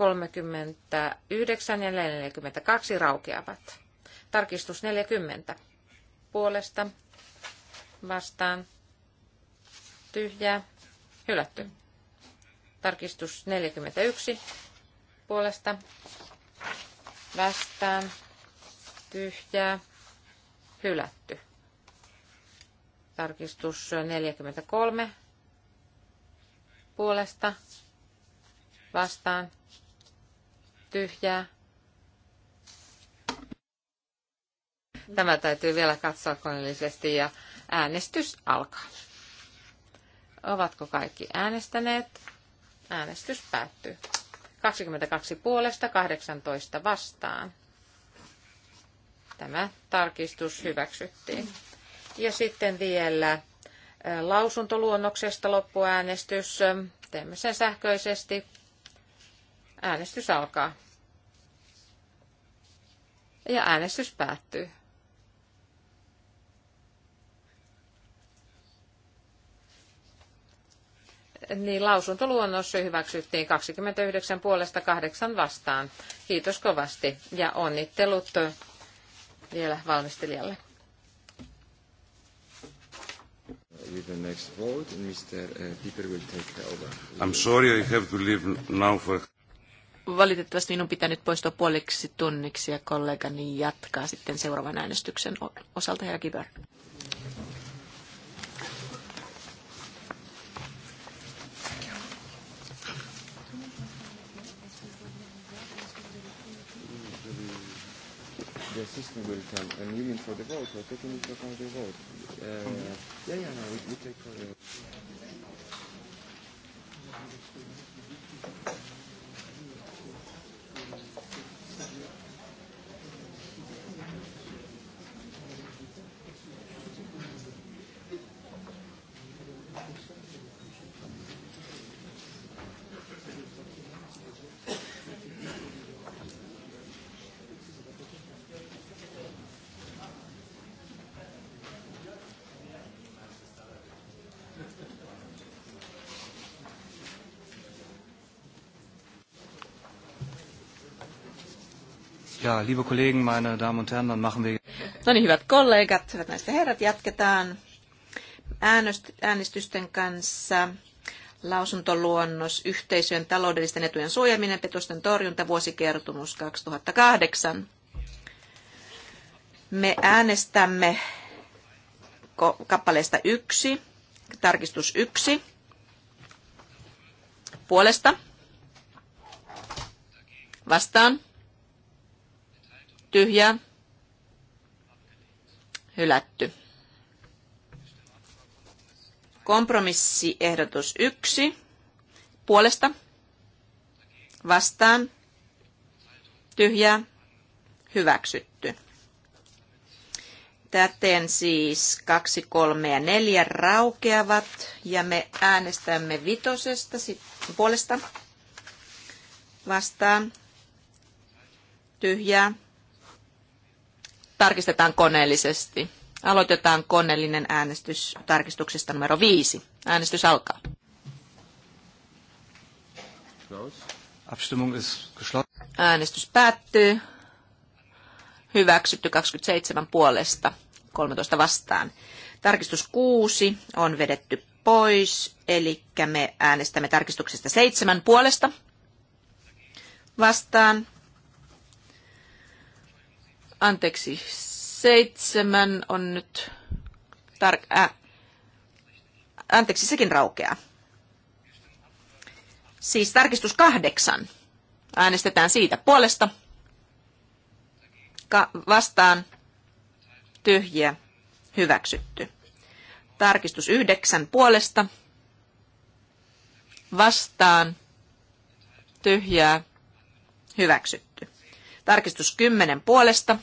39 ja 42 raukeavat. Tarkistus 40. Puolesta vastaan tyhjää hylätty. Tarkistus 41 puolesta vastaan tyhjää hylätty. Tarkistus 43 puolesta vastaan tyhjää. Tämä täytyy vielä katsoa koneellisesti ja äänestys alkaa. Ovatko kaikki äänestäneet? Äänestys päättyy. 22 puolesta 18 vastaan. Tämä tarkistus hyväksyttiin. Ja sitten vielä lausuntoluonnoksesta loppuäänestys. Teemme sen sähköisesti. Äänestys alkaa. Ja äänestys päättyy. Niin, lausuntoluonnos hyväksyttiin 29 puolesta 8 vastaan. Kiitos kovasti ja onnittelut vielä valmistelijalle. with the next vote, Mr. Uh, will take over. I'm sorry I have to leave now for... Valitettavasti minun pitää nyt poistua puoliksi tunniksi ja kollegani jatkaa sitten seuraavan äänestyksen osalta. Herra Kiber. the system will come and you mean for the vote or taking the vote. Uh, yeah, yeah, no, we, we take for the... Ja, liebe Kollegen, meine Damen und Herren, dann machen wir... No niin, hyvät kollegat, hyvät naiset ja herrat, jatketaan äänestysten kanssa. Lausuntoluonnos, yhteisöjen taloudellisten etujen suojaminen, petosten torjunta, vuosikertomus 2008. Me äänestämme kappaleesta yksi, tarkistus yksi, puolesta, vastaan, tyhjää, hylätty. Kompromissiehdotus 1 puolesta vastaan tyhjää hyväksytty. Täten siis 2, 3 ja 4 raukeavat ja me äänestämme vitosesta puolesta vastaan tyhjää Tarkistetaan koneellisesti. Aloitetaan koneellinen äänestys tarkistuksesta numero 5. Äänestys alkaa. Äänestys päättyy. Hyväksytty 27 puolesta, 13 vastaan. Tarkistus 6 on vedetty pois, eli me äänestämme tarkistuksesta 7 puolesta. Vastaan anteeksi, seitsemän on nyt tar- äh. anteeksi, sekin raukeaa. Siis tarkistus kahdeksan. Äänestetään siitä puolesta. Ka- vastaan tyhjiä hyväksytty. Tarkistus yhdeksän puolesta. Vastaan tyhjää hyväksytty. Tarkistus kymmenen puolesta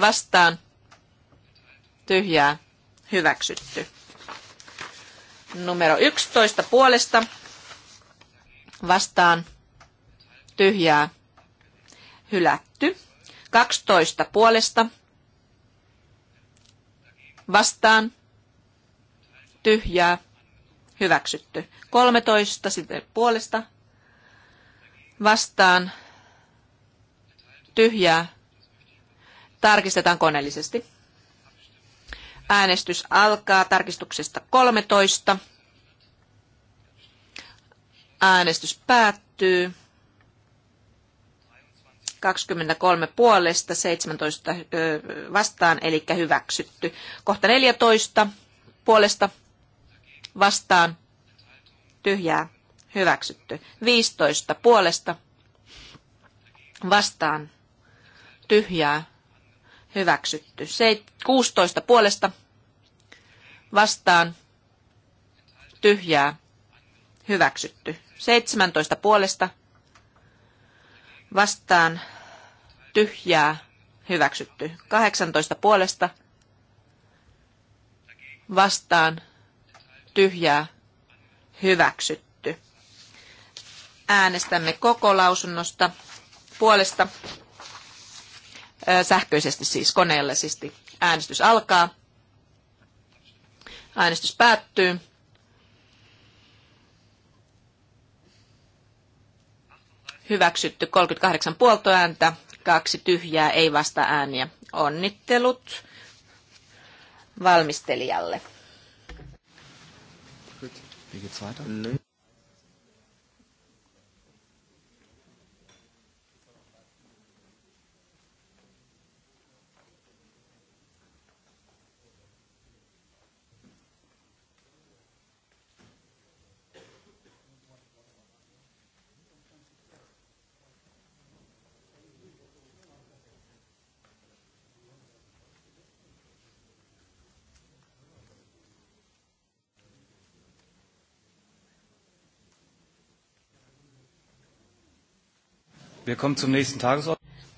vastaan tyhjää hyväksytty. Numero 11 puolesta vastaan tyhjää hylätty. 12 puolesta vastaan tyhjää hyväksytty. 13 sitten puolesta vastaan tyhjää Tarkistetaan koneellisesti. Äänestys alkaa tarkistuksesta 13. Äänestys päättyy. 23 puolesta, 17 vastaan, eli hyväksytty. Kohta 14 puolesta vastaan, tyhjää, hyväksytty. 15 puolesta vastaan, tyhjää, Hyväksytty. 16 puolesta vastaan tyhjää. Hyväksytty. 17 puolesta vastaan tyhjää. Hyväksytty. 18 puolesta vastaan tyhjää. Hyväksytty. Äänestämme koko lausunnosta puolesta sähköisesti siis koneellisesti. Äänestys alkaa. Äänestys päättyy. Hyväksytty 38 puoltoääntä, kaksi tyhjää, ei vasta ääniä. Onnittelut valmistelijalle. Wie geht's weiter?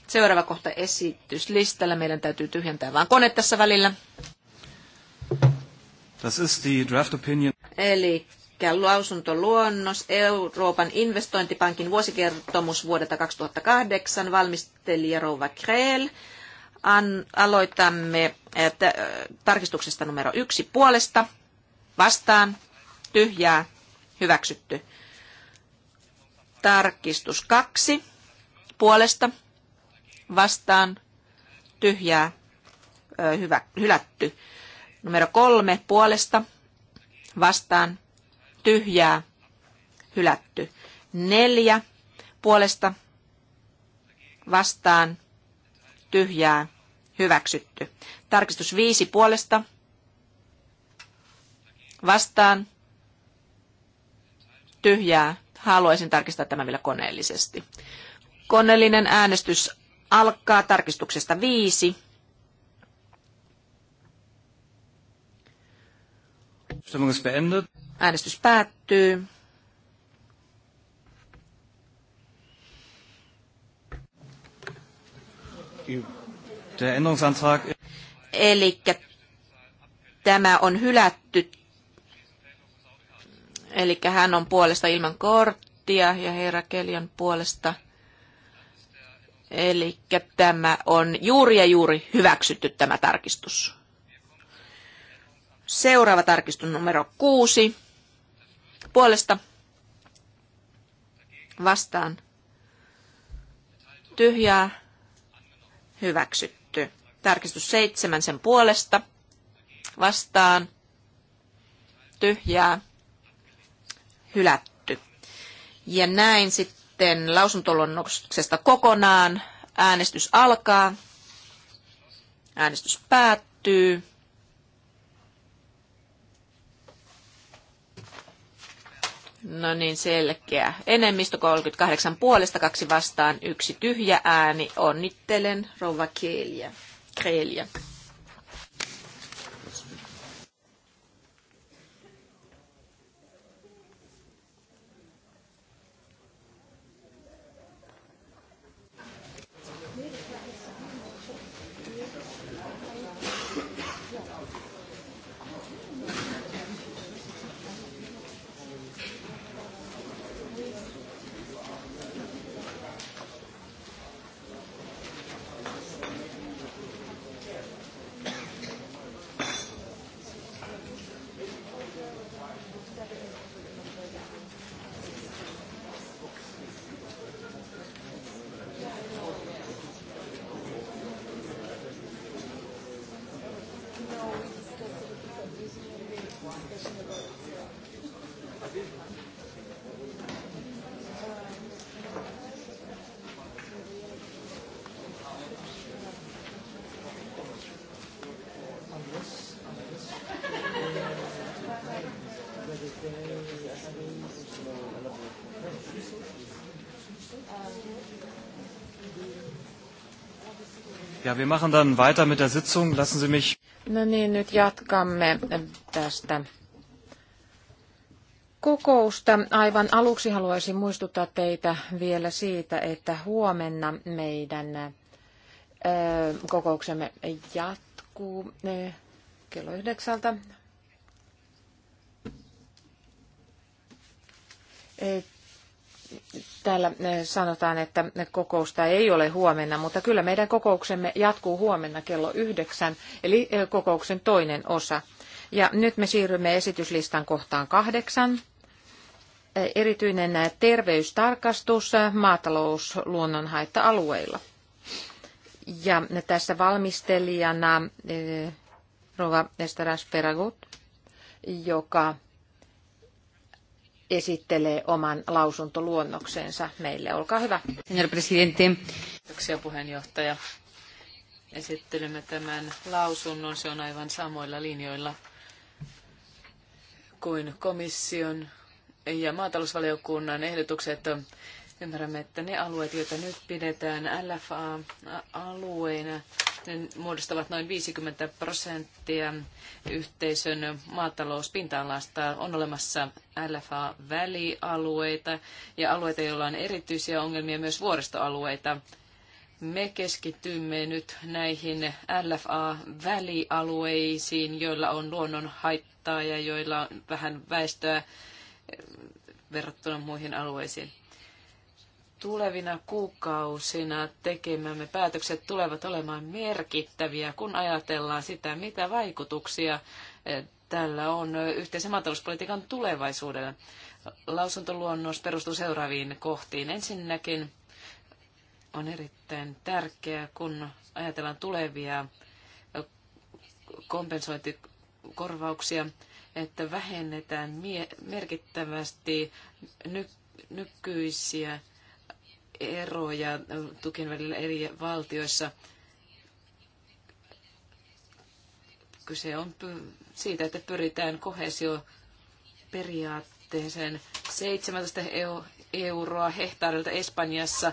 Seuraava kohta esityslistalla. Meidän täytyy tyhjentää vain kone tässä välillä. Das ist die draft opinion. Eli lausuntoluonnos Euroopan investointipankin vuosikertomus vuodelta 2008, valmistelija Rouva Krell. An, aloitamme että, tarkistuksesta numero yksi puolesta. Vastaan. Tyhjää. Hyväksytty. Tarkistus kaksi puolesta vastaan tyhjää hyvä, hylätty. Numero kolme puolesta vastaan tyhjää hylätty. Neljä puolesta vastaan tyhjää hyväksytty. Tarkistus viisi puolesta vastaan tyhjää. Haluaisin tarkistaa tämän vielä koneellisesti. Koneellinen äänestys alkaa tarkistuksesta viisi. Äänestys päättyy. Eli tämä on hylätty. Eli hän on puolesta ilman korttia ja herra Kelion puolesta – Eli tämä on juuri ja juuri hyväksytty tämä tarkistus. Seuraava tarkistus numero kuusi. Puolesta vastaan tyhjää hyväksytty. Tarkistus seitsemän sen puolesta vastaan tyhjää hylätty. Ja näin sitten sitten lausuntolonnoksesta kokonaan. Äänestys alkaa. Äänestys päättyy. No niin, selkeä. Enemmistö 38 puolesta, kaksi vastaan, yksi tyhjä ääni. Onnittelen rouva Kreelia. Kreeliä. Ja, wir machen dann weiter mit der Sitzung. Lassen Sie mich... No niin, nyt jatkamme tästä kokousta. Aivan aluksi haluaisin muistuttaa teitä vielä siitä, että huomenna meidän kokouksemme jatkuu kello yhdeksältä. Täällä eh, sanotaan, että kokousta ei ole huomenna, mutta kyllä meidän kokouksemme jatkuu huomenna kello yhdeksän, eli eh, kokouksen toinen osa. Ja nyt me siirrymme esityslistan kohtaan kahdeksan. Eh, erityinen terveystarkastus maatalous luonnonhaitta-alueilla. Ja tässä valmistelijana Rova Estaras Peragut, joka esittelee oman lausuntoluonnoksensa meille. Olkaa hyvä. Señor presidente. Kiitoksia puheenjohtaja. Esittelemme tämän lausunnon. Se on aivan samoilla linjoilla kuin komission ja maatalousvaliokunnan ehdotukset. Ymmärrämme, että ne alueet, joita nyt pidetään LFA-alueina, ne muodostavat noin 50 prosenttia yhteisön maatalouspinta-alasta. On olemassa LFA-välialueita ja alueita, joilla on erityisiä ongelmia, myös vuoristoalueita. Me keskitymme nyt näihin LFA-välialueisiin, joilla on luonnon haittaa ja joilla on vähän väestöä verrattuna muihin alueisiin tulevina kuukausina tekemämme päätökset tulevat olemaan merkittäviä, kun ajatellaan sitä, mitä vaikutuksia eh, tällä on eh, yhteisen maatalouspolitiikan tulevaisuudelle. Lausuntoluonnos perustuu seuraaviin kohtiin. Ensinnäkin on erittäin tärkeää, kun ajatellaan tulevia eh, kompensointikorvauksia, että vähennetään merkittävästi nykyisiä eroja tukien välillä eri valtioissa. Kyse on siitä, että pyritään kohesioperiaatteeseen 17 euroa hehtaarilta Espanjassa,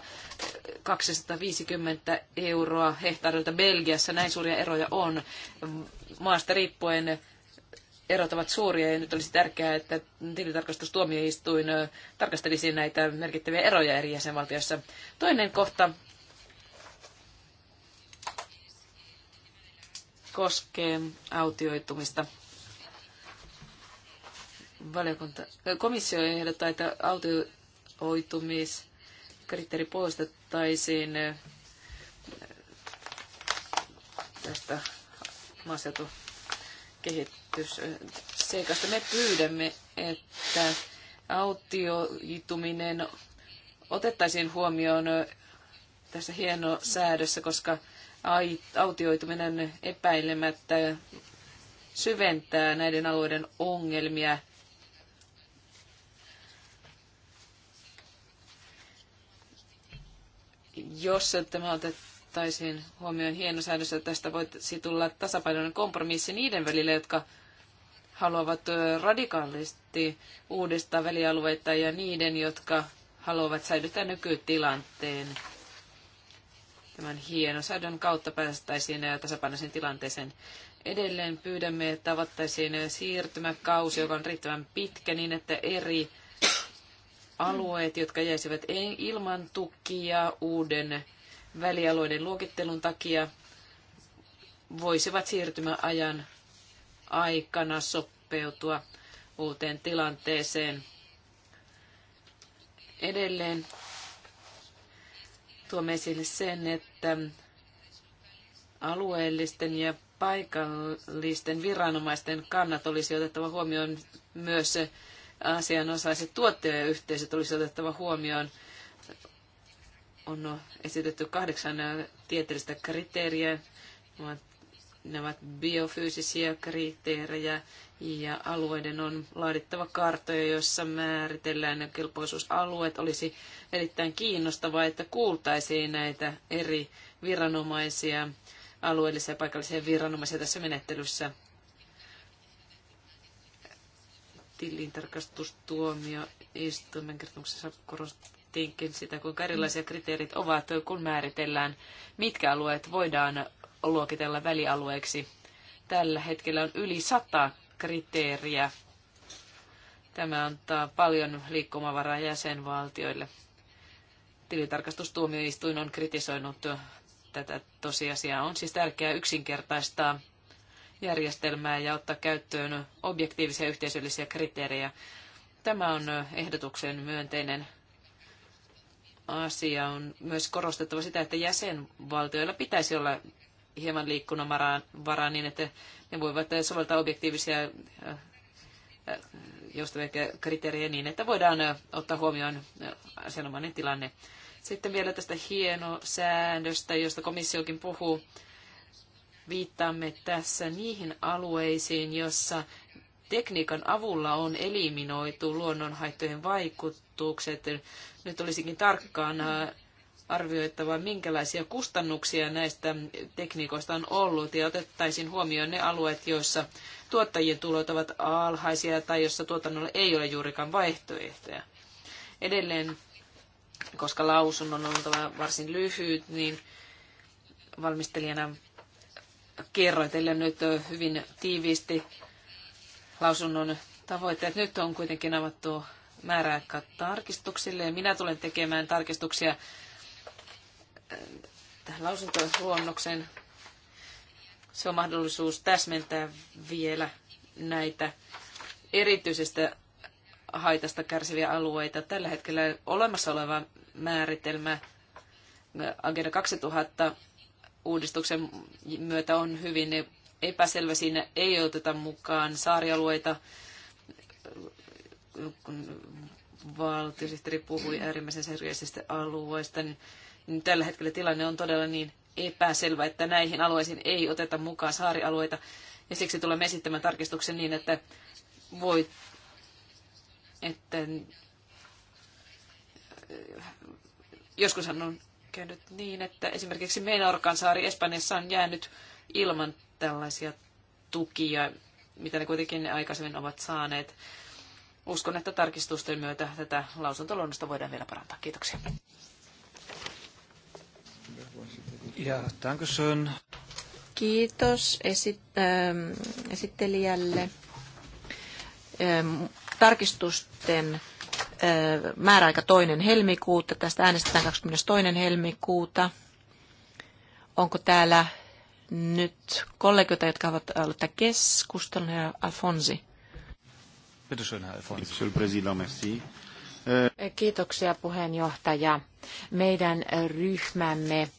250 euroa hehtaarilta Belgiassa. Näin suuria eroja on maasta riippuen erot ovat suuria ja nyt olisi tärkeää, että tilintarkastustuomioistuin tarkastelisi näitä merkittäviä eroja eri jäsenvaltioissa. Toinen kohta koskee autioitumista. Valiokunta, komissio ehdottaa, että autioitumiskriteeri poistettaisiin tästä maaseutukehittämisestä seikasta. Me pyydämme, että autioituminen otettaisiin huomioon tässä hieno säädössä, koska autioituminen epäilemättä syventää näiden alueiden ongelmia. Jos tämä otettaisiin huomioon hienosäädössä, tästä voisi tulla tasapainoinen kompromissi niiden välillä, jotka haluavat radikaalisti uudistaa välialueita ja niiden, jotka haluavat säilyttää nykytilanteen. Tämän säädön kautta päästäisiin tasapainoisen tilanteeseen. Edelleen pyydämme, että avattaisiin siirtymäkausi, joka on riittävän pitkä, niin että eri alueet, jotka jäisivät ilman tukia uuden välialueiden luokittelun takia, voisivat siirtymäajan aikana sopeutua uuteen tilanteeseen. Edelleen tuomme esille sen, että alueellisten ja paikallisten viranomaisten kannat olisi otettava huomioon myös asianosaiset tuottajayhteisöt olisi otettava huomioon. On esitetty kahdeksan tieteellistä kriteeriä. Ne ovat ne ovat biofyysisiä kriteerejä ja alueiden on laadittava karttoja, joissa määritellään ne kelpoisuusalueet. Olisi erittäin kiinnostavaa, että kuultaisiin näitä eri viranomaisia, alueellisia ja paikallisia viranomaisia tässä menettelyssä. Tilintarkastustuomioistuimen kertomuksessa korostettiinkin sitä, kuinka erilaisia kriteerit ovat, kun määritellään, mitkä alueet voidaan luokitella välialueeksi. Tällä hetkellä on yli sata kriteeriä. Tämä antaa paljon liikkumavaraa jäsenvaltioille. Tilitarkastustuomioistuin on kritisoinut tätä tosiasiaa. On siis tärkeää yksinkertaistaa järjestelmää ja ottaa käyttöön objektiivisia yhteisöllisiä kriteerejä. Tämä on ehdotuksen myönteinen asia. On myös korostettava sitä, että jäsenvaltioilla pitäisi olla hieman liikkunavaraa niin, että ne voivat soveltaa objektiivisia joustavia kriteerejä niin, että voidaan ottaa huomioon asianomainen tilanne. Sitten vielä tästä hienosäännöstä, josta komissiokin puhuu. Viittaamme tässä niihin alueisiin, jossa tekniikan avulla on eliminoitu luonnonhaittojen vaikutukset. Nyt olisikin tarkkaan arvioitava, minkälaisia kustannuksia näistä tekniikoista on ollut ja otettaisiin huomioon ne alueet, joissa tuottajien tulot ovat alhaisia tai jossa tuotannolla ei ole juurikaan vaihtoehtoja. Edelleen, koska lausunnon on oltava varsin lyhyt, niin valmistelijana kerroin teille nyt hyvin tiiviisti lausunnon tavoitteet. Nyt on kuitenkin avattu määräaika tarkistuksille ja minä tulen tekemään tarkistuksia tähän lausuntoluonnokseen. Se on mahdollisuus täsmentää vielä näitä erityisestä haitasta kärsiviä alueita. Tällä hetkellä olemassa oleva määritelmä Agenda 2000 uudistuksen myötä on hyvin epäselvä. Siinä ei oteta mukaan saarialueita. Kun valtiosihteeri puhui äärimmäisen syrjäisistä alueista, niin niin tällä hetkellä tilanne on todella niin epäselvä, että näihin alueisiin ei oteta mukaan saarialueita. Ja siksi tulemme esittämään tarkistuksen niin, että voi, että äh, joskushan on käynyt niin, että esimerkiksi Menorkan saari Espanjassa on jäänyt ilman tällaisia tukia, mitä ne kuitenkin aikaisemmin ovat saaneet. Uskon, että tarkistusten myötä tätä lausuntoluonnosta voidaan vielä parantaa. Kiitoksia. Ja, Kiitos esit, ähm, esittelijälle. Ähm, tarkistusten äh, määräaika toinen helmikuuta. Tästä äänestetään 22. helmikuuta. Onko täällä nyt kollegoita, jotka ovat aloittaa keskustelun? Herra Alfonsi. Kiitoksia puheenjohtaja. Meidän ryhmämme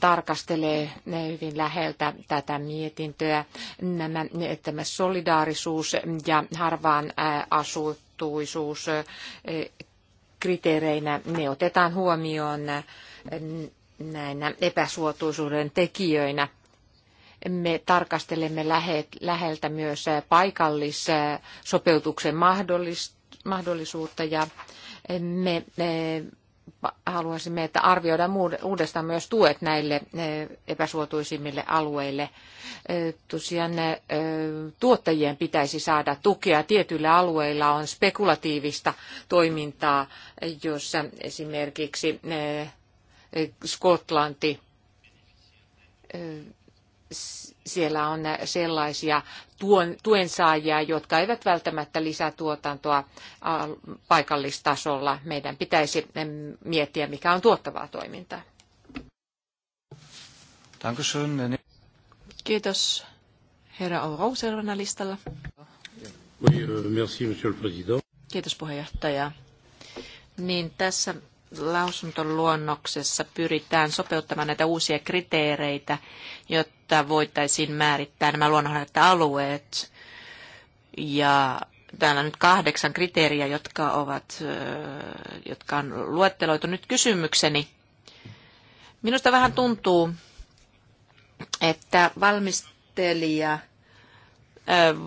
tarkastelee hyvin läheltä tätä mietintöä. Nämä, tämä solidaarisuus ja harvaan asuttuisuus kriteereinä, ne otetaan huomioon näinä epäsuotuisuuden tekijöinä. Me tarkastelemme läheltä myös paikallissopeutuksen mahdollisuutta ja me haluaisimme, että arvioidaan uudestaan myös tuet näille eh, epäsuotuisimmille alueille. Eh, tosiaan eh, tuottajien pitäisi saada tukea. Tietyillä alueilla on spekulatiivista toimintaa, jossa esimerkiksi Skotlanti siellä on sellaisia tuen, tuensaajia, jotka eivät välttämättä lisää tuotantoa paikallistasolla. Meidän pitäisi miettiä, mikä on tuottavaa toimintaa. Niin- Kiitos. Herra Ouro seuraavana listalla. Euh, Kiitos puheenjohtaja. Niin tässä lausuntoluonnoksessa pyritään sopeuttamaan näitä uusia kriteereitä, jotta voitaisiin määrittää nämä luonnonhaitta alueet. Ja täällä on nyt kahdeksan kriteeriä, jotka, ovat, jotka on luetteloitu. Nyt kysymykseni. Minusta vähän tuntuu, että valmistelija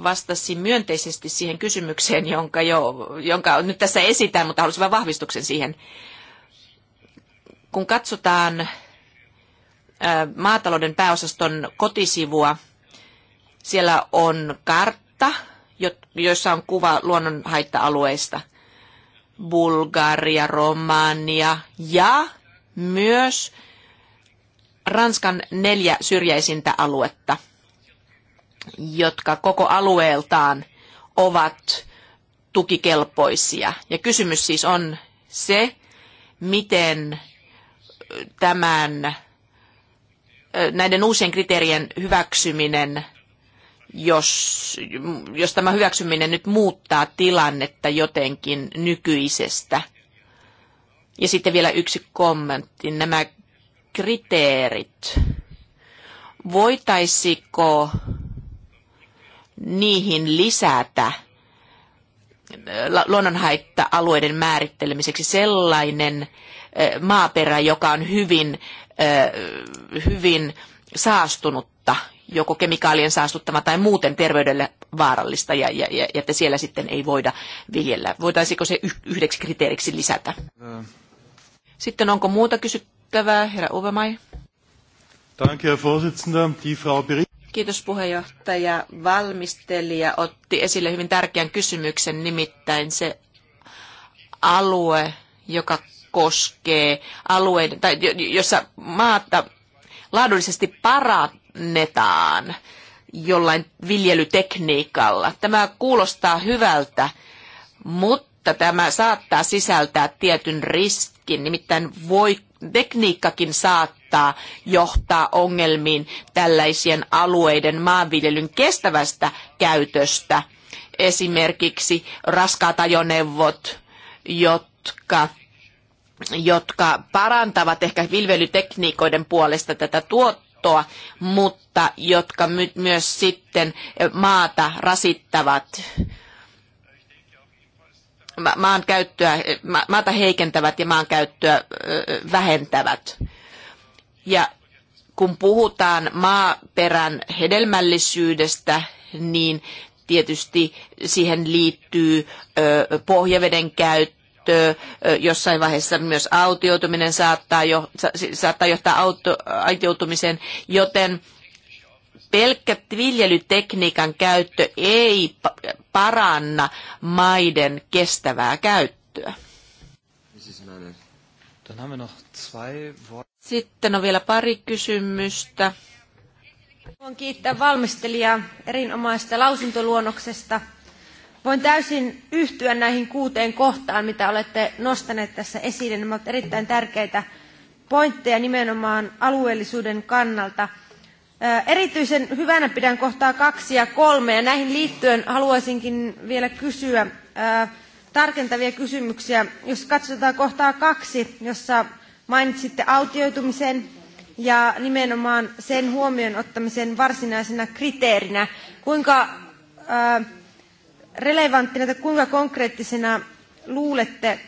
vastasi myönteisesti siihen kysymykseen, jonka, jo, jonka nyt tässä esitän, mutta halusin vain vahvistuksen siihen. Kun katsotaan äh, maatalouden pääosaston kotisivua, siellä on kartta, jossa on kuva luonnonhaitta-alueista. Bulgaria, Romania ja myös Ranskan neljä syrjäisintä aluetta, jotka koko alueeltaan ovat tukikelpoisia. Ja kysymys siis on se, miten tämän, näiden uusien kriteerien hyväksyminen, jos, jos tämä hyväksyminen nyt muuttaa tilannetta jotenkin nykyisestä. Ja sitten vielä yksi kommentti. Nämä kriteerit. Voitaisiko niihin lisätä luonnonhaitta-alueiden määrittelemiseksi sellainen maaperä, joka on hyvin, hyvin saastunutta, joko kemikaalien saastuttama tai muuten terveydelle vaarallista, ja, ja, ja että siellä sitten ei voida viljellä. Voitaisiko se yhdeksi kriteeriksi lisätä? Sitten onko muuta kysyttävää, herra Uvemai? Danke, Herr Vorsitzender. Die Frau Kiitos puheenjohtaja. Valmistelija otti esille hyvin tärkeän kysymyksen, nimittäin se alue, joka koskee alueiden, tai jossa maata laadullisesti parannetaan jollain viljelytekniikalla. Tämä kuulostaa hyvältä, mutta tämä saattaa sisältää tietyn riskin, nimittäin voi, tekniikkakin saattaa johtaa ongelmiin tällaisien alueiden maanviljelyn kestävästä käytöstä. Esimerkiksi raskaat ajoneuvot, jotka jotka parantavat ehkä viljelytekniikoiden puolesta tätä tuottoa, mutta jotka my- myös sitten maata rasittavat maan käyttöä, maata heikentävät ja maan käyttöä vähentävät. Ja kun puhutaan maaperän hedelmällisyydestä, niin tietysti siihen liittyy pohjaveden käyttö, käyttöä. Jossain vaiheessa myös autioituminen saattaa, jo, saattaa johtaa auto, autioitumiseen, joten pelkkä viljelytekniikan käyttö ei paranna maiden kestävää käyttöä. Sitten on vielä pari kysymystä. Haluan kiittää valmistelijaa erinomaisesta lausuntoluonnoksesta – Voin täysin yhtyä näihin kuuteen kohtaan, mitä olette nostaneet tässä esille. Nämä ovat erittäin tärkeitä pointteja nimenomaan alueellisuuden kannalta. Erityisen hyvänä pidän kohtaa kaksi ja kolme, ja näihin liittyen haluaisinkin vielä kysyä tarkentavia kysymyksiä. Jos katsotaan kohtaa kaksi, jossa mainitsitte autioitumisen ja nimenomaan sen huomioon ottamisen varsinaisena kriteerinä, kuinka relevanttina että kuinka konkreettisena luulette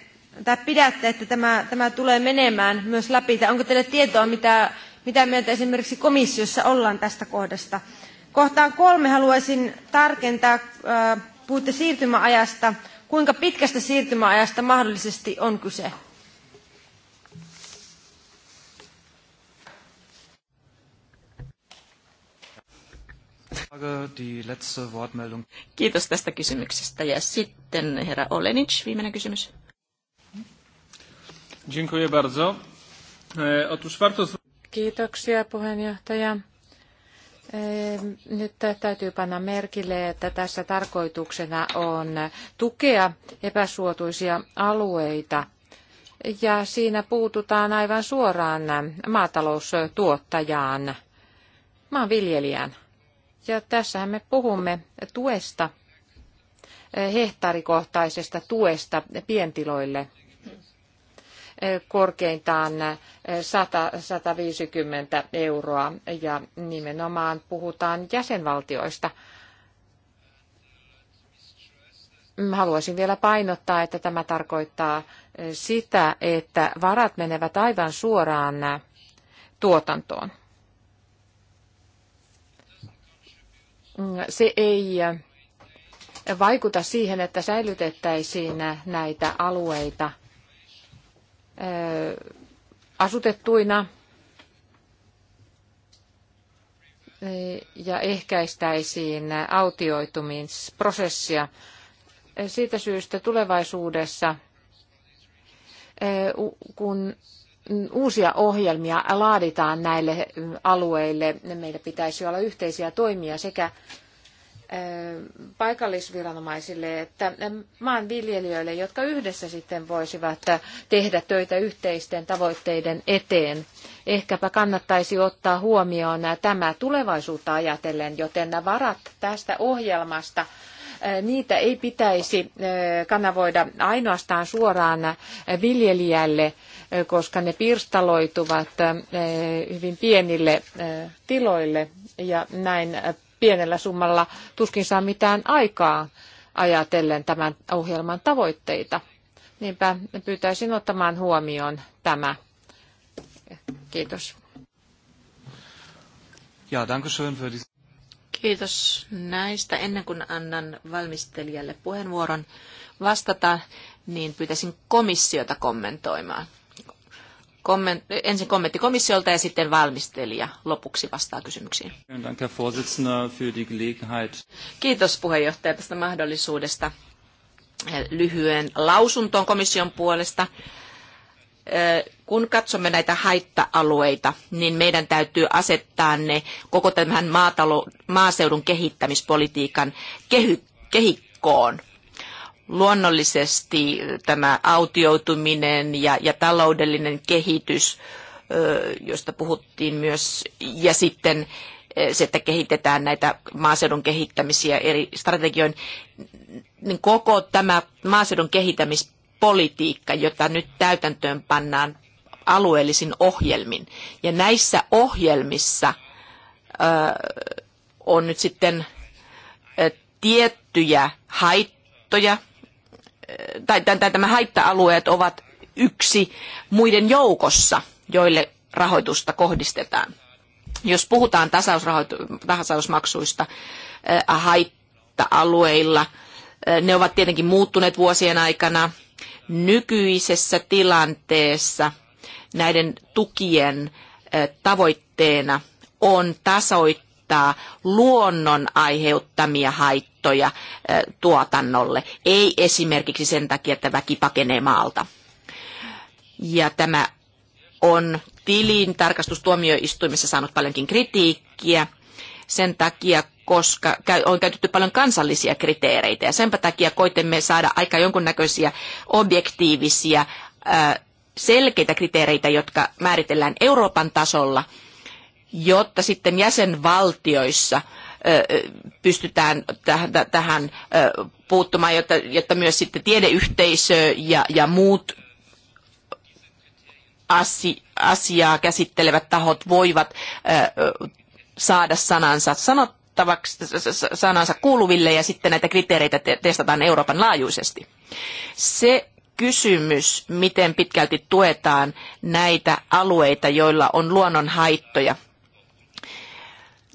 tai pidätte, että tämä, tämä tulee menemään myös läpi? Tai onko teillä tietoa, mitä, mitä mieltä esimerkiksi komissiossa ollaan tästä kohdasta? Kohtaan kolme haluaisin tarkentaa. Puhutte siirtymäajasta. Kuinka pitkästä siirtymäajasta mahdollisesti on kyse? Kiitos tästä kysymyksestä. Ja sitten herra Olenic, viimeinen kysymys. Dziękuję bardzo. E, otóż warto... Kiitoksia puheenjohtaja. E, nyt täytyy panna merkille, että tässä tarkoituksena on tukea epäsuotuisia alueita ja siinä puututaan aivan suoraan maataloustuottajaan, maanviljelijään. Ja tässähän me puhumme tuesta, hehtaarikohtaisesta tuesta pientiloille korkeintaan 100, 150 euroa ja nimenomaan puhutaan jäsenvaltioista. Haluaisin vielä painottaa, että tämä tarkoittaa sitä, että varat menevät aivan suoraan tuotantoon. se ei vaikuta siihen, että säilytettäisiin näitä alueita asutettuina ja ehkäistäisiin autioitumisprosessia. Siitä syystä tulevaisuudessa, kun uusia ohjelmia laaditaan näille alueille. Meillä pitäisi olla yhteisiä toimia sekä paikallisviranomaisille että maanviljelijöille, jotka yhdessä sitten voisivat tehdä töitä yhteisten tavoitteiden eteen. Ehkäpä kannattaisi ottaa huomioon tämä tulevaisuutta ajatellen, joten nämä varat tästä ohjelmasta niitä ei pitäisi kanavoida ainoastaan suoraan viljelijälle, koska ne pirstaloituvat hyvin pienille tiloille ja näin pienellä summalla tuskin saa mitään aikaa ajatellen tämän ohjelman tavoitteita. Niinpä pyytäisin ottamaan huomioon tämä. Kiitos. Ja, schön für die... Kiitos näistä. Ennen kuin annan valmistelijalle puheenvuoron vastata, niin pyytäisin komissiota kommentoimaan komment, ensin kommentti komissiolta ja sitten valmistelija lopuksi vastaa kysymyksiin. Kiitos puheenjohtaja tästä mahdollisuudesta eh, lyhyen lausuntoon komission puolesta. Eh, kun katsomme näitä haitta-alueita, niin meidän täytyy asettaa ne koko tämän maatalo, maaseudun kehittämispolitiikan kehy, kehikkoon – luonnollisesti tämä autioituminen ja, ja taloudellinen kehitys, josta puhuttiin myös, ja sitten se, että kehitetään näitä maaseudun kehittämisiä eri strategioin, niin koko tämä maaseudun kehittämispolitiikka, jota nyt täytäntöön pannaan alueellisin ohjelmin. Ja näissä ohjelmissa on nyt sitten tiettyjä haittoja, tai, tai, tai tämä haitta-alueet ovat yksi muiden joukossa, joille rahoitusta kohdistetaan. Jos puhutaan tasausmaksuista äh, haitta-alueilla, äh, ne ovat tietenkin muuttuneet vuosien aikana. Nykyisessä tilanteessa näiden tukien äh, tavoitteena on tasoittaa kattaa luonnon aiheuttamia haittoja tuotannolle, ei esimerkiksi sen takia, että väki pakenee maalta. Ja tämä on tilin tarkastustuomioistuimessa saanut paljonkin kritiikkiä sen takia, koska on käytetty paljon kansallisia kriteereitä ja senpä takia koitemme saada aika jonkunnäköisiä objektiivisia selkeitä kriteereitä, jotka määritellään Euroopan tasolla – jotta sitten jäsenvaltioissa pystytään tähän puuttumaan, jotta, jotta myös sitten tiedeyhteisö ja, ja muut asi, asiaa käsittelevät tahot voivat saada sanansa sanottavaksi, sanansa kuuluville ja sitten näitä kriteereitä testataan Euroopan laajuisesti. Se kysymys, miten pitkälti tuetaan näitä alueita, joilla on luonnonhaittoja –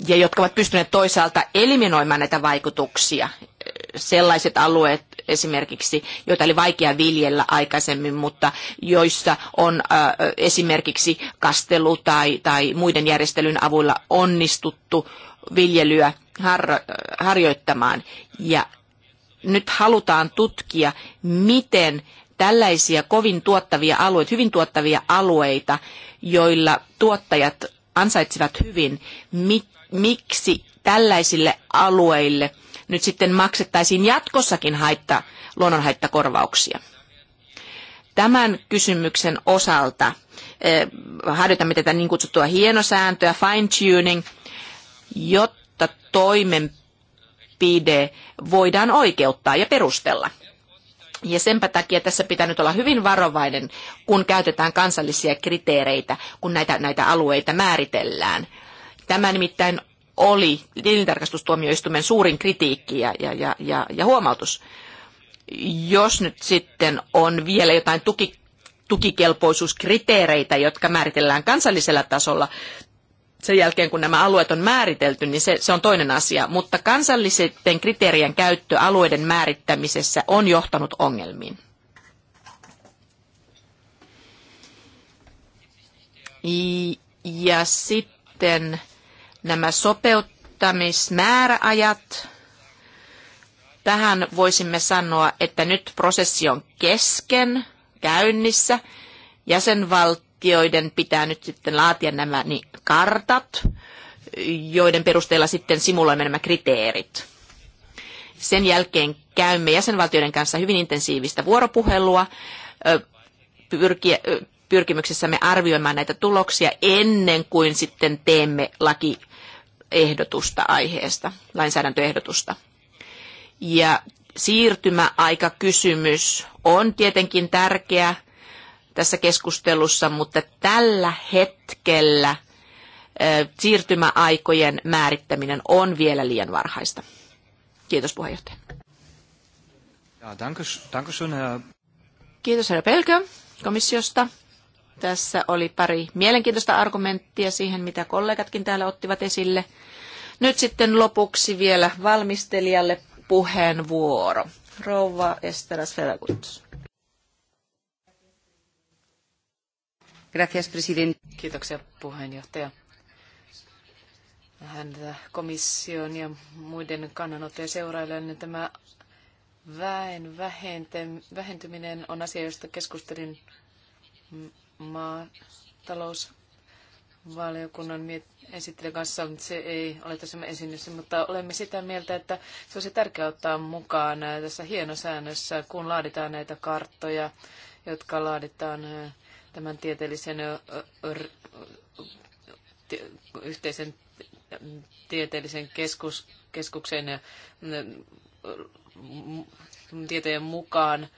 ja jotka ovat pystyneet toisaalta eliminoimaan näitä vaikutuksia. Sellaiset alueet esimerkiksi, joita oli vaikea viljellä aikaisemmin, mutta joissa on esimerkiksi kastelu tai, tai muiden järjestelyn avulla onnistuttu viljelyä harjoittamaan. Ja nyt halutaan tutkia, miten tällaisia kovin tuottavia alueita, hyvin tuottavia alueita, joilla tuottajat ansaitsivat hyvin, mit, miksi tällaisille alueille nyt sitten maksettaisiin jatkossakin haitta, luonnonhaittakorvauksia. Tämän kysymyksen osalta eh, harjoitamme tätä niin kutsuttua hienosääntöä, fine-tuning, jotta toimenpide voidaan oikeuttaa ja perustella. Ja senpä takia tässä pitää nyt olla hyvin varovainen, kun käytetään kansallisia kriteereitä, kun näitä, näitä alueita määritellään – Tämä nimittäin oli tilintarkastustuomioistuimen suurin kritiikki ja, ja, ja, ja, ja huomautus. Jos nyt sitten on vielä jotain tuki, tukikelpoisuuskriteereitä, jotka määritellään kansallisella tasolla, sen jälkeen kun nämä alueet on määritelty, niin se, se on toinen asia. Mutta kansallisten kriteerien käyttö alueiden määrittämisessä on johtanut ongelmiin. Ja sitten nämä sopeuttamismääräajat, tähän voisimme sanoa, että nyt prosessi on kesken, käynnissä. Jäsenvaltioiden pitää nyt sitten laatia nämä niin, kartat, joiden perusteella sitten simuloimme nämä kriteerit. Sen jälkeen käymme jäsenvaltioiden kanssa hyvin intensiivistä vuoropuhelua pyrkiä, pyrkimyksessämme arvioimaan näitä tuloksia ennen kuin sitten teemme laki ehdotusta aiheesta, lainsäädäntöehdotusta. Ja siirtymäaikakysymys on tietenkin tärkeä tässä keskustelussa, mutta tällä hetkellä siirtymäaikojen määrittäminen on vielä liian varhaista. Kiitos puheenjohtaja. Ja, danke, danke schön, Herr... Kiitos herra Pelkö komissiosta. Tässä oli pari mielenkiintoista argumenttia siihen, mitä kollegatkin täällä ottivat esille. Nyt sitten lopuksi vielä valmistelijalle puheenvuoro. Rouva Esteras Ferraguts. Gracias, president. Kiitoksia puheenjohtaja. Vähän komission ja muiden kannanottoja seurailen, niin tämä väen vähentyminen on asia, josta keskustelin maatalousvaliokunnan esittelijän kanssa, se ei ole tässä esinnössä, mutta olemme sitä mieltä, että se olisi tärkeää ottaa mukaan äh, tässä hienosäännössä, kun laaditaan näitä karttoja, jotka laaditaan äh, tämän tieteellisen yhteisen tieteellisen keskus, keskuksen äh, tietojen mukaan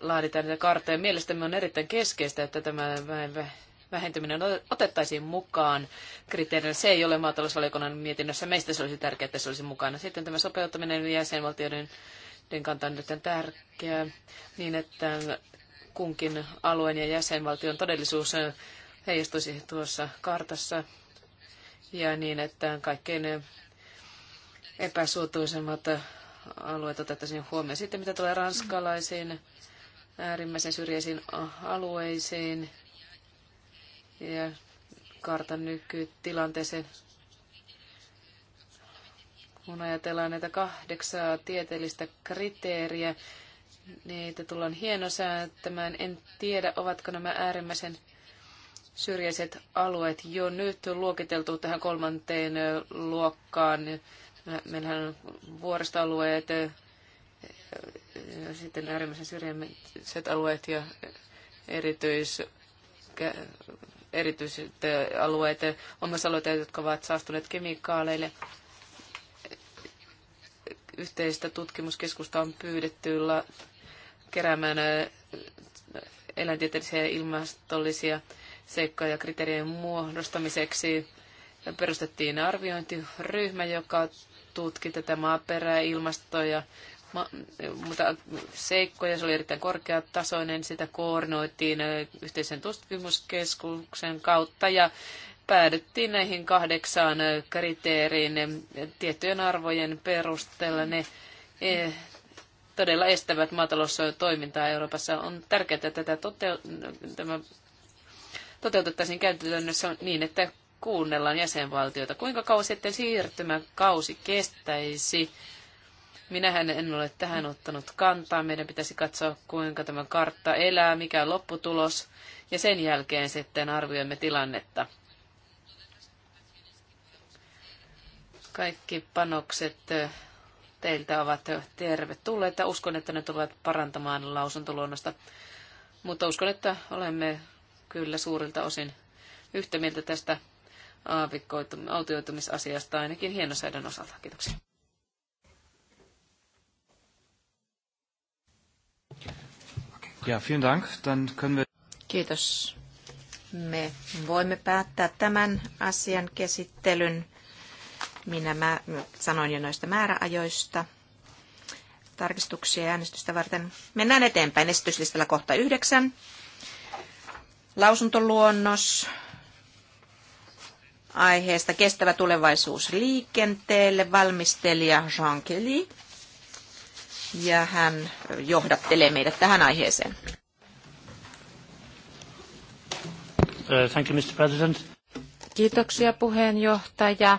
laaditaan näitä karttoja. Mielestäni on erittäin keskeistä, että tämä vähentyminen otettaisiin mukaan kriteerinä. Se ei ole maatalousvaliokunnan mietinnössä. Meistä se olisi tärkeää, että se olisi mukana. Sitten tämä sopeuttaminen jäsenvaltioiden kanta on nyt tärkeää niin, että kunkin alueen ja jäsenvaltion todellisuus heijastuisi tuossa kartassa ja niin, että kaikkein epäsuotuisemmat alueet otettaisiin huomioon. Sitten mitä tulee ranskalaisiin äärimmäisen syrjäisiin alueisiin ja kartan nykytilanteeseen. Kun ajatellaan näitä kahdeksaa tieteellistä kriteeriä, niitä tullaan hienosäättämään. En tiedä, ovatko nämä äärimmäisen syrjäiset alueet jo nyt luokiteltu tähän kolmanteen luokkaan. Meillähän on vuoristoalueet, sitten äärimmäisen syrjäiset alueet ja erityis, erityiset alueet, omasalueita, jotka ovat saastuneet kemikaaleille. Yhteistä tutkimuskeskusta on pyydetty keräämään eläintieteellisiä ja ilmastollisia seikkoja kriteerien muodostamiseksi. Perustettiin arviointiryhmä, joka tutki tätä maaperää, ilmastoa ja mutta seikkoja. Se oli erittäin korkeatasoinen. Sitä koordinoitiin yhteisen tutkimuskeskuksen kautta ja päädyttiin näihin kahdeksaan kriteeriin tiettyjen arvojen perusteella. Ne e, todella estävät maataloustoimintaa Euroopassa. On tärkeää, että tätä tämä toteutettaisiin käytännössä niin, että kuunnellaan jäsenvaltioita. Kuinka kauan sitten siirtymäkausi kestäisi? Minähän en ole tähän ottanut kantaa. Meidän pitäisi katsoa, kuinka tämä kartta elää, mikä on lopputulos, ja sen jälkeen sitten arvioimme tilannetta. Kaikki panokset teiltä ovat tervetulleita. Uskon, että ne tulevat parantamaan lausuntoluonnosta, mutta uskon, että olemme kyllä suurilta osin yhtä mieltä tästä aavikoitum- autioitumisasiasta ainakin hienosäiden osalta. Kiitoksia. Ja, vielen Dank. Dann können wir... Kiitos. Me voimme päättää tämän asian käsittelyn. Minä mä, sanoin jo noista määräajoista tarkistuksia ja äänestystä varten. Mennään eteenpäin esityslistalla kohta yhdeksän. Lausuntoluonnos aiheesta kestävä tulevaisuus liikenteelle valmistelija Jean Kelly ja hän johdattelee meidät tähän aiheeseen. Uh, thank you, Mr. President. Kiitoksia puheenjohtaja.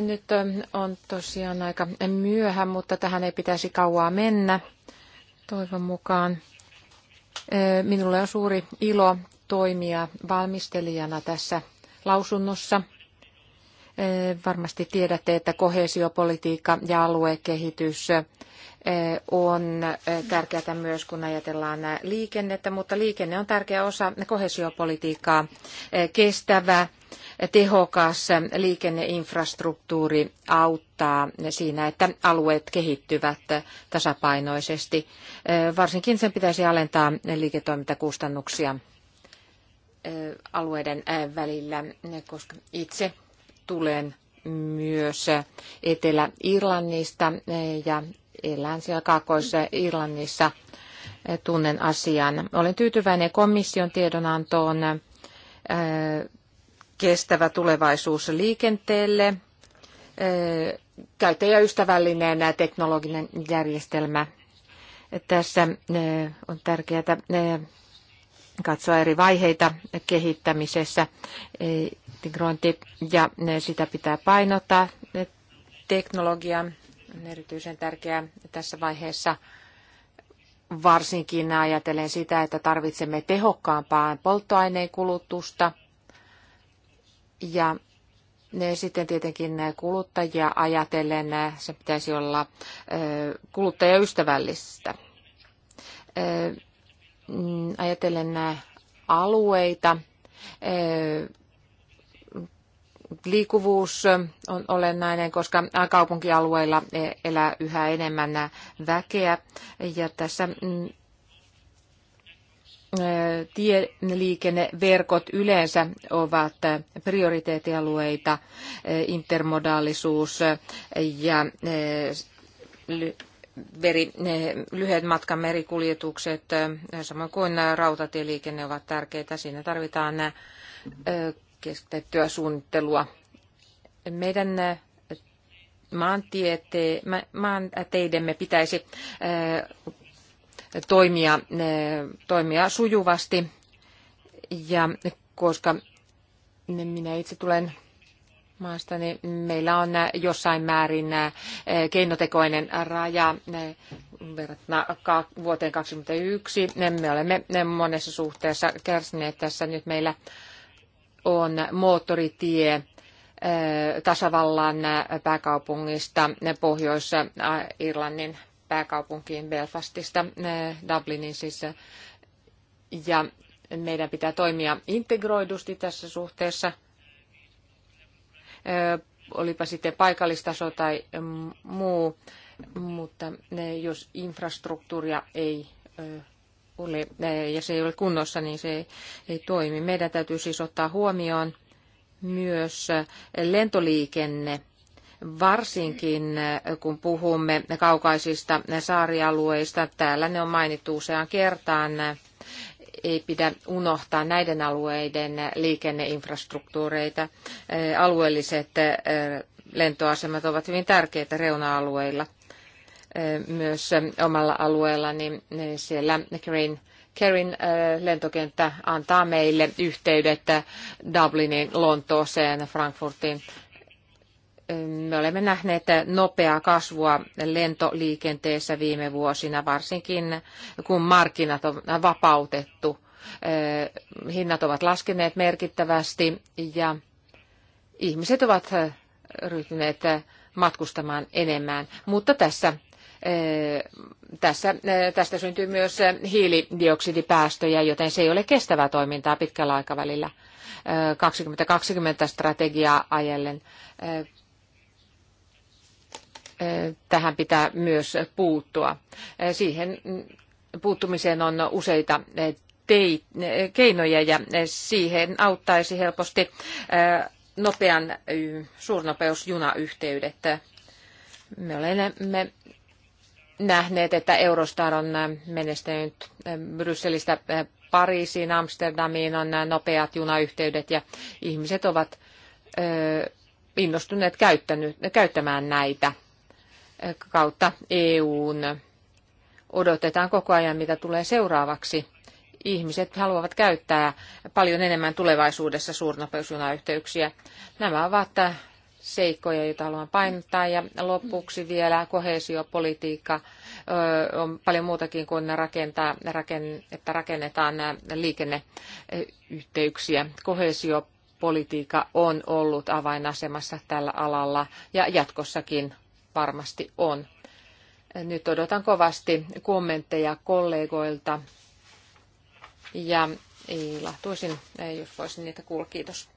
Nyt um, on tosiaan aika myöhä, mutta tähän ei pitäisi kauaa mennä. Toivon mukaan uh, minulle on suuri ilo toimia valmistelijana tässä lausunnossa. Eh, varmasti tiedätte, että kohesiopolitiikka ja aluekehitys eh, on eh, tärkeää myös, kun ajatellaan liikennettä, mutta liikenne on tärkeä osa kohesiopolitiikkaa. Kestävä, tehokas liikenneinfrastruktuuri auttaa siinä, että alueet kehittyvät tasapainoisesti. Varsinkin sen pitäisi alentaa liiketoimintakustannuksia alueiden välillä, koska itse tulen myös Etelä-Irlannista eh, ja elän siellä Kaakkois-Irlannissa. Eh, tunnen asian. Olen tyytyväinen komission tiedonantoon eh, kestävä tulevaisuus liikenteelle, käyttäjäystävällinen teknologinen järjestelmä. Tässä on tärkeää katsoa eri vaiheita kehittämisessä integrointi ja sitä pitää painottaa. Teknologia on erityisen tärkeää tässä vaiheessa varsinkin ajatellen sitä, että tarvitsemme tehokkaampaa polttoaineen kulutusta ja sitten tietenkin kuluttajia ajatellen se pitäisi olla kuluttajaystävällistä Mm, ajatellen nämä äh, alueita, äh, liikkuvuus äh, on olennainen, koska kaupunkialueilla e, elää yhä enemmän väkeä ja tässä mm, tieliikenneverkot yleensä ovat prioriteettialueita, intermodaalisuus ja veri, lyhyet matkan merikuljetukset, eh, samoin kuin rautatieliikenne ovat tärkeitä. Siinä tarvitaan eh, keskitettyä suunnittelua. Meidän eh, maantiete, maanteidemme pitäisi toimia, toimia sujuvasti. Ja koska minä itse tulen maasta, niin meillä on äh, jossain määrin äh, keinotekoinen raja äh, verrattuna vuoteen 2021. Me olemme monessa suhteessa kärsineet tässä. Nyt meillä on moottoritie tasavallan pääkaupungista Pohjois-Irlannin pääkaupunkiin Belfastista, Dublinin siis. Ja meidän pitää toimia integroidusti tässä suhteessa – olipa sitten paikallistaso tai muu, mutta jos infrastruktuuria ei ole ja se ei ole kunnossa, niin se ei, ei toimi. Meidän täytyy siis ottaa huomioon myös lentoliikenne, varsinkin kun puhumme kaukaisista saarialueista. Täällä ne on mainittu useaan kertaan ei pidä unohtaa näiden alueiden liikenneinfrastruktuureita. Alueelliset lentoasemat ovat hyvin tärkeitä reuna-alueilla. Myös omalla alueellani niin siellä Green Kerin lentokenttä antaa meille yhteydet Dublinin, Lontooseen, Frankfurtiin me olemme nähneet nopeaa kasvua lentoliikenteessä viime vuosina, varsinkin kun markkinat on vapautettu. Eh, hinnat ovat laskeneet merkittävästi ja ihmiset ovat ryhtyneet matkustamaan enemmän. Mutta tässä, eh, tässä, eh, tästä syntyy myös hiilidioksidipäästöjä, joten se ei ole kestävää toimintaa pitkällä aikavälillä 2020 strategiaa ajellen tähän pitää myös puuttua. Siihen puuttumiseen on useita tei, keinoja ja siihen auttaisi helposti nopean suurnopeusjunayhteydet. Me olemme nähneet, että Eurostar on menestynyt Brysselistä Pariisiin, Amsterdamiin on nopeat junayhteydet ja ihmiset ovat innostuneet käyttämään näitä kautta EUn. Odotetaan koko ajan, mitä tulee seuraavaksi. Ihmiset haluavat käyttää paljon enemmän tulevaisuudessa suurnopeusjunayhteyksiä. Nämä ovat seikkoja, joita haluan painottaa. Ja lopuksi vielä kohesiopolitiikka on paljon muutakin kuin rakentaa, että rakennetaan liikenneyhteyksiä. Kohesiopolitiikka on ollut avainasemassa tällä alalla ja jatkossakin varmasti on. Nyt odotan kovasti kommentteja kollegoilta ja ilahtuisin, jos voisin niitä kuulla. Kiitos.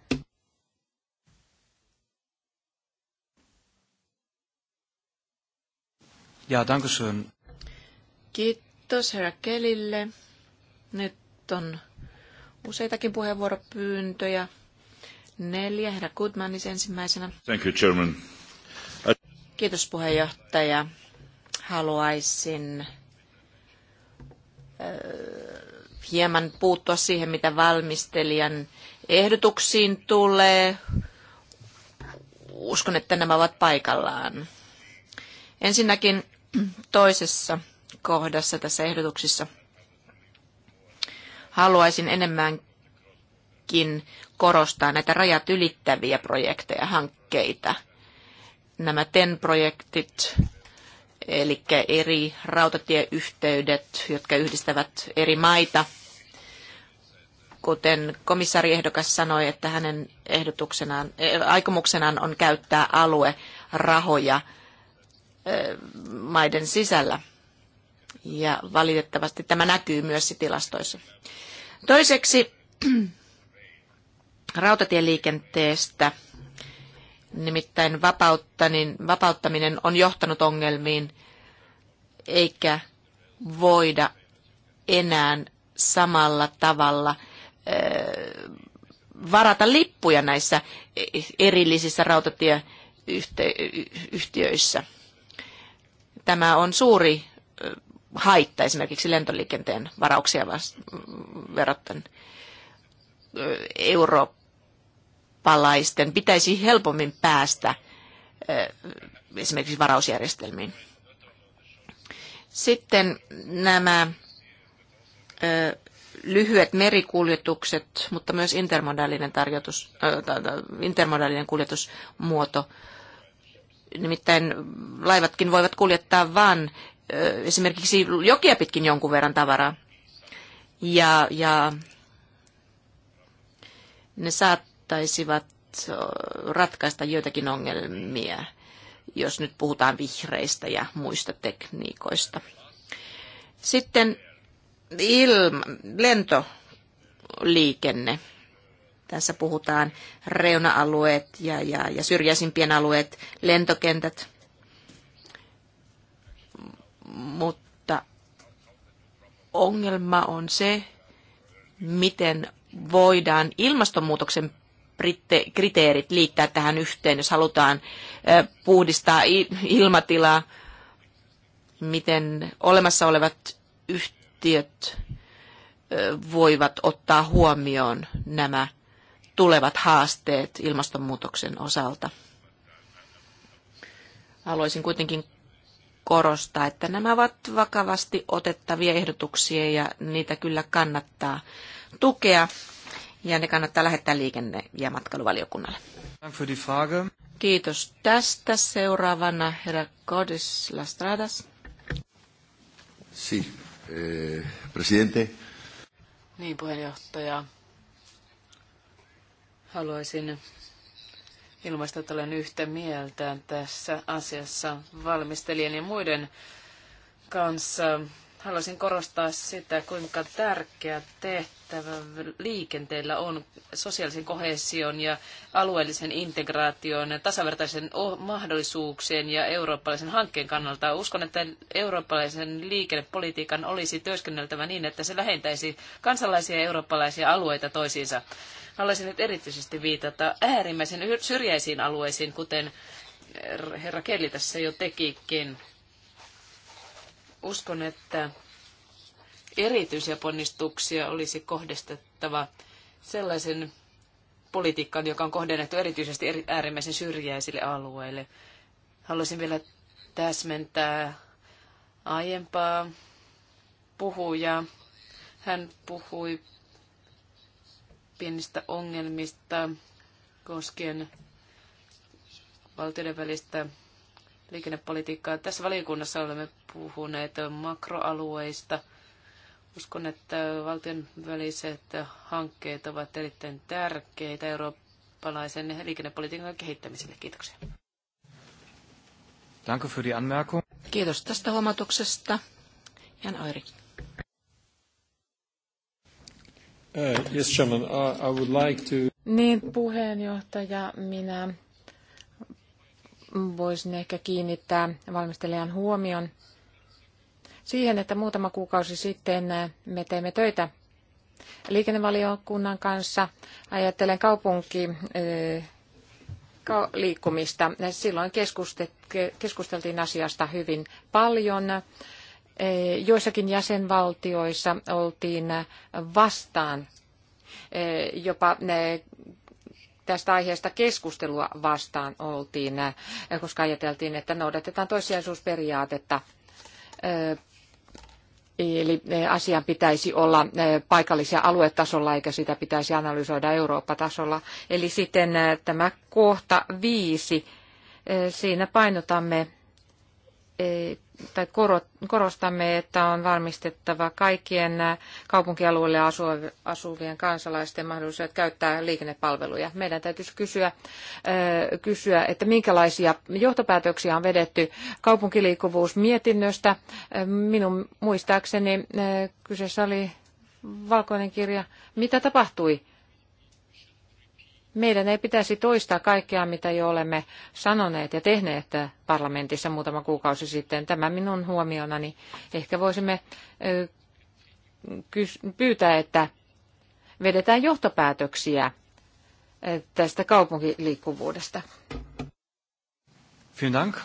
Ja, dankeschön. Kiitos herra Kelille. Nyt on useitakin puheenvuoropyyntöjä. Neljä, herra Goodmanis ensimmäisenä. Thank you, Chairman. Kiitos puheenjohtaja. Haluaisin hieman puuttua siihen, mitä valmistelijan ehdotuksiin tulee. Uskon, että nämä ovat paikallaan. Ensinnäkin toisessa kohdassa tässä ehdotuksessa haluaisin enemmänkin korostaa näitä rajat ylittäviä projekteja, hankkeita – nämä TEN-projektit, eli eri rautatieyhteydet, jotka yhdistävät eri maita. Kuten komissaariehdokas sanoi, että hänen ehdotuksenaan, eh, aikomuksenaan on käyttää aluerahoja eh, maiden sisällä. Ja valitettavasti tämä näkyy myös tilastoissa. Toiseksi <clears throat> rautatieliikenteestä Nimittäin niin vapauttaminen on johtanut ongelmiin, eikä voida enää samalla tavalla varata lippuja näissä erillisissä rautatieyhtiöissä. Tämä on suuri haitta esimerkiksi lentoliikenteen varauksia verrattuna. Eurooppaan eurooppalaisten pitäisi helpommin päästä esimerkiksi varausjärjestelmiin. Sitten nämä lyhyet merikuljetukset, mutta myös intermodaalinen, tarjotus, intermodaalinen kuljetusmuoto. Nimittäin laivatkin voivat kuljettaa vain esimerkiksi jokia pitkin jonkun verran tavaraa. Ja, ja ne saat, saattaisivat ratkaista joitakin ongelmia, jos nyt puhutaan vihreistä ja muista tekniikoista. Sitten ilma, lentoliikenne. Tässä puhutaan reuna-alueet ja, ja, ja syrjäisimpien alueet, lentokentät. Mutta ongelma on se, miten voidaan ilmastonmuutoksen kriteerit liittää tähän yhteen, jos halutaan puhdistaa ilmatilaa, miten olemassa olevat yhtiöt voivat ottaa huomioon nämä tulevat haasteet ilmastonmuutoksen osalta. Haluaisin kuitenkin korostaa, että nämä ovat vakavasti otettavia ehdotuksia ja niitä kyllä kannattaa tukea ja ne kannattaa lähettää liikenne- ja matkailuvaliokunnalle. Kiitos tästä. Seuraavana herra Codis Lastradas. Si, eh, presidente. Niin, puheenjohtaja. Haluaisin ilmaista, että olen yhtä mieltä tässä asiassa valmistelijan ja muiden kanssa. Haluaisin korostaa sitä, kuinka tärkeä tehtävä tehtävä liikenteellä on sosiaalisen kohesion ja alueellisen integraation, tasavertaisen mahdollisuuksien ja eurooppalaisen hankkeen kannalta. Uskon, että eurooppalaisen liikennepolitiikan olisi työskenneltävä niin, että se lähentäisi kansalaisia ja eurooppalaisia alueita toisiinsa. Haluaisin nyt erityisesti viitata äärimmäisen syrjäisiin alueisiin, kuten herra Kelli tässä jo tekikin. Uskon, että erityisiä ponnistuksia olisi kohdistettava sellaisen politiikkaan, joka on kohdennettu erityisesti äärimmäisen syrjäisille alueille. Haluaisin vielä täsmentää aiempaa puhujaa. Hän puhui pienistä ongelmista koskien valtioiden välistä liikennepolitiikkaa. Tässä valiokunnassa olemme puhuneet makroalueista – Uskon, että valtion väliset hankkeet ovat erittäin tärkeitä eurooppalaisen liikennepolitiikan kehittämiselle. Kiitoksia. Danke für die Anmerkung. Kiitos tästä huomautuksesta. Jan Oiri. Uh, yes, Chairman, I, I would like to... Niin, puheenjohtaja, minä voisin ehkä kiinnittää valmistelijan huomion siihen, että muutama kuukausi sitten me teimme töitä liikennevaliokunnan kanssa. Ajattelen kaupunki liikkumista. Silloin keskusteltiin asiasta hyvin paljon. Joissakin jäsenvaltioissa oltiin vastaan jopa tästä aiheesta keskustelua vastaan oltiin, koska ajateltiin, että noudatetaan toissijaisuusperiaatetta Eli e, asian pitäisi olla e, paikallisia aluetasolla, eikä sitä pitäisi analysoida Eurooppa-tasolla. Eli sitten e, tämä kohta viisi, siinä painotamme tai korostamme, että on varmistettava kaikkien kaupunkialueille asuvien kansalaisten mahdollisuudet käyttää liikennepalveluja. Meidän täytyisi kysyä, kysyä, että minkälaisia johtopäätöksiä on vedetty kaupunkiliikkuvuusmietinnöstä. Minun muistaakseni kyseessä oli valkoinen kirja. Mitä tapahtui meidän ei pitäisi toistaa kaikkea, mitä jo olemme sanoneet ja tehneet parlamentissa muutama kuukausi sitten. Tämä minun huomionani. Ehkä voisimme pyytää, että vedetään johtopäätöksiä tästä kaupunkiliikkuvuudesta. Dank.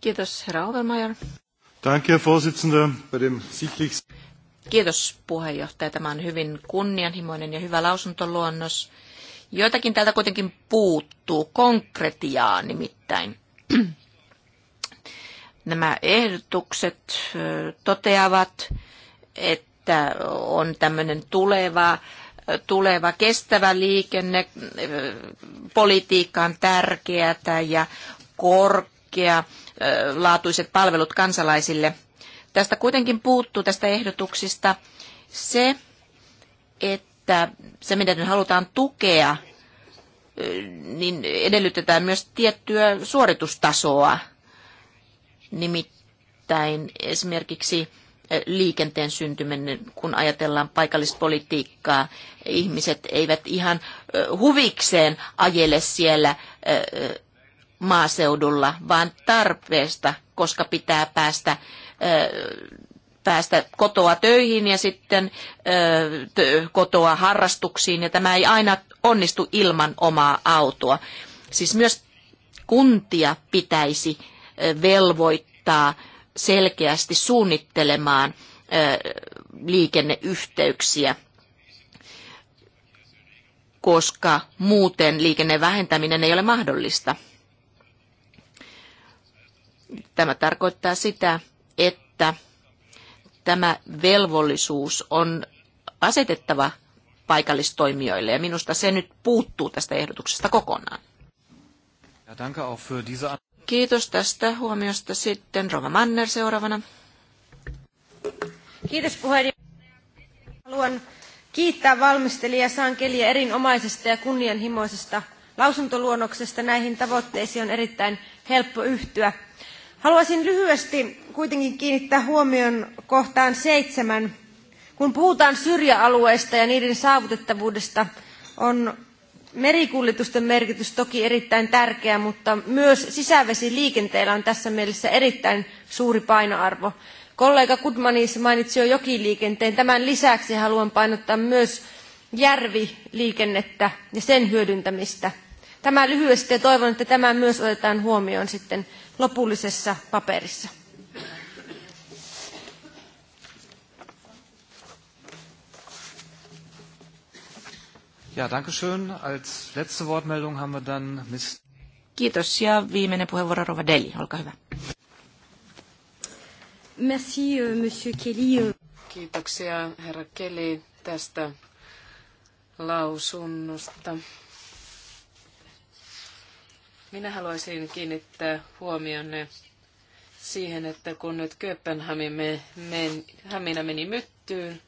Kiitos, herra Overmajer. Kiitos puheenjohtaja. Tämä on hyvin kunnianhimoinen ja hyvä lausuntoluonnos. Joitakin täältä kuitenkin puuttuu, konkretiaa nimittäin. <clears throat> Nämä ehdotukset toteavat, että on tämmöinen tuleva tuleva kestävä liikenne, politiikka on tärkeätä ja korkea laatuiset palvelut kansalaisille. Tästä kuitenkin puuttuu tästä ehdotuksista se, että että se, mitä nyt halutaan tukea, niin edellytetään myös tiettyä suoritustasoa. Nimittäin esimerkiksi liikenteen syntyminen, kun ajatellaan paikallispolitiikkaa. Ihmiset eivät ihan huvikseen ajele siellä maaseudulla, vaan tarpeesta, koska pitää päästä päästä kotoa töihin ja sitten kotoa harrastuksiin, ja tämä ei aina onnistu ilman omaa autoa. Siis myös kuntia pitäisi velvoittaa selkeästi suunnittelemaan liikenneyhteyksiä, koska muuten liikennevähentäminen ei ole mahdollista. Tämä tarkoittaa sitä, että tämä velvollisuus on asetettava paikallistoimijoille, ja minusta se nyt puuttuu tästä ehdotuksesta kokonaan. Kiitos tästä huomiosta. Sitten Rova Manner seuraavana. Kiitos puheenjohtaja. Haluan kiittää valmistelija Sankelia erinomaisesta ja kunnianhimoisesta lausuntoluonnoksesta. Näihin tavoitteisiin on erittäin helppo yhtyä. Haluaisin lyhyesti kuitenkin kiinnittää huomion kohtaan seitsemän. Kun puhutaan syrjäalueista ja niiden saavutettavuudesta, on merikuljetusten merkitys toki erittäin tärkeä, mutta myös sisävesiliikenteellä on tässä mielessä erittäin suuri painoarvo. Kollega Kudmanis mainitsi jo jokiliikenteen. Tämän lisäksi haluan painottaa myös järviliikennettä ja sen hyödyntämistä. Tämä lyhyesti ja toivon, että tämä myös otetaan huomioon sitten lopullisessa paperissa. Ja, danke schön. Als letzte Wortmeldung haben wir dann Miss... Kiitos. Ja viimeinen puheenvuoro Rova Deli. Olkaa hyvä. Merci, euh, Monsieur Kelly. Kiitoksia, herra Kelly, tästä lausunnosta. Minä haluaisin kiinnittää huomionne siihen, että kun nyt Kööpenhamina men, meni myttyyn,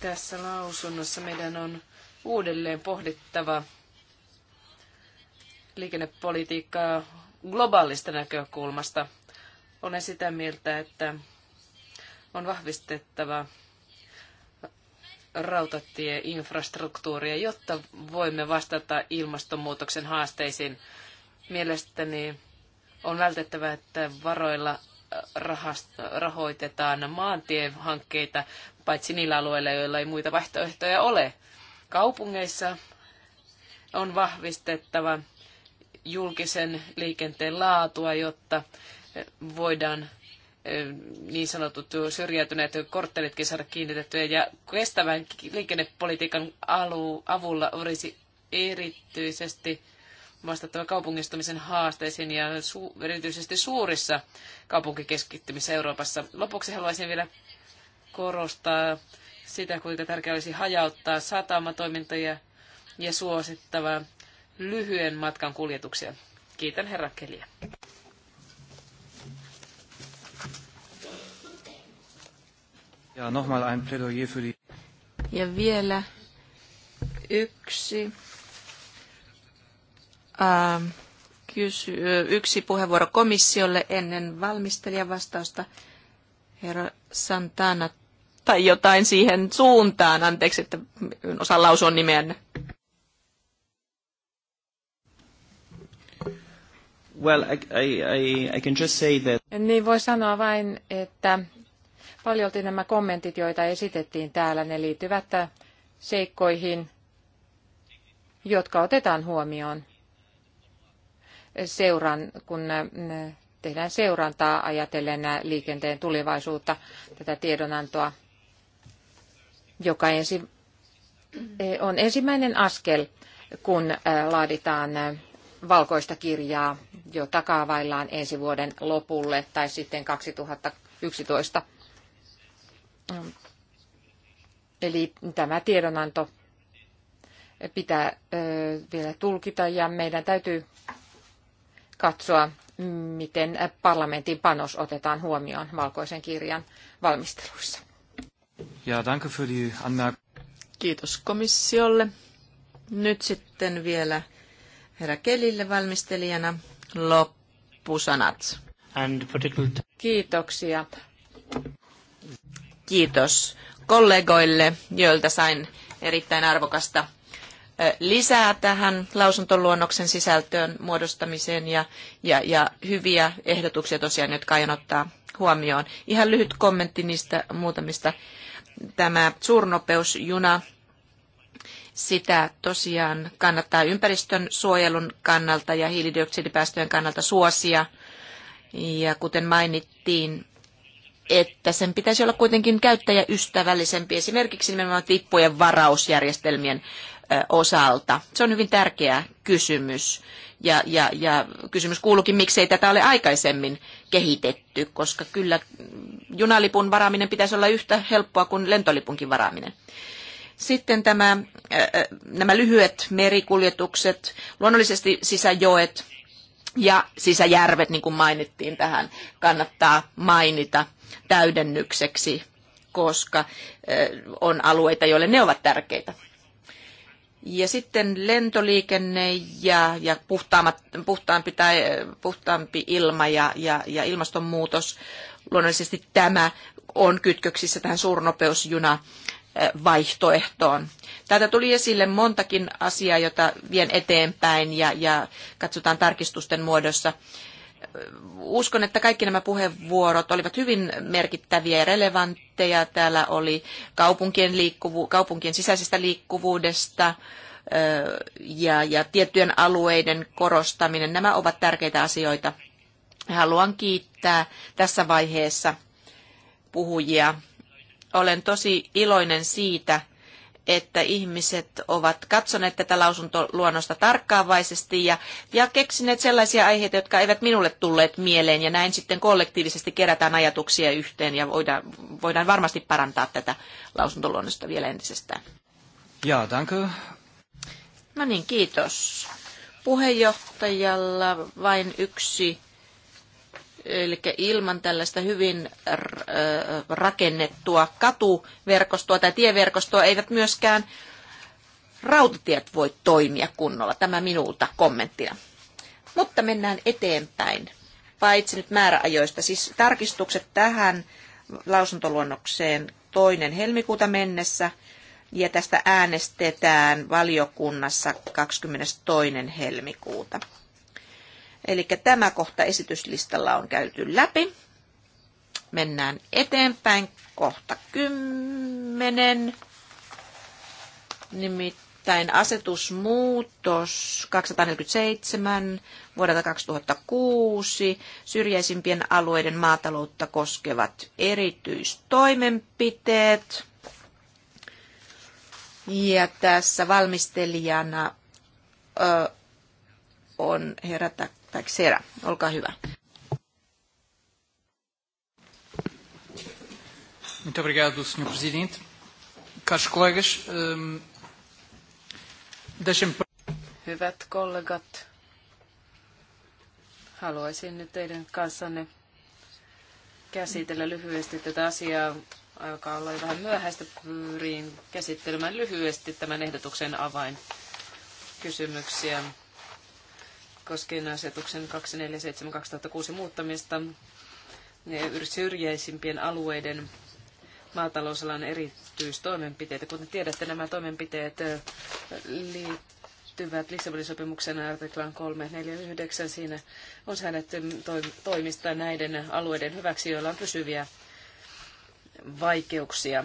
tässä lausunnossa meidän on uudelleen pohdittava liikennepolitiikkaa globaalista näkökulmasta. Olen sitä mieltä, että on vahvistettava rautatieinfrastruktuuria, jotta voimme vastata ilmastonmuutoksen haasteisiin. Mielestäni on vältettävä, että varoilla äh, rahoitetaan maantiehankkeita, paitsi niillä alueilla, joilla ei muita vaihtoehtoja ole. Kaupungeissa on vahvistettava julkisen liikenteen laatua, jotta voidaan niin sanotut syrjäytyneet korttelitkin saada kiinnitettyä. Ja kestävän liikennepolitiikan alu, avulla olisi erityisesti vastattava kaupungistumisen haasteisiin ja su- erityisesti suurissa kaupunkikeskittymissä Euroopassa. Lopuksi haluaisin vielä korostaa sitä, kuinka tärkeää olisi hajauttaa satamatoimintoja ja suosittavaa lyhyen matkan kuljetuksia. Kiitän herra Keliä. Ja, ein Plädoyer für die... ja vielä yksi, ähm, äh, kysy, yksi puheenvuoro komissiolle ennen valmistelijan vastausta. Herra Santana tai jotain siihen suuntaan. Anteeksi, että osa lausua nimeänne. Well, I, I, I, I can just say that... Niin voi sanoa vain, että Paljolti nämä kommentit, joita esitettiin täällä, ne liittyvät seikkoihin, jotka otetaan huomioon seuran, kun mm, tehdään seurantaa ajatellen liikenteen tulevaisuutta, tätä tiedonantoa, joka ensi, on ensimmäinen askel, kun äh, laaditaan äh, valkoista kirjaa, jota kaavaillaan ensi vuoden lopulle tai sitten 2011 Eli tämä tiedonanto pitää vielä tulkita ja meidän täytyy katsoa, miten parlamentin panos otetaan huomioon valkoisen kirjan valmisteluissa. Ja, danke für die Anmerk- Kiitos komissiolle. Nyt sitten vielä herra Kelille valmistelijana loppusanat. And particular... Kiitoksia kiitos kollegoille, joilta sain erittäin arvokasta lisää tähän lausuntoluonnoksen sisältöön muodostamiseen ja, ja, ja hyviä ehdotuksia tosiaan, jotka aion ottaa huomioon. Ihan lyhyt kommentti niistä muutamista. Tämä suurnopeusjuna, sitä tosiaan kannattaa ympäristön suojelun kannalta ja hiilidioksidipäästöjen kannalta suosia. Ja kuten mainittiin, että sen pitäisi olla kuitenkin käyttäjäystävällisempi esimerkiksi nimenomaan tippujen varausjärjestelmien osalta. Se on hyvin tärkeä kysymys. Ja, ja, ja kysymys kuuluukin, miksei tätä ole aikaisemmin kehitetty, koska kyllä junalipun varaaminen pitäisi olla yhtä helppoa kuin lentolipunkin varaaminen. Sitten tämä, nämä lyhyet merikuljetukset, luonnollisesti sisäjoet ja sisäjärvet, niin kuin mainittiin tähän, kannattaa mainita täydennykseksi, koska on alueita, joille ne ovat tärkeitä. Ja sitten lentoliikenne ja, ja puhtaampi, tai, puhtaampi ilma ja, ja, ja ilmastonmuutos. Luonnollisesti tämä on kytköksissä tähän suurnopeusjuna vaihtoehtoon. Täältä tuli esille montakin asiaa, jota vien eteenpäin ja, ja katsotaan tarkistusten muodossa uskon, että kaikki nämä puheenvuorot olivat hyvin merkittäviä ja relevantteja. Täällä oli kaupunkien, liikkuvu- kaupunkien sisäisestä liikkuvuudesta ja, ja tiettyjen alueiden korostaminen. Nämä ovat tärkeitä asioita. Haluan kiittää tässä vaiheessa puhujia. Olen tosi iloinen siitä, että ihmiset ovat katsoneet tätä lausuntoluonnosta tarkkaavaisesti ja, ja keksineet sellaisia aiheita, jotka eivät minulle tulleet mieleen. Ja näin sitten kollektiivisesti kerätään ajatuksia yhteen ja voidaan, voidaan varmasti parantaa tätä lausuntoluonnosta vielä entisestään. Ja, danke. No niin, kiitos. Puheenjohtajalla vain yksi Eli ilman tällaista hyvin rakennettua katuverkostoa tai tieverkostoa eivät myöskään rautatiet voi toimia kunnolla. Tämä minulta kommenttina. Mutta mennään eteenpäin, paitsi nyt määräajoista. Siis tarkistukset tähän lausuntoluonnokseen toinen helmikuuta mennessä ja tästä äänestetään valiokunnassa 22. helmikuuta. Eli tämä kohta esityslistalla on käyty läpi. Mennään eteenpäin. Kohta 10. Nimittäin asetusmuutos 247 vuodelta 2006 syrjäisimpien alueiden maataloutta koskevat erityistoimenpiteet. Ja tässä valmistelijana ö, on herätä olkaa hyvä. Muito obrigado, Sr. Presidente. Caros colegas, Hyvät kollegat, haluaisin nyt teidän kanssanne käsitellä lyhyesti tätä asiaa. Alkaa olla jo vähän myöhäistä. pyriin käsittelemään lyhyesti tämän ehdotuksen avainkysymyksiä. kysymyksiä koskien asetuksen 247-2006 muuttamista syrjäisimpien alueiden maatalousalan erityistoimenpiteitä. Kuten tiedätte, nämä toimenpiteet liittyvät Lissabonin sopimuksen artiklaan 349. Siinä on säädetty toimista näiden alueiden hyväksi, joilla on pysyviä vaikeuksia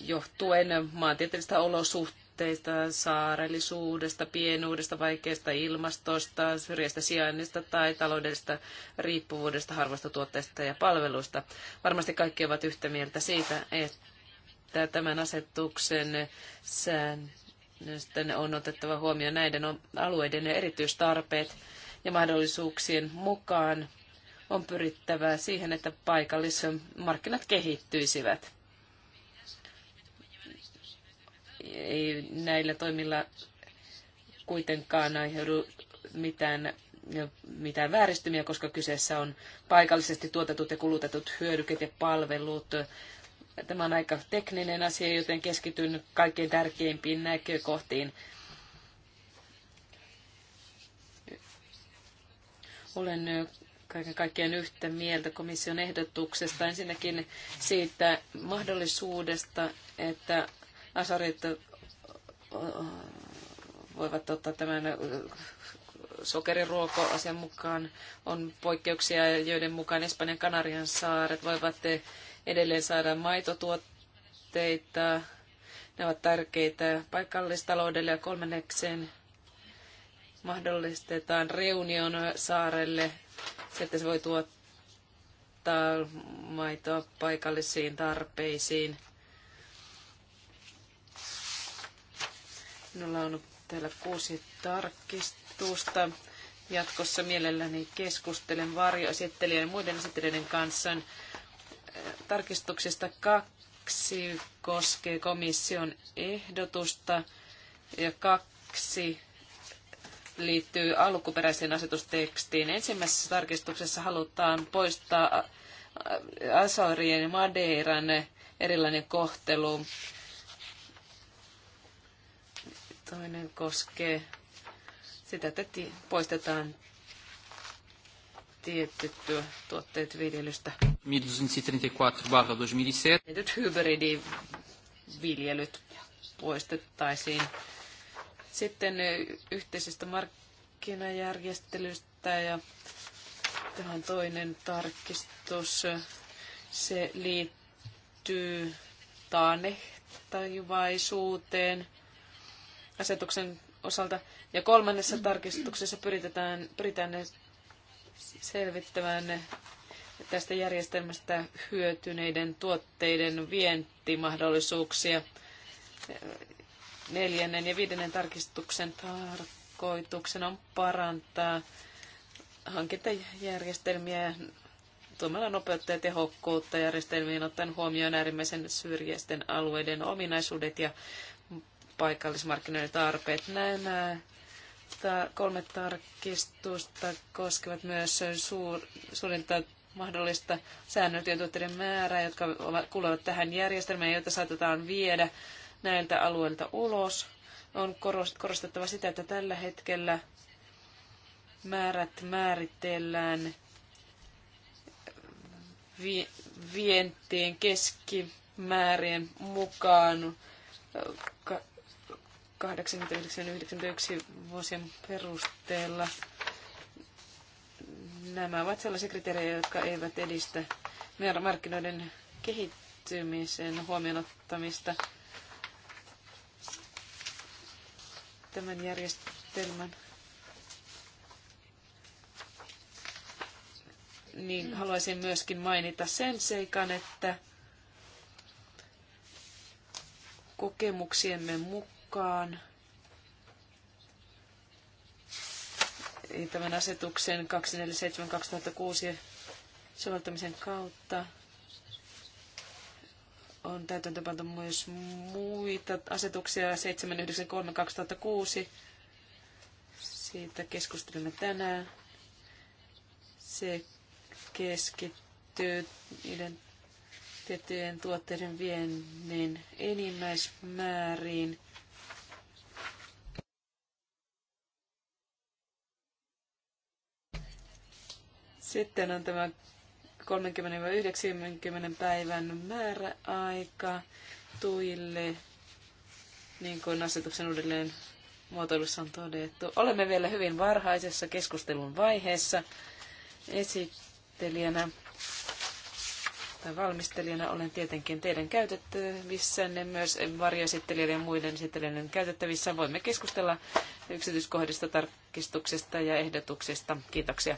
johtuen maantieteellisistä olosuhteista puutteista, saarellisuudesta, pienuudesta, vaikeasta ilmastosta, syrjästä sijainnista tai taloudellisesta riippuvuudesta harvoista tuotteista ja palveluista. Varmasti kaikki ovat yhtä mieltä siitä, että tämän asetuksen säännösten on otettava huomioon näiden alueiden erityistarpeet ja mahdollisuuksien mukaan on pyrittävä siihen, että paikallisen markkinat kehittyisivät ei näillä toimilla kuitenkaan aiheudu mitään, mitään vääristymiä, koska kyseessä on paikallisesti tuotetut ja kulutetut hyödyket ja palvelut. Tämä on aika tekninen asia, joten keskityn kaikkein tärkeimpiin näkökohtiin. Olen kaiken kaikkiaan yhtä mieltä komission ehdotuksesta. Ensinnäkin siitä mahdollisuudesta, että Asarit voivat ottaa tämän sokeriruokoasian mukaan. On poikkeuksia, joiden mukaan Espanjan Kanarian saaret voivat edelleen saada maitotuotteita. Ne ovat tärkeitä paikallistaloudelle ja kolmannekseen mahdollistetaan reunion saarelle, että se voi tuottaa maitoa paikallisiin tarpeisiin. Minulla on ollut täällä kuusi tarkistusta. Jatkossa mielelläni keskustelen varjoesittelijän ja muiden esittelijöiden kanssa. Äh, Tarkistuksesta kaksi koskee komission ehdotusta ja kaksi liittyy alkuperäiseen asetustekstiin. Ensimmäisessä tarkistuksessa halutaan poistaa äh, äh, Asaurien ja Madeiran erilainen kohtelu Toinen koskee sitä, että poistetaan tietyt tuotteet viljelystä. 1234-2007. E tietyt e e hybridiviljelyt poistettaisiin. Sitten yhteisestä markkinajärjestelystä ja tähän toinen tarkistus. Se liittyy taanehtajuvaisuuteen – asetuksen osalta. Ja kolmannessa tarkistuksessa pyritetään, pyritään selvittämään tästä järjestelmästä hyötyneiden tuotteiden vientimahdollisuuksia. Neljännen ja viidennen tarkistuksen tarkoituksena on parantaa hankintajärjestelmiä tuomalla nopeutta ja tehokkuutta järjestelmiin ottaen huomioon äärimmäisen syrjäisten alueiden ominaisuudet ja paikallismarkkinoiden tarpeet. Nämä kolme tarkistusta koskevat myös suur, suurinta mahdollista säännöltyön tuotteiden määrää, jotka ovat, kuuluvat tähän järjestelmään, joita saatetaan viedä näiltä alueilta ulos. On korostettava sitä, että tällä hetkellä määrät määritellään vi- vientien keskimäärien mukaan 89-91 vuosien perusteella. Nämä ovat sellaisia kriteerejä, jotka eivät edistä markkinoiden kehittymisen huomioonottamista. tämän järjestelmän. Niin haluaisin myöskin mainita sen seikan, että kokemuksiemme mukaan mukaan tämän asetuksen 247-2006 soveltamisen kautta on täytäntöpantu myös muita asetuksia 793-2006. Siitä keskustelimme tänään. Se keskittyy niiden tiettyjen tuotteiden viennin enimmäismääriin Sitten on tämä 30-90 päivän määräaika tuille, niin kuin asetuksen uudelleen muotoilussa on todettu. Olemme vielä hyvin varhaisessa keskustelun vaiheessa. Esittelijänä tai valmistelijana olen tietenkin teidän käytettävissänne, myös varjoesittelijöiden ja muiden esittelijöiden käytettävissä. Voimme keskustella yksityiskohdista, tarkistuksista ja ehdotuksista. Kiitoksia.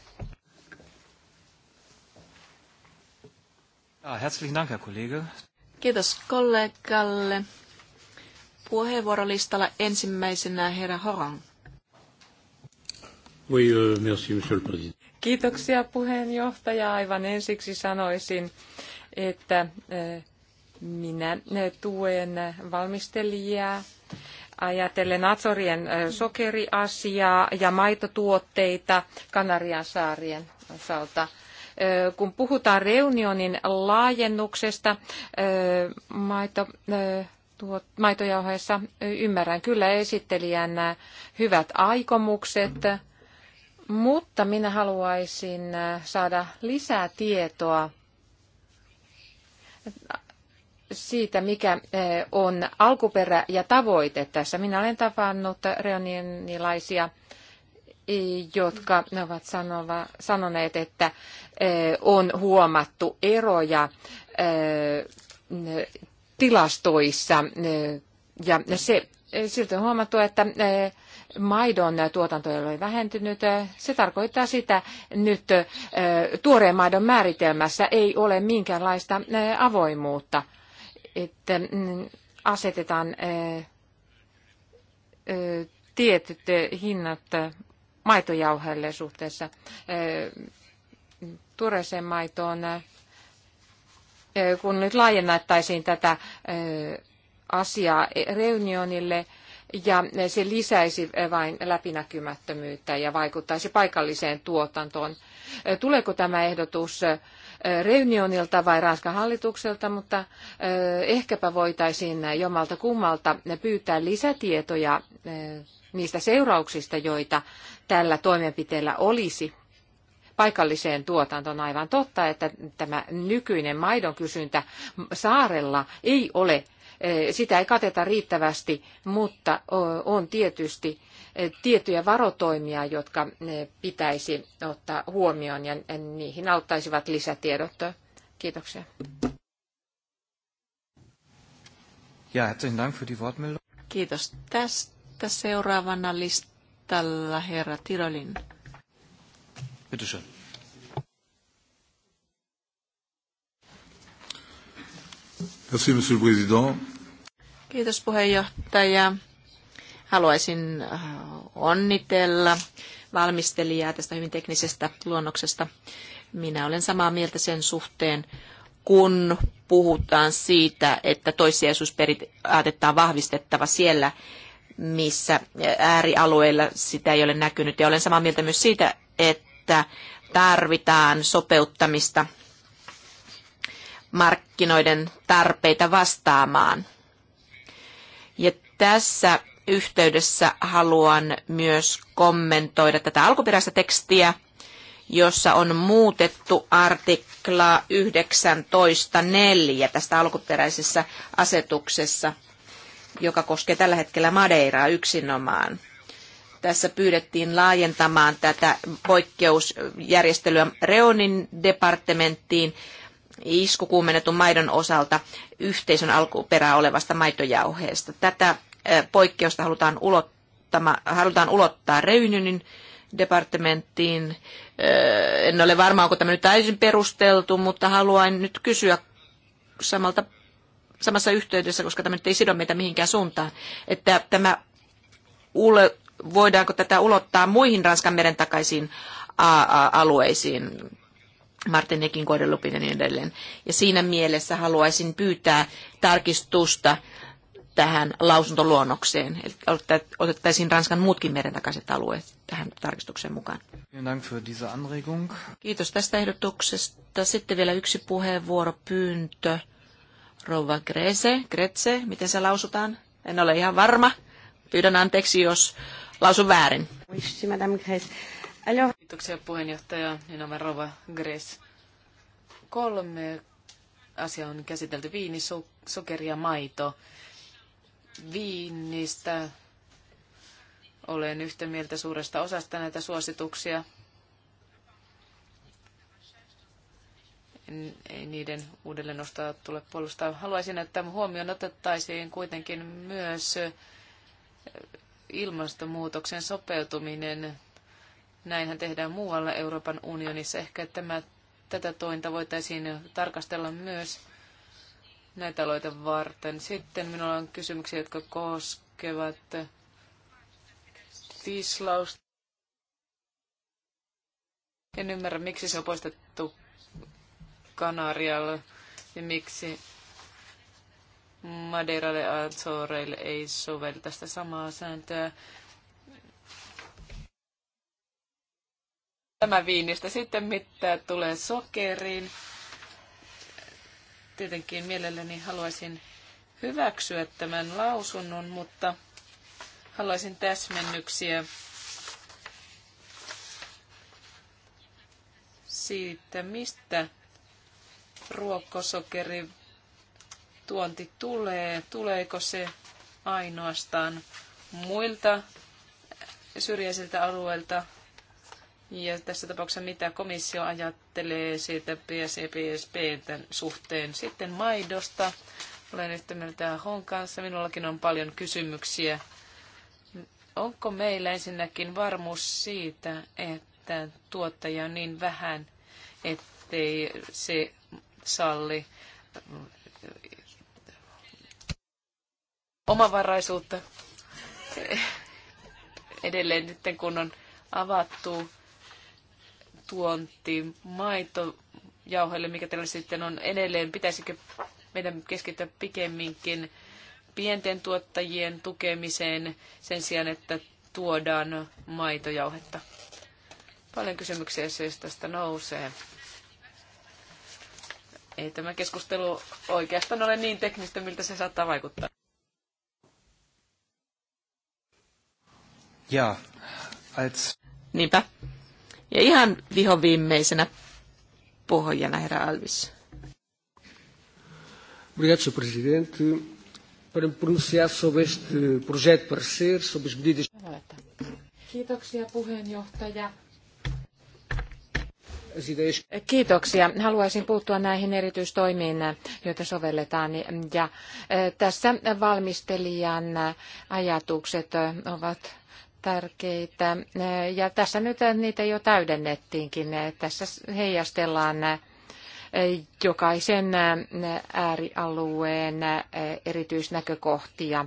herzlichen Dank, Herr Kollege. Kiitos kollegalle. Puheenvuorolistalla ensimmäisenä herra Horan. Oui, euh, merci, monsieur le président. Kiitoksia puheenjohtaja. Aivan ensiksi sanoisin, että äh, minä äh, tuen valmistelijaa ajatellen Azorien äh, sokeriasiaa ja maitotuotteita Kanarian saarien osalta kun puhutaan reunionin laajennuksesta maito, tuo, maitojauheessa, ymmärrän kyllä esittelijän hyvät aikomukset, mutta minä haluaisin saada lisää tietoa siitä, mikä on alkuperä ja tavoite tässä. Minä olen tavannut reunionilaisia jotka ovat sanova, sanoneet, että on huomattu eroja tilastoissa ja se, silti on huomattu, että maidon tuotanto ei ole vähentynyt. Se tarkoittaa sitä, nyt tuoreen maidon määritelmässä ei ole minkäänlaista avoimuutta, että mm, asetetaan tietyt hinnat maitojauheelle suhteessa tuoreeseen maitoon. Kun nyt laajennettaisiin tätä asiaa reunionille, ja se lisäisi vain läpinäkymättömyyttä ja vaikuttaisi paikalliseen tuotantoon. Tuleeko tämä ehdotus Reunionilta vai Ranskan hallitukselta, mutta ehkäpä voitaisiin jomalta kummalta pyytää lisätietoja niistä seurauksista, joita tällä toimenpiteellä olisi paikalliseen tuotantoon. Aivan totta, että tämä nykyinen maidon kysyntä saarella ei ole, e, sitä ei kateta riittävästi, mutta on tietysti e, tiettyjä varotoimia, jotka e, pitäisi ottaa huomioon ja niihin auttaisivat lisätiedot. Kiitoksia. Ja, Kiitos tästä. Seuraavana list- Tällä herra Tirolin. Bitteschön. Merci, monsieur le président. Kiitos puheenjohtaja. Haluaisin äh, onnitella valmistelijaa tästä hyvin teknisestä luonnoksesta. Minä olen samaa mieltä sen suhteen, kun puhutaan siitä, että toissijaisuusperiaatetta on vahvistettava siellä, missä äärialueilla sitä ei ole näkynyt. Ja olen samaa mieltä myös siitä, että tarvitaan sopeuttamista markkinoiden tarpeita vastaamaan. Ja tässä yhteydessä haluan myös kommentoida tätä alkuperäistä tekstiä, jossa on muutettu artiklaa 19.4 tästä alkuperäisessä asetuksessa – joka koskee tällä hetkellä Madeiraa yksinomaan. Tässä pyydettiin laajentamaan tätä poikkeusjärjestelyä Reonin departementtiin iskukuumennetun maidon osalta yhteisön alkuperää olevasta maitojauheesta. Tätä poikkeusta halutaan, ulottama, halutaan ulottaa Reunionin departementtiin. En ole varma, onko tämä nyt täysin perusteltu, mutta haluan nyt kysyä samalta samassa yhteydessä, koska tämä nyt ei sido meitä mihinkään suuntaan, että tämä voidaanko tätä ulottaa muihin Ranskan meren takaisiin alueisiin, Martinikin, Guadeloupein ja niin edelleen. Ja siinä mielessä haluaisin pyytää tarkistusta tähän lausuntoluonnokseen, eli otettaisiin Ranskan muutkin meren takaiset alueet tähän tarkistukseen mukaan. Kiitos tästä ehdotuksesta. Sitten vielä yksi puheenvuoropyyntö. pyyntö Rouva Grese, Gretse, miten se lausutaan? En ole ihan varma. Pyydän anteeksi, jos lausun väärin. Kiitoksia puheenjohtaja Ninome Rova Gres. Kolme asiaa on käsitelty. Viini, so- sokeri ja maito. Viinistä olen yhtä mieltä suuresta osasta näitä suosituksia. niiden uudelleen nostaa tule puolustaa. Haluaisin, että huomioon otettaisiin kuitenkin myös ilmastonmuutoksen sopeutuminen. Näinhän tehdään muualla Euroopan unionissa. Ehkä tämä, tätä tointa voitaisiin tarkastella myös näitä aloita varten. Sitten minulla on kysymyksiä, jotka koskevat tislausta. En ymmärrä, miksi se on poistettu Kanarialle ja miksi Madeiralle ja Azoreille ei sovelleta sitä samaa sääntöä. Tämä viinistä sitten mitä tulee sokeriin. Tietenkin mielelläni haluaisin hyväksyä tämän lausunnon, mutta haluaisin täsmennyksiä siitä, mistä Ruokkosokeri tuonti tulee, tuleeko se ainoastaan muilta syrjäisiltä alueilta. Ja tässä tapauksessa mitä komissio ajattelee siitä PSEPSP-suhteen sitten maidosta. Olen yhtä mieltä Hon kanssa. Minullakin on paljon kysymyksiä. Onko meillä ensinnäkin varmuus siitä, että tuottaja on niin vähän, ettei se salli äh, omavaraisuutta edelleen nyt, kun on avattu tuonti maitojauhelle, mikä tällä sitten on edelleen, pitäisikö meidän keskittyä pikemminkin pienten tuottajien tukemiseen sen sijaan, että tuodaan maitojauhetta. Paljon kysymyksiä siis tästä nousee. Ei tämä keskustelu oikeastaan ole niin teknistä, miltä se saattaa vaikuttaa. Ja, als... Niinpä. Ja ihan vihoviimeisenä pohjana herra Alvis. Presidente. Kiitoksia puheenjohtaja Kiitoksia. Haluaisin puuttua näihin erityistoimiin, joita sovelletaan. Ja e, tässä valmistelijan ajatukset ovat tärkeitä. E, ja tässä nyt niitä jo täydennettiinkin. E, tässä heijastellaan jokaisen äärialueen erityisnäkökohtia.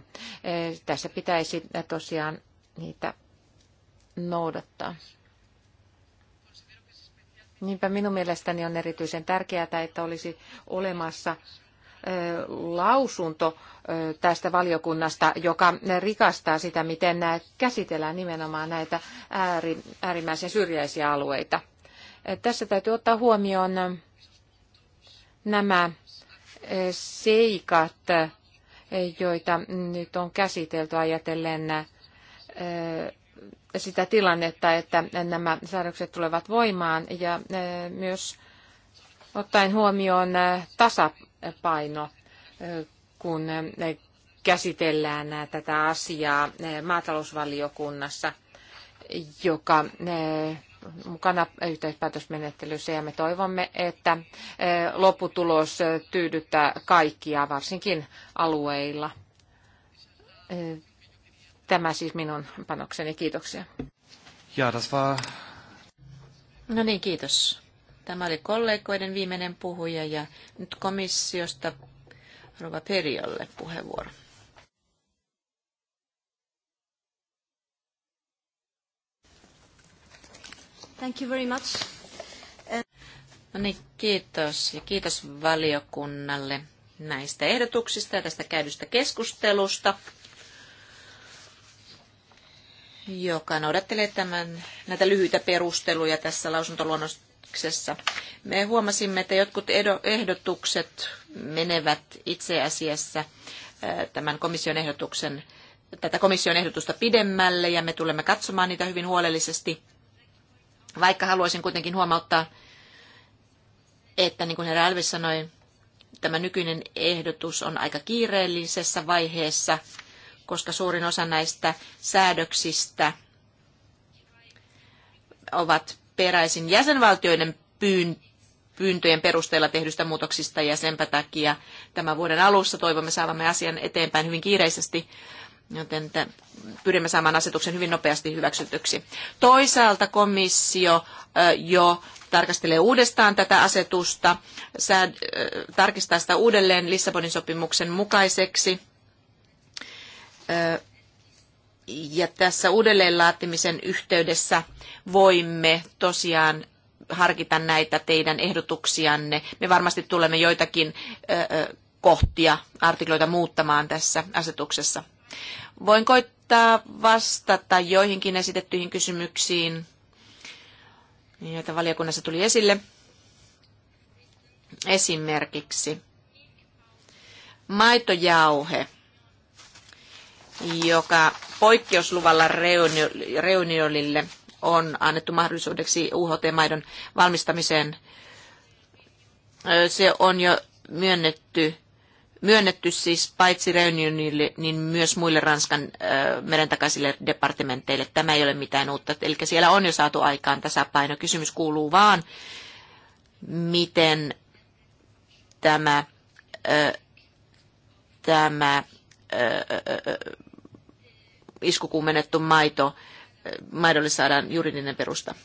Tässä pitäisi tosiaan niitä noudattaa. Niinpä minun mielestäni on erityisen tärkeää, että olisi olemassa lausunto tästä valiokunnasta, joka rikastaa sitä, miten käsitellään nimenomaan näitä äärimmäisen syrjäisiä alueita. Tässä täytyy ottaa huomioon nämä seikat, joita nyt on käsitelty ajatellen sitä tilannetta, että nämä säädökset tulevat voimaan ja eh, myös ottaen huomioon eh, tasapaino, eh, kun käsitellään tätä asiaa maatalousvaliokunnassa, joka mukana yhteispäätösmenettelyssä ja me toivomme, että lopputulos tyydyttää kaikkia, varsinkin alueilla. Tämä siis minun panokseni. Kiitoksia. Ja, das war... No niin, kiitos. Tämä oli kollegoiden viimeinen puhuja ja nyt komissiosta Rova Periolle puheenvuoro. Thank you very much. No niin, kiitos ja kiitos valiokunnalle näistä ehdotuksista ja tästä käydystä keskustelusta joka noudattelee tämän, näitä lyhyitä perusteluja tässä lausuntoluonnoksessa. Me huomasimme, että jotkut ehdotukset menevät itse asiassa tämän komission ehdotuksen, tätä komission ehdotusta pidemmälle ja me tulemme katsomaan niitä hyvin huolellisesti. Vaikka haluaisin kuitenkin huomauttaa, että niin kuin herra Alvis sanoi, tämä nykyinen ehdotus on aika kiireellisessä vaiheessa – koska suurin osa näistä säädöksistä ovat peräisin jäsenvaltioiden pyyntöjen perusteella tehdyistä muutoksista ja senpä takia tämän vuoden alussa toivomme saavamme asian eteenpäin hyvin kiireisesti, joten pyrimme saamaan asetuksen hyvin nopeasti hyväksytyksi. Toisaalta komissio jo tarkastelee uudestaan tätä asetusta, tarkistaa sitä uudelleen Lissabonin sopimuksen mukaiseksi ja tässä uudelleenlaatimisen yhteydessä voimme tosiaan harkita näitä teidän ehdotuksianne. Me varmasti tulemme joitakin kohtia, artikloita muuttamaan tässä asetuksessa. Voin koittaa vastata joihinkin esitettyihin kysymyksiin, joita valiokunnassa tuli esille. Esimerkiksi maitojauhe joka poikkeusluvalla reunionille on annettu mahdollisuudeksi UHT-maidon valmistamiseen. Se on jo myönnetty, myönnetty siis paitsi reunionille, niin myös muille Ranskan merentakaisille departementeille. Tämä ei ole mitään uutta, eli siellä on jo saatu aikaan tasapaino. Kysymys kuuluu vaan, miten tämä, tämä iskukuumennettu maito, eh, maidolle saadaan juridinen perusta.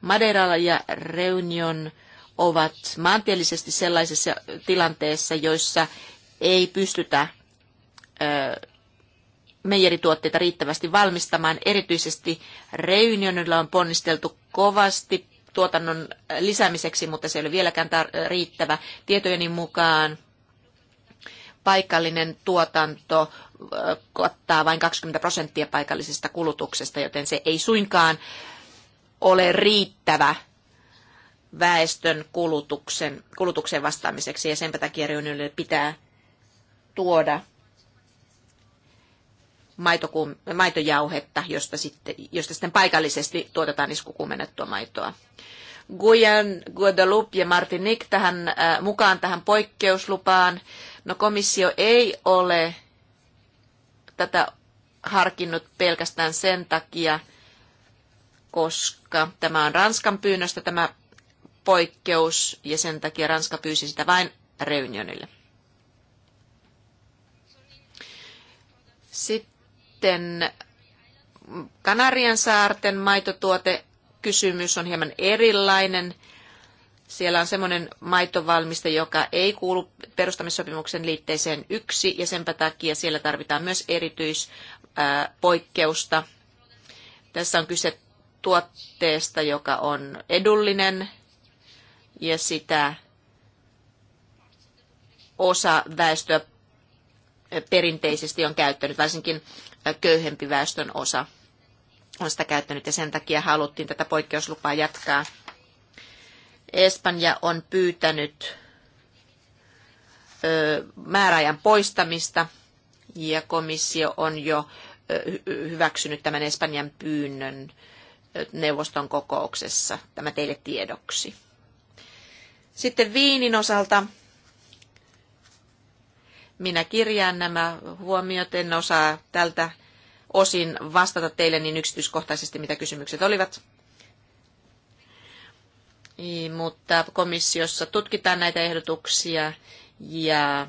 Madeira ja Reunion ovat maantieteellisesti sellaisessa tilanteessa, joissa ei pystytä eh, meijerituotteita riittävästi valmistamaan. Erityisesti Reunionilla on ponnisteltu kovasti tuotannon eh, lisäämiseksi, mutta se ei ole vieläkään riittävä. Tietojeni mukaan paikallinen tuotanto kattaa vain 20 prosenttia paikallisesta kulutuksesta, joten se ei suinkaan ole riittävä väestön kulutuksen, kulutukseen vastaamiseksi ja senpä takia reunille pitää tuoda maitokum, maitojauhetta, josta sitten, josta sitten paikallisesti tuotetaan iskukuumennettua maitoa. Guyan, Guadeloupe ja Martinique tähän, äh, mukaan tähän poikkeuslupaan. No komissio ei ole tätä harkinnut pelkästään sen takia, koska tämä on Ranskan pyynnöstä tämä poikkeus ja sen takia Ranska pyysi sitä vain Reunionille. Sitten Kanarian saarten maitotuote kysymys on hieman erilainen siellä on semmoinen maitovalmiste, joka ei kuulu perustamissopimuksen liitteeseen yksi, ja senpä takia siellä tarvitaan myös erityispoikkeusta. Tässä on kyse tuotteesta, joka on edullinen, ja sitä osa väestöä perinteisesti on käyttänyt, varsinkin köyhempi väestön osa on sitä käyttänyt ja sen takia haluttiin tätä poikkeuslupaa jatkaa Espanja on pyytänyt määräajan poistamista ja komissio on jo hyväksynyt tämän Espanjan pyynnön neuvoston kokouksessa. Tämä teille tiedoksi. Sitten viinin osalta minä kirjaan nämä huomiot, en osaa tältä osin vastata teille niin yksityiskohtaisesti, mitä kysymykset olivat mutta komissiossa tutkitaan näitä ehdotuksia ja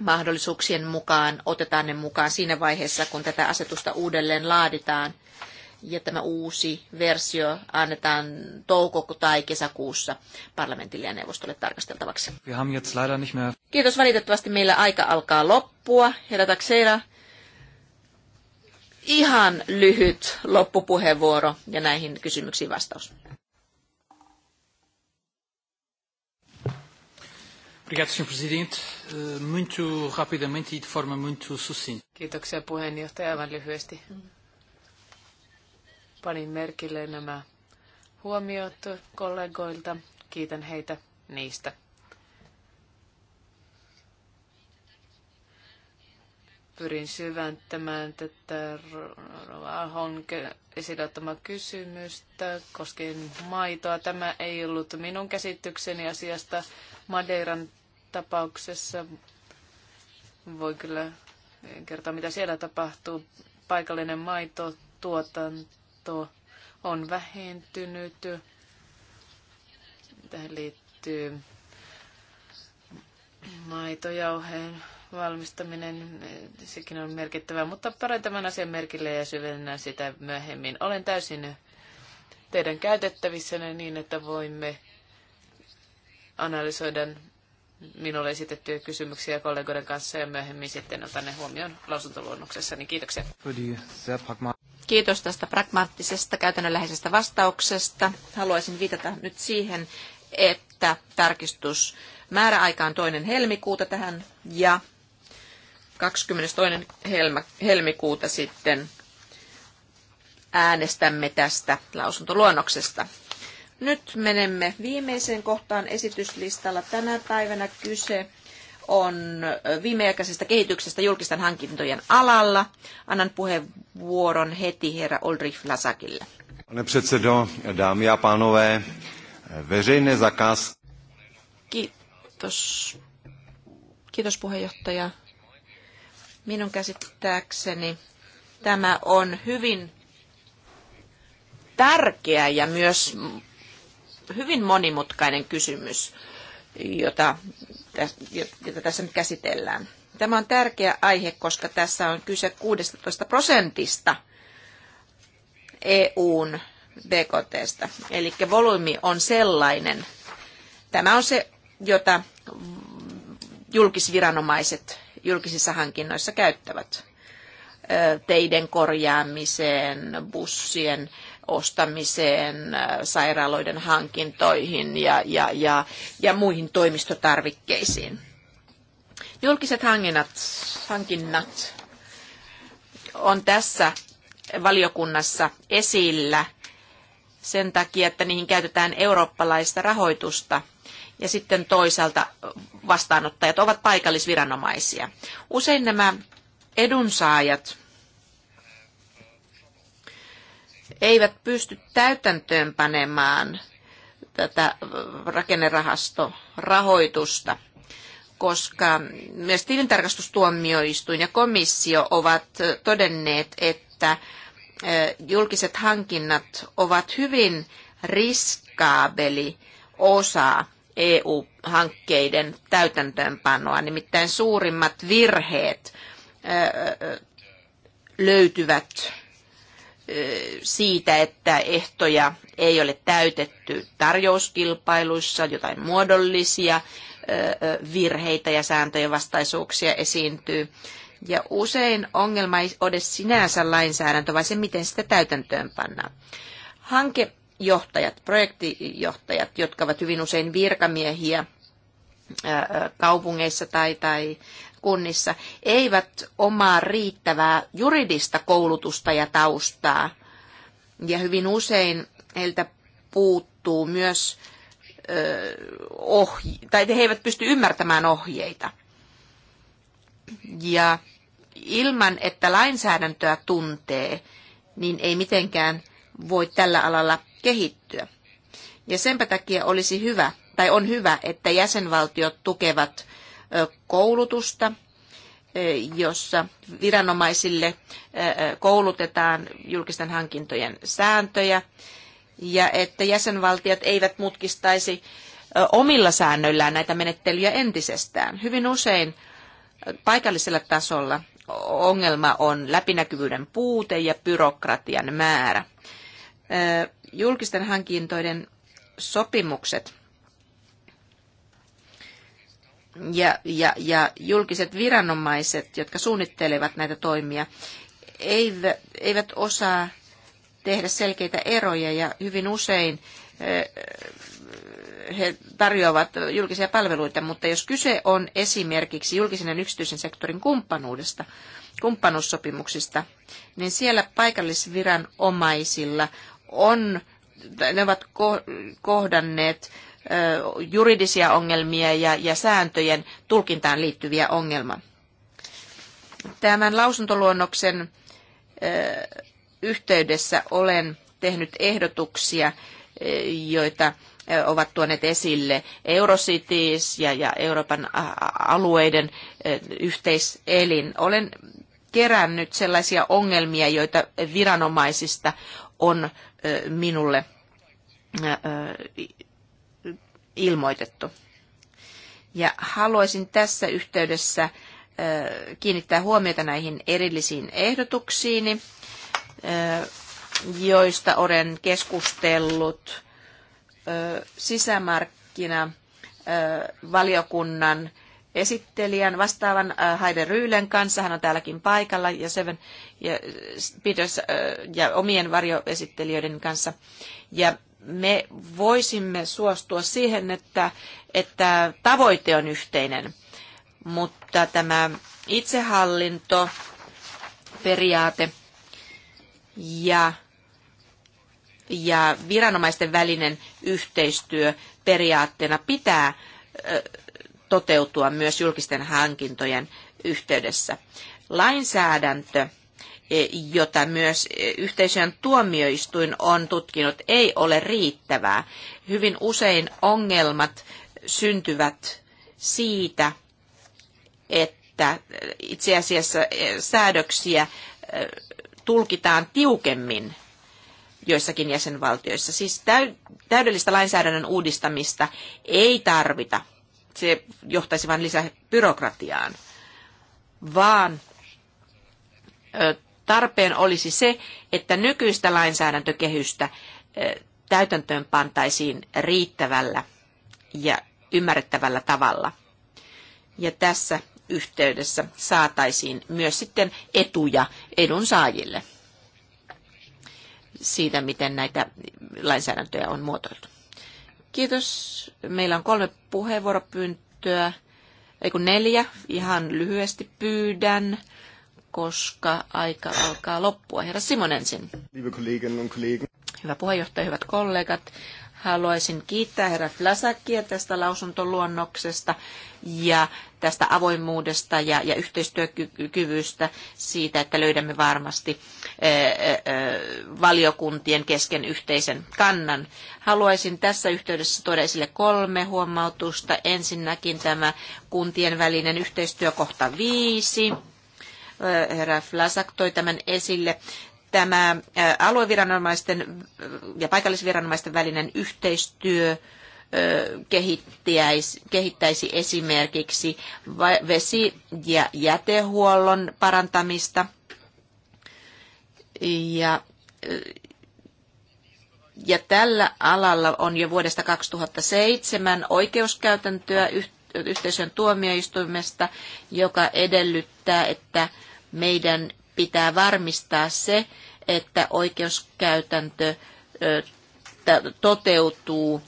mahdollisuuksien mukaan otetaan ne mukaan siinä vaiheessa, kun tätä asetusta uudelleen laaditaan. Ja tämä uusi versio annetaan toukoku- tai kesäkuussa parlamentille ja neuvostolle tarkasteltavaksi. Kiitos valitettavasti. Meillä aika alkaa loppua. Herra Takseira, ihan lyhyt loppupuheenvuoro ja näihin kysymyksiin vastaus. Obrigado, Sr. Presidente. Eh, muito rapidamente e de forma muito sucinta. Kiitoksia puheenjohtaja aivan lyhyesti. Panin merkille nämä huomiot kollegoilta. Kiitän heitä niistä. Pyrin syventämään tätä Ahon esille kysymystä koskien maitoa. Tämä ei ollut minun käsitykseni asiasta. Madeiran tapauksessa voi kyllä kertoa, mitä siellä tapahtuu. Paikallinen maitotuotanto on vähentynyt. Tähän liittyy maitojauheen valmistaminen, sekin on merkittävä mutta paran tämän asian merkille ja syvennän sitä myöhemmin. Olen täysin teidän käytettävissänne niin, että voimme analysoida minulle esitettyjä kysymyksiä kollegoiden kanssa ja myöhemmin sitten otan ne huomioon lausuntoluonnoksessa. Niin kiitoksia. Kiitos tästä pragmaattisesta käytännönläheisestä vastauksesta. Haluaisin viitata nyt siihen, että tarkistus määräaika on toinen helmikuuta tähän ja 22. helmikuuta sitten äänestämme tästä lausuntoluonnoksesta. Nyt menemme viimeiseen kohtaan esityslistalla. Tänä päivänä kyse on viimeaikaisesta kehityksestä julkisten hankintojen alalla. Annan puheenvuoron heti herra Ulrich Lasakille. Pane předsedo, dámy a pánové, veřejné zakaz... Kiitos. Kiitos puheenjohtaja. Minun käsittääkseni tämä on hyvin tärkeä ja myös hyvin monimutkainen kysymys, jota, jota tässä nyt käsitellään. Tämä on tärkeä aihe, koska tässä on kyse 16 prosentista EUn BKTstä. Eli volyymi on sellainen. Tämä on se, jota julkisviranomaiset julkisissa hankinnoissa käyttävät teiden korjaamiseen, bussien ostamiseen, äh, sairaaloiden hankintoihin ja, ja, ja, ja muihin toimistotarvikkeisiin. Julkiset hankinnat, hankinnat on tässä valiokunnassa esillä sen takia, että niihin käytetään eurooppalaista rahoitusta ja sitten toisaalta vastaanottajat ovat paikallisviranomaisia. Usein nämä edunsaajat eivät pysty täytäntöönpanemaan tätä rakennerahastorahoitusta, koska myös tilintarkastustuomioistuin ja komissio ovat todenneet, että julkiset hankinnat ovat hyvin riskaabeli osa EU-hankkeiden täytäntöönpanoa. Nimittäin suurimmat virheet löytyvät siitä, että ehtoja ei ole täytetty tarjouskilpailuissa, jotain muodollisia virheitä ja sääntöjen vastaisuuksia esiintyy. Ja usein ongelma ei ole sinänsä lainsäädäntö, vaan se, miten sitä täytäntöön pannaan. Hankejohtajat, projektijohtajat, jotka ovat hyvin usein virkamiehiä kaupungeissa tai, tai kunnissa eivät omaa riittävää juridista koulutusta ja taustaa. Ja hyvin usein heiltä puuttuu myös ö, ohje, tai he eivät pysty ymmärtämään ohjeita. Ja ilman, että lainsäädäntöä tuntee, niin ei mitenkään voi tällä alalla kehittyä. Ja senpä takia olisi hyvä, tai on hyvä, että jäsenvaltiot tukevat koulutusta, jossa viranomaisille koulutetaan julkisten hankintojen sääntöjä ja että jäsenvaltiot eivät mutkistaisi omilla säännöillään näitä menettelyjä entisestään. Hyvin usein paikallisella tasolla ongelma on läpinäkyvyyden puute ja byrokratian määrä. Julkisten hankintoiden sopimukset ja, ja, ja julkiset viranomaiset, jotka suunnittelevat näitä toimia, eivät, eivät osaa tehdä selkeitä eroja ja hyvin usein he tarjoavat julkisia palveluita, mutta jos kyse on esimerkiksi julkisen ja yksityisen sektorin kumppanuudesta, kumppanuussopimuksista, niin siellä paikallisviranomaisilla on, ne ovat kohdanneet juridisia ongelmia ja, ja sääntöjen tulkintaan liittyviä ongelmia. Tämän lausuntoluonnoksen yhteydessä olen tehnyt ehdotuksia, joita ovat tuoneet esille Eurocities ja, ja Euroopan alueiden yhteiselin. Olen kerännyt sellaisia ongelmia, joita viranomaisista on minulle ilmoitettu. Ja haluaisin tässä yhteydessä kiinnittää huomiota näihin erillisiin ehdotuksiini, joista olen keskustellut sisämarkkina valiokunnan esittelijän vastaavan Haide Ryylen kanssa. Hän on täälläkin paikalla ja, Seven, ja Peters ja omien varjoesittelijöiden kanssa. Ja me voisimme suostua siihen, että, että tavoite on yhteinen, mutta tämä itsehallinto, periaate ja, ja viranomaisten välinen yhteistyö periaatteena pitää toteutua myös julkisten hankintojen yhteydessä. Lainsäädäntö E, jota myös e, yhteisön tuomioistuin on tutkinut, ei ole riittävää. Hyvin usein ongelmat syntyvät siitä, että itse asiassa e, säädöksiä tulkitaan tiukemmin joissakin jäsenvaltioissa. Siis täydellistä lainsäädännön uudistamista ei tarvita. Se johtaisi vain lisää byrokratiaan, vaan Tarpeen olisi se, että nykyistä lainsäädäntökehystä eh, täytäntöön pantaisiin riittävällä ja ymmärrettävällä tavalla. Ja tässä yhteydessä saataisiin myös sitten etuja edunsaajille siitä, miten näitä lainsäädäntöjä on muotoiltu. Kiitos. Meillä on kolme puheenvuoropyyntöä, ei kun neljä. Ihan lyhyesti pyydän koska aika alkaa loppua. Herra Simon ensin. Hyvä puheenjohtaja, hyvät kollegat. Haluaisin kiittää herra Flasakia tästä lausuntoluonnoksesta ja tästä avoimuudesta ja, ja yhteistyökyvystä siitä, että löydämme varmasti ää, eh, ää, eh, eh, valiokuntien kesken yhteisen kannan. Haluaisin tässä yhteydessä tuoda esille kolme huomautusta. Ensinnäkin tämä kuntien välinen yhteistyö kohta viisi herra Flasak toi tämän esille, tämä alueviranomaisten ja paikallisviranomaisten välinen yhteistyö kehittäisi, esimerkiksi vesi- ja jätehuollon parantamista ja ja tällä alalla on jo vuodesta 2007 oikeuskäytäntöä yhteisön tuomioistuimesta, joka edellyttää, että meidän pitää varmistaa se, että oikeuskäytäntö toteutuu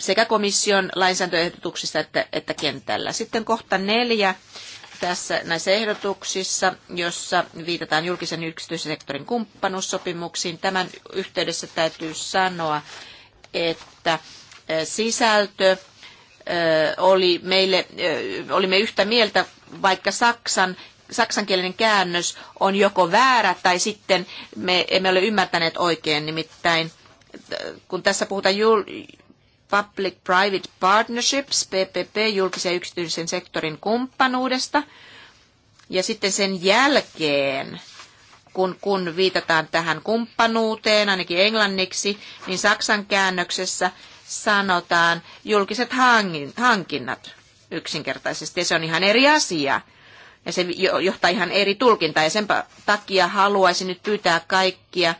sekä komission lainsäädäntöehdotuksissa että, että kentällä. Sitten kohta neljä tässä näissä ehdotuksissa, jossa viitataan julkisen ja yksityisen sektorin kumppanuussopimuksiin. Tämän yhteydessä täytyy sanoa, että sisältö oli meille, olimme yhtä mieltä, vaikka Saksan saksankielinen käännös on joko väärä tai sitten me emme ole ymmärtäneet oikein. Nimittäin kun tässä puhutaan public-private partnerships, PPP, julkisen ja yksityisen sektorin kumppanuudesta, ja sitten sen jälkeen, kun, kun viitataan tähän kumppanuuteen, ainakin englanniksi, niin Saksan käännöksessä sanotaan julkiset hankinnat yksinkertaisesti. Ja se on ihan eri asia. Ja se johtaa ihan eri tulkintaan. Ja sen takia haluaisin nyt pyytää kaikkia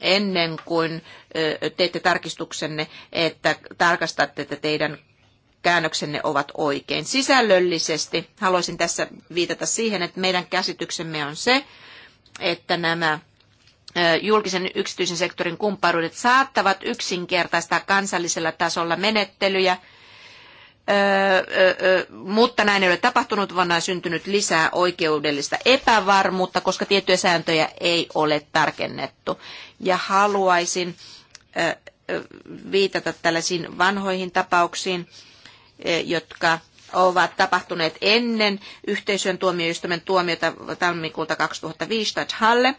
ennen kuin teette tarkistuksenne, että tarkastatte, että teidän käännöksenne ovat oikein. Sisällöllisesti haluaisin tässä viitata siihen, että meidän käsityksemme on se, että nämä julkisen yksityisen sektorin kumppanuudet saattavat yksinkertaistaa kansallisella tasolla menettelyjä, mutta näin ei ole tapahtunut, vaan on syntynyt lisää oikeudellista epävarmuutta, koska tiettyjä sääntöjä ei ole tarkennettu. Ja haluaisin viitata tällaisiin vanhoihin tapauksiin, jotka ovat tapahtuneet ennen yhteisön tuomioistuimen tuomiota tammikuuta 2005 Halle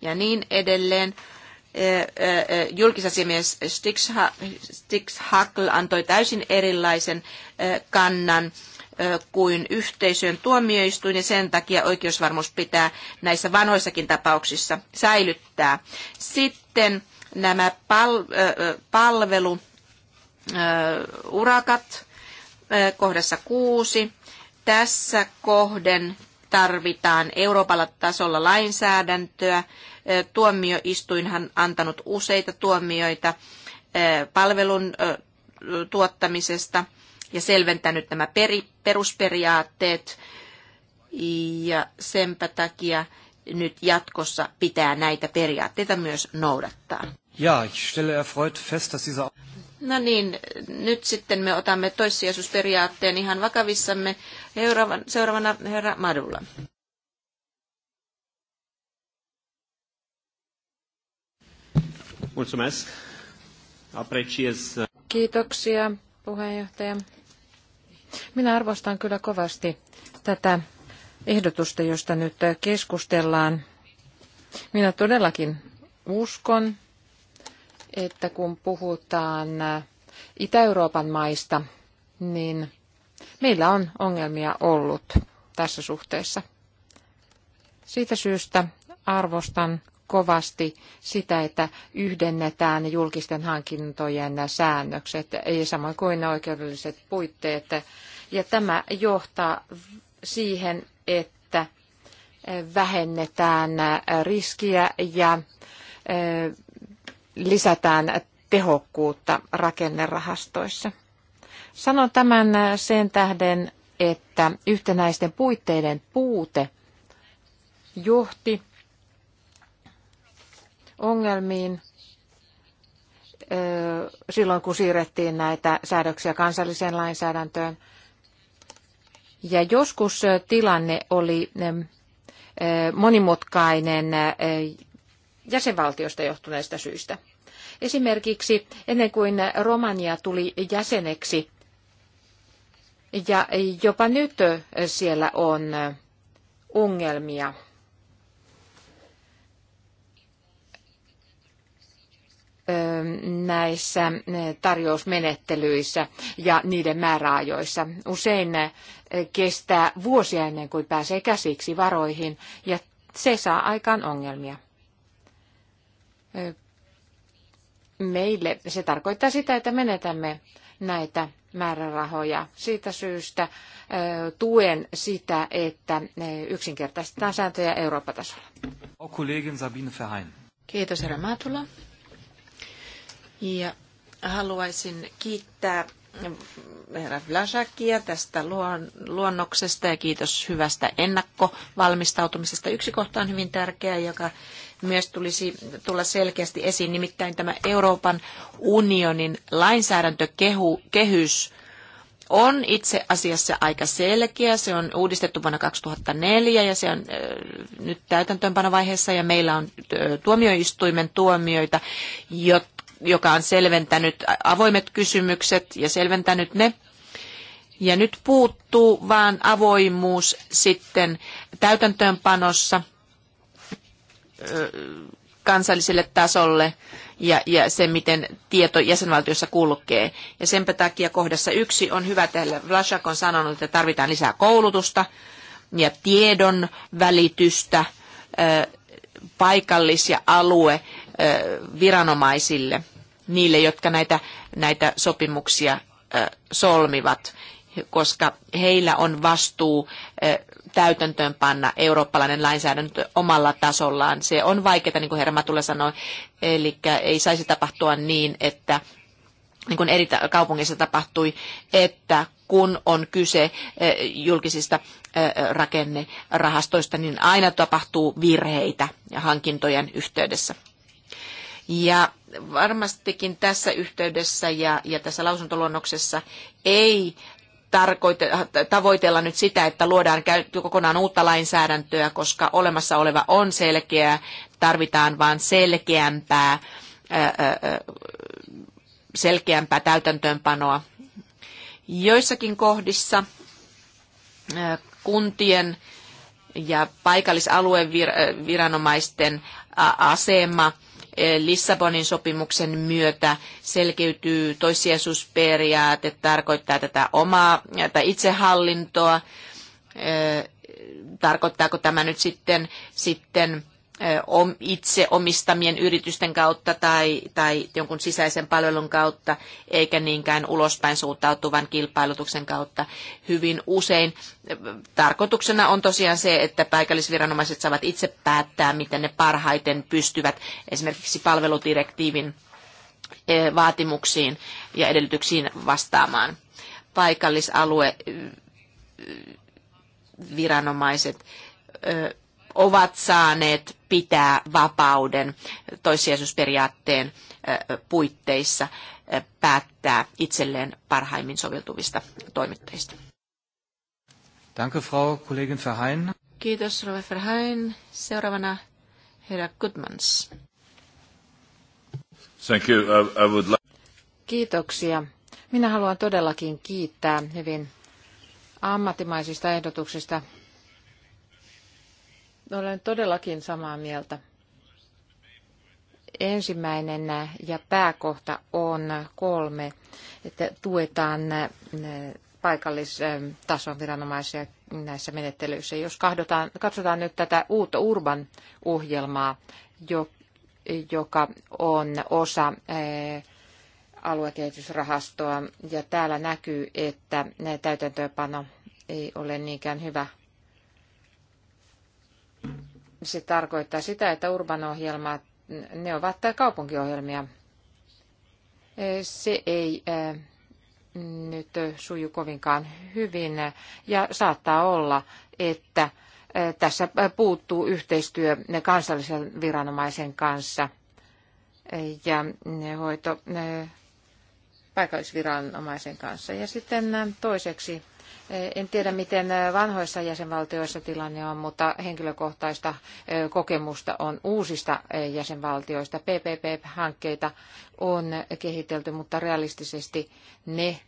ja niin edelleen. Eh, eh, eh, julkisasiamies Stix Hackl antoi täysin erilaisen kannan kuin yhteisön tuomioistuin ja sen takia oikeusvarmuus pitää näissä vanhoissakin tapauksissa säilyttää. Sitten nämä pal- palveluurakat kohdassa kuusi. Tässä kohden tarvitaan Euroopan tasolla lainsäädäntöä. Tuomioistuinhan antanut useita tuomioita palvelun tuottamisesta ja selventänyt nämä peri, perusperiaatteet. Ja senpä takia nyt jatkossa pitää näitä periaatteita myös noudattaa. Ja, ich stelle erfreut fest, dass diese... No niin, nyt sitten me otamme toissijaisuusperiaatteen ihan vakavissamme. Seuraavana herra Madulla. Uh, Kiitoksia, puheenjohtaja. Minä arvostan kyllä kovasti tätä ehdotusta, josta nyt keskustellaan. Minä todellakin uskon, että kun puhutaan Itä-Euroopan maista, niin meillä on ongelmia ollut tässä suhteessa. Siitä syystä arvostan kovasti sitä, että yhdennetään julkisten hankintojen säännökset, samoin kuin oikeudelliset puitteet. Ja tämä johtaa siihen, että vähennetään riskiä ja lisätään tehokkuutta rakennerahastoissa. Sanon tämän sen tähden, että yhtenäisten puitteiden puute johti ongelmiin silloin, kun siirrettiin näitä säädöksiä kansalliseen lainsäädäntöön. Ja joskus tilanne oli monimutkainen jäsenvaltiosta johtuneista syistä. Esimerkiksi ennen kuin Romania tuli jäseneksi, ja jopa nyt siellä on ongelmia. näissä tarjousmenettelyissä ja niiden määräajoissa. Usein kestää vuosia ennen kuin pääsee käsiksi varoihin ja se saa aikaan ongelmia meille se tarkoittaa sitä, että menetämme näitä määrärahoja. Siitä syystä tuen sitä, että yksinkertaistetaan sääntöjä Euroopan tasolla. Kiitos, Ramatula. Ja haluaisin kiittää herra Vlasakia tästä luonnoksesta ja kiitos hyvästä ennakkovalmistautumisesta. Yksi kohta on hyvin tärkeä, joka myös tulisi tulla selkeästi esiin, nimittäin tämä Euroopan unionin lainsäädäntökehys on itse asiassa aika selkeä. Se on uudistettu vuonna 2004 ja se on nyt täytäntöönpanovaiheessa ja meillä on tuomioistuimen tuomioita, joka on selventänyt avoimet kysymykset ja selventänyt ne. Ja nyt puuttuu vaan avoimuus sitten täytäntöönpanossa – kansalliselle tasolle ja, ja se, miten tieto jäsenvaltiossa kulkee. Ja senpä takia kohdassa yksi on hyvä tehdä. Vlasak on sanonut, että tarvitaan lisää koulutusta ja tiedon välitystä paikallis- ja alue viranomaisille, niille, jotka näitä, näitä sopimuksia solmivat, koska heillä on vastuu täytäntöön panna eurooppalainen lainsäädäntö omalla tasollaan. Se on vaikeaa, niin kuin herra Matula sanoi, eli ei saisi tapahtua niin, että niin kuin eri kaupungeissa tapahtui, että kun on kyse eh, julkisista eh, rakennerahastoista, niin aina tapahtuu virheitä ja hankintojen yhteydessä. Ja varmastikin tässä yhteydessä ja, ja tässä lausuntoluonnoksessa ei tarkoite, tavoitella nyt sitä, että luodaan kokonaan uutta lainsäädäntöä, koska olemassa oleva on selkeä, tarvitaan vain selkeämpää, selkeämpää täytäntöönpanoa. Joissakin kohdissa kuntien ja paikallisalueen viranomaisten asema – Lissabonin sopimuksen myötä selkeytyy toissijaisuusperiaate, tarkoittaa tätä omaa tai itsehallintoa. Tarkoittaako tämä nyt sitten, sitten itse omistamien yritysten kautta tai, tai jonkun sisäisen palvelun kautta, eikä niinkään ulospäin suuntautuvan kilpailutuksen kautta. Hyvin usein tarkoituksena on tosiaan se, että paikallisviranomaiset saavat itse päättää, miten ne parhaiten pystyvät esimerkiksi palveludirektiivin vaatimuksiin ja edellytyksiin vastaamaan. paikallisalueviranomaiset ovat saaneet pitää vapauden toissijaisuusperiaatteen puitteissa päättää itselleen parhaimmin soveltuvista toimittajista. Danke, Frau Kollegin Verheyen. Kiitos, Rove Verheyen. Seuraavana herra Goodmans. Thank you. I, would like... Kiitoksia. Minä haluan todellakin kiittää hyvin ammattimaisista ehdotuksista olen todellakin samaa mieltä. Ensimmäinen ja pääkohta on kolme, että tuetaan äh, paikallistason viranomaisia näissä menettelyissä. Jos katsotaan nyt tätä uutta Urban ohjelmaa, joka on osa äh, aluekehitysrahastoa, ja täällä näkyy, että täytäntöönpano ei ole niinkään hyvä se tarkoittaa sitä, että urbanohjelmat, ne ovat kaupunkiohjelmia. Se ei nyt suju kovinkaan hyvin ja saattaa olla, että tässä puuttuu yhteistyö kansallisen viranomaisen kanssa ja hoito paikallisviranomaisen kanssa. Ja sitten toiseksi en tiedä, miten vanhoissa jäsenvaltioissa tilanne on, mutta henkilökohtaista kokemusta on uusista jäsenvaltioista. PPP-hankkeita on kehitelty, mutta realistisesti ne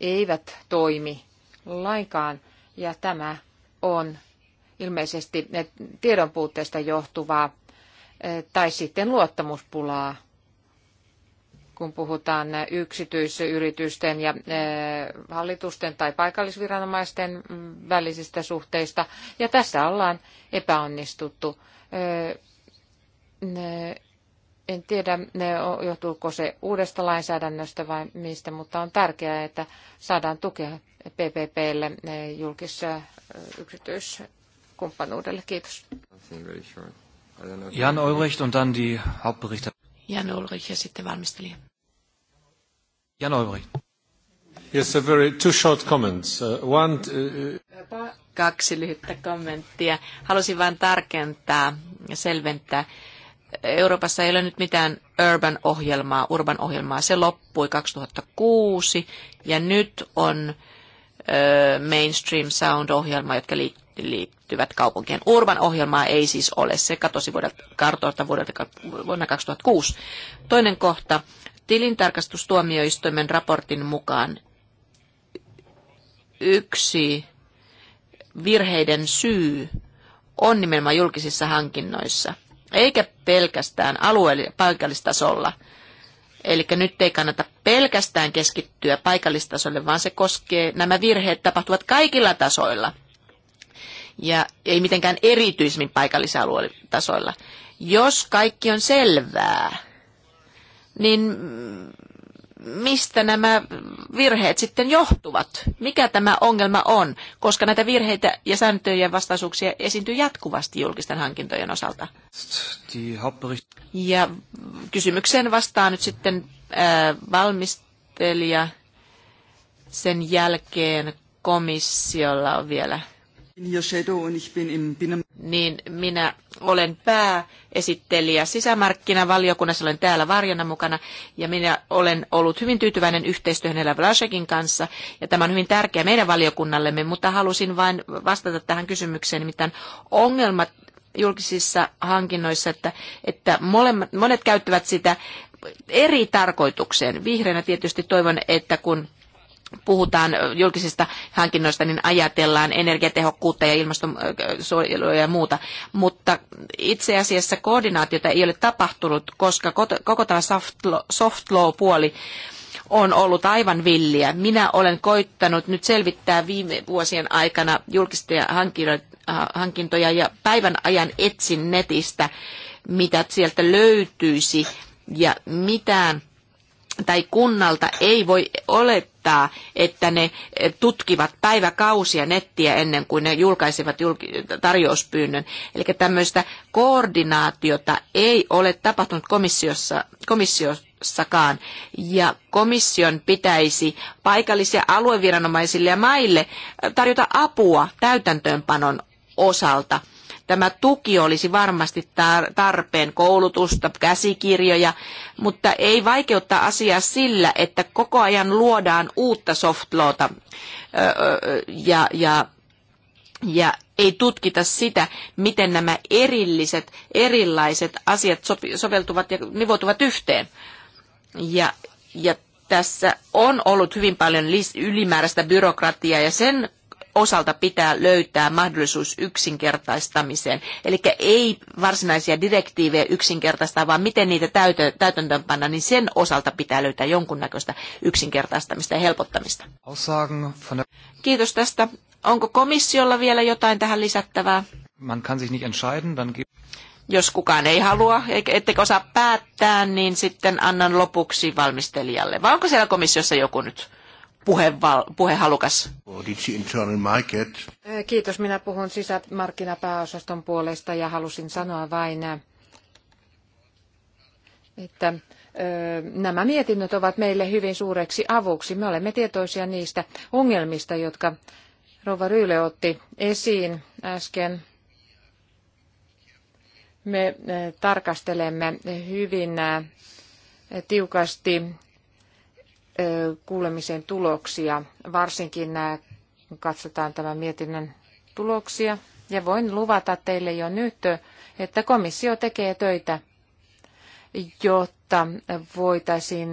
eivät toimi lainkaan. Ja tämä on ilmeisesti tiedonpuutteesta johtuvaa tai sitten luottamuspulaa kun puhutaan yksityisyritysten ja e, hallitusten tai paikallisviranomaisten välisistä suhteista. Ja tässä ollaan epäonnistuttu. E, en tiedä, johtuuko se uudesta lainsäädännöstä vai mistä, mutta on tärkeää, että saadaan tukea PPPlle julkisessa yksityiskumppanuudelle. Kiitos. Jan Ulrich und dann die Jan Ulrich ja sitten valmistelija. Jan Ulrich. Yes, a very two short comments. Uh, one, uh, Kaksi lyhyttä kommenttia. Halusin vain tarkentaa ja selventää. Euroopassa ei ole nyt mitään urban-ohjelmaa, urban-ohjelmaa. Se loppui 2006 ja nyt on mainstream sound-ohjelma, jotka liittyy liittyvät kaupunkien. Urban ohjelmaa ei siis ole. Se katosi vuodelta, kartoilta vuodelta, vuonna 2006. Toinen kohta. Tilintarkastustuomioistuimen raportin mukaan yksi virheiden syy on nimenomaan julkisissa hankinnoissa, eikä pelkästään alueellisella paikallistasolla. Eli nyt ei kannata pelkästään keskittyä paikallistasolle, vaan se koskee, nämä virheet tapahtuvat kaikilla tasoilla – ja ei mitenkään erityismin paikallisalueella Jos kaikki on selvää, niin mistä nämä virheet sitten johtuvat? Mikä tämä ongelma on? Koska näitä virheitä ja sääntöjen vastaisuuksia esiintyy jatkuvasti julkisten hankintojen osalta. Ja kysymykseen vastaa nyt sitten äh, valmistelija. Sen jälkeen komissiolla on vielä niin minä olen pääesittelijä sisämarkkinavaliokunnassa, olen täällä varjona mukana ja minä olen ollut hyvin tyytyväinen yhteistyöhön Elä Vlasekin kanssa ja tämä on hyvin tärkeä meidän valiokunnallemme, mutta halusin vain vastata tähän kysymykseen, nimittäin ongelmat julkisissa hankinnoissa, että, että molemmat, monet käyttävät sitä eri tarkoitukseen. Vihreänä tietysti toivon, että kun puhutaan julkisista hankinnoista, niin ajatellaan energiatehokkuutta ja ilmastonsuojelua ja muuta. Mutta itse asiassa koordinaatiota ei ole tapahtunut, koska koko tämä soft law-puoli on ollut aivan villiä. Minä olen koittanut nyt selvittää viime vuosien aikana julkisia äh, hankintoja ja päivän ajan etsin netistä, mitä sieltä löytyisi ja mitään tai kunnalta ei voi olettaa, kertaa, että ne tutkivat päiväkausia nettiä ennen kuin ne julkaisivat tarjouspyynnön. Eli tämmöistä koordinaatiota ei ole tapahtunut komissiossa, komissiossakaan. Ja komission pitäisi paikallisia alueviranomaisille ja maille tarjota apua täytäntöönpanon osalta – Tämä tuki olisi varmasti tarpeen koulutusta, käsikirjoja, mutta ei vaikeuttaa asiaa sillä, että koko ajan luodaan uutta softloota ja, ja ja ei tutkita sitä, miten nämä erilliset, erilaiset asiat soveltuvat ja nivoutuvat yhteen. Ja, ja tässä on ollut hyvin paljon ylimääräistä byrokratiaa ja sen osalta pitää löytää mahdollisuus yksinkertaistamiseen. Eli ei varsinaisia direktiivejä yksinkertaistaa, vaan miten niitä täytö, täytäntöönpanna, niin sen osalta pitää löytää jonkunnäköistä yksinkertaistamista ja helpottamista. Kiitos tästä. Onko komissiolla vielä jotain tähän lisättävää? Man kann sich nicht entscheiden, dann gibt jos kukaan ei halua, ettekö osaa päättää, niin sitten annan lopuksi valmistelijalle. Vai onko siellä komissiossa joku nyt? puheval, puhehalukas. Kiitos, minä puhun sisämarkkinapääosaston puolesta ja halusin sanoa vain, että nämä mietinnöt ovat meille hyvin suureksi avuksi. Me olemme tietoisia niistä ongelmista, jotka Rova Ryyle otti esiin äsken. Me tarkastelemme hyvin tiukasti kuulemisen tuloksia. Varsinkin äh, nämä, katsotaan tämän mietinnön tuloksia. Ja voin luvata teille jo nyt, että komissio tekee töitä, jotta voitaisiin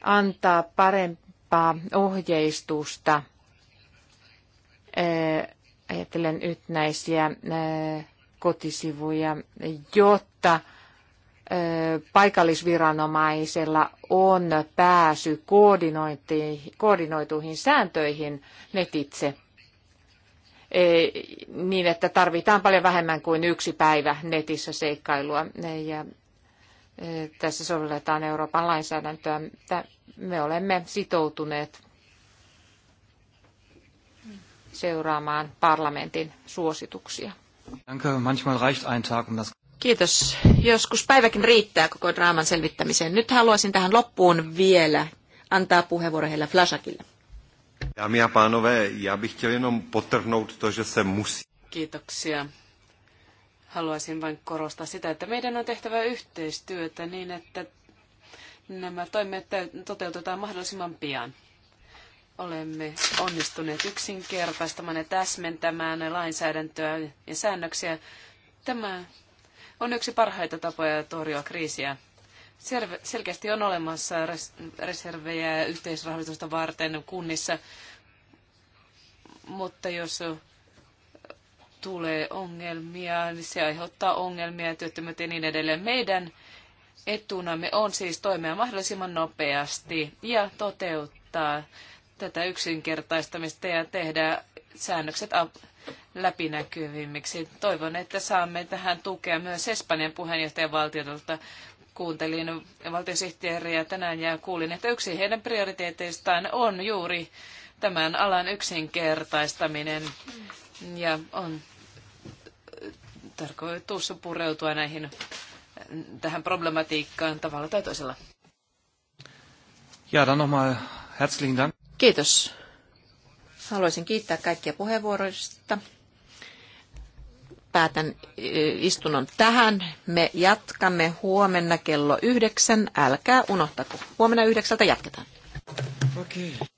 antaa parempaa ohjeistusta ajatellen nyt näisiä kotisivuja, jotta paikallisviranomaisella on pääsy koordinoituihin sääntöihin netitse niin, että tarvitaan paljon vähemmän kuin yksi päivä netissä seikkailua. Ja tässä sovelletaan Euroopan lainsäädäntöä. Me olemme sitoutuneet seuraamaan parlamentin suosituksia. Danke, manchmal reicht ein Tag, um das Kiitos. Joskus päiväkin riittää koko draaman selvittämiseen. Nyt haluaisin tähän loppuun vielä antaa puheenvuoro heille Flasakille. Dámy a pánové, já bych chtěl jenom potrhnout to, že se musí. Kiitoksia. Haluaisin vain korostaa sitä, että meidän on tehtävä yhteistyötä niin, että nämä toimet toteutetaan mahdollisimman pian. Olemme onnistuneet yksinkertaistamaan ja täsmentämään lainsäädäntöä ja säännöksiä. Tämä on yksi parhaita tapoja torjua kriisiä. selkeästi on olemassa res- reservejä yhteisrahoitusta varten kunnissa, mutta jos tulee ongelmia, niin se aiheuttaa ongelmia, työttömät ja niin edelleen. Meidän etunamme on siis toimia mahdollisimman nopeasti ja toteuttaa tätä yksinkertaistamista ja tehdä säännökset läpinäkyvimmiksi. Toivon, että saamme tähän tukea myös Espanjan puheenjohtajavaltiolta. Kuuntelin valtiosihteeriä tänään ja kuulin, että yksi heidän prioriteeteistaan on juuri tämän alan yksinkertaistaminen. Ja on tarkoitus pureutua näihin, tähän problematiikkaan tavalla tai toisella. Ja, dann nochmal herzlichen Dank. Kiitos Haluaisin kiittää kaikkia puheenvuoroista. Päätän eh, istunnon tähän. Me jatkamme huomenna kello yhdeksän. Älkää unohtako. Huomenna yhdeksältä jatketaan. Okay.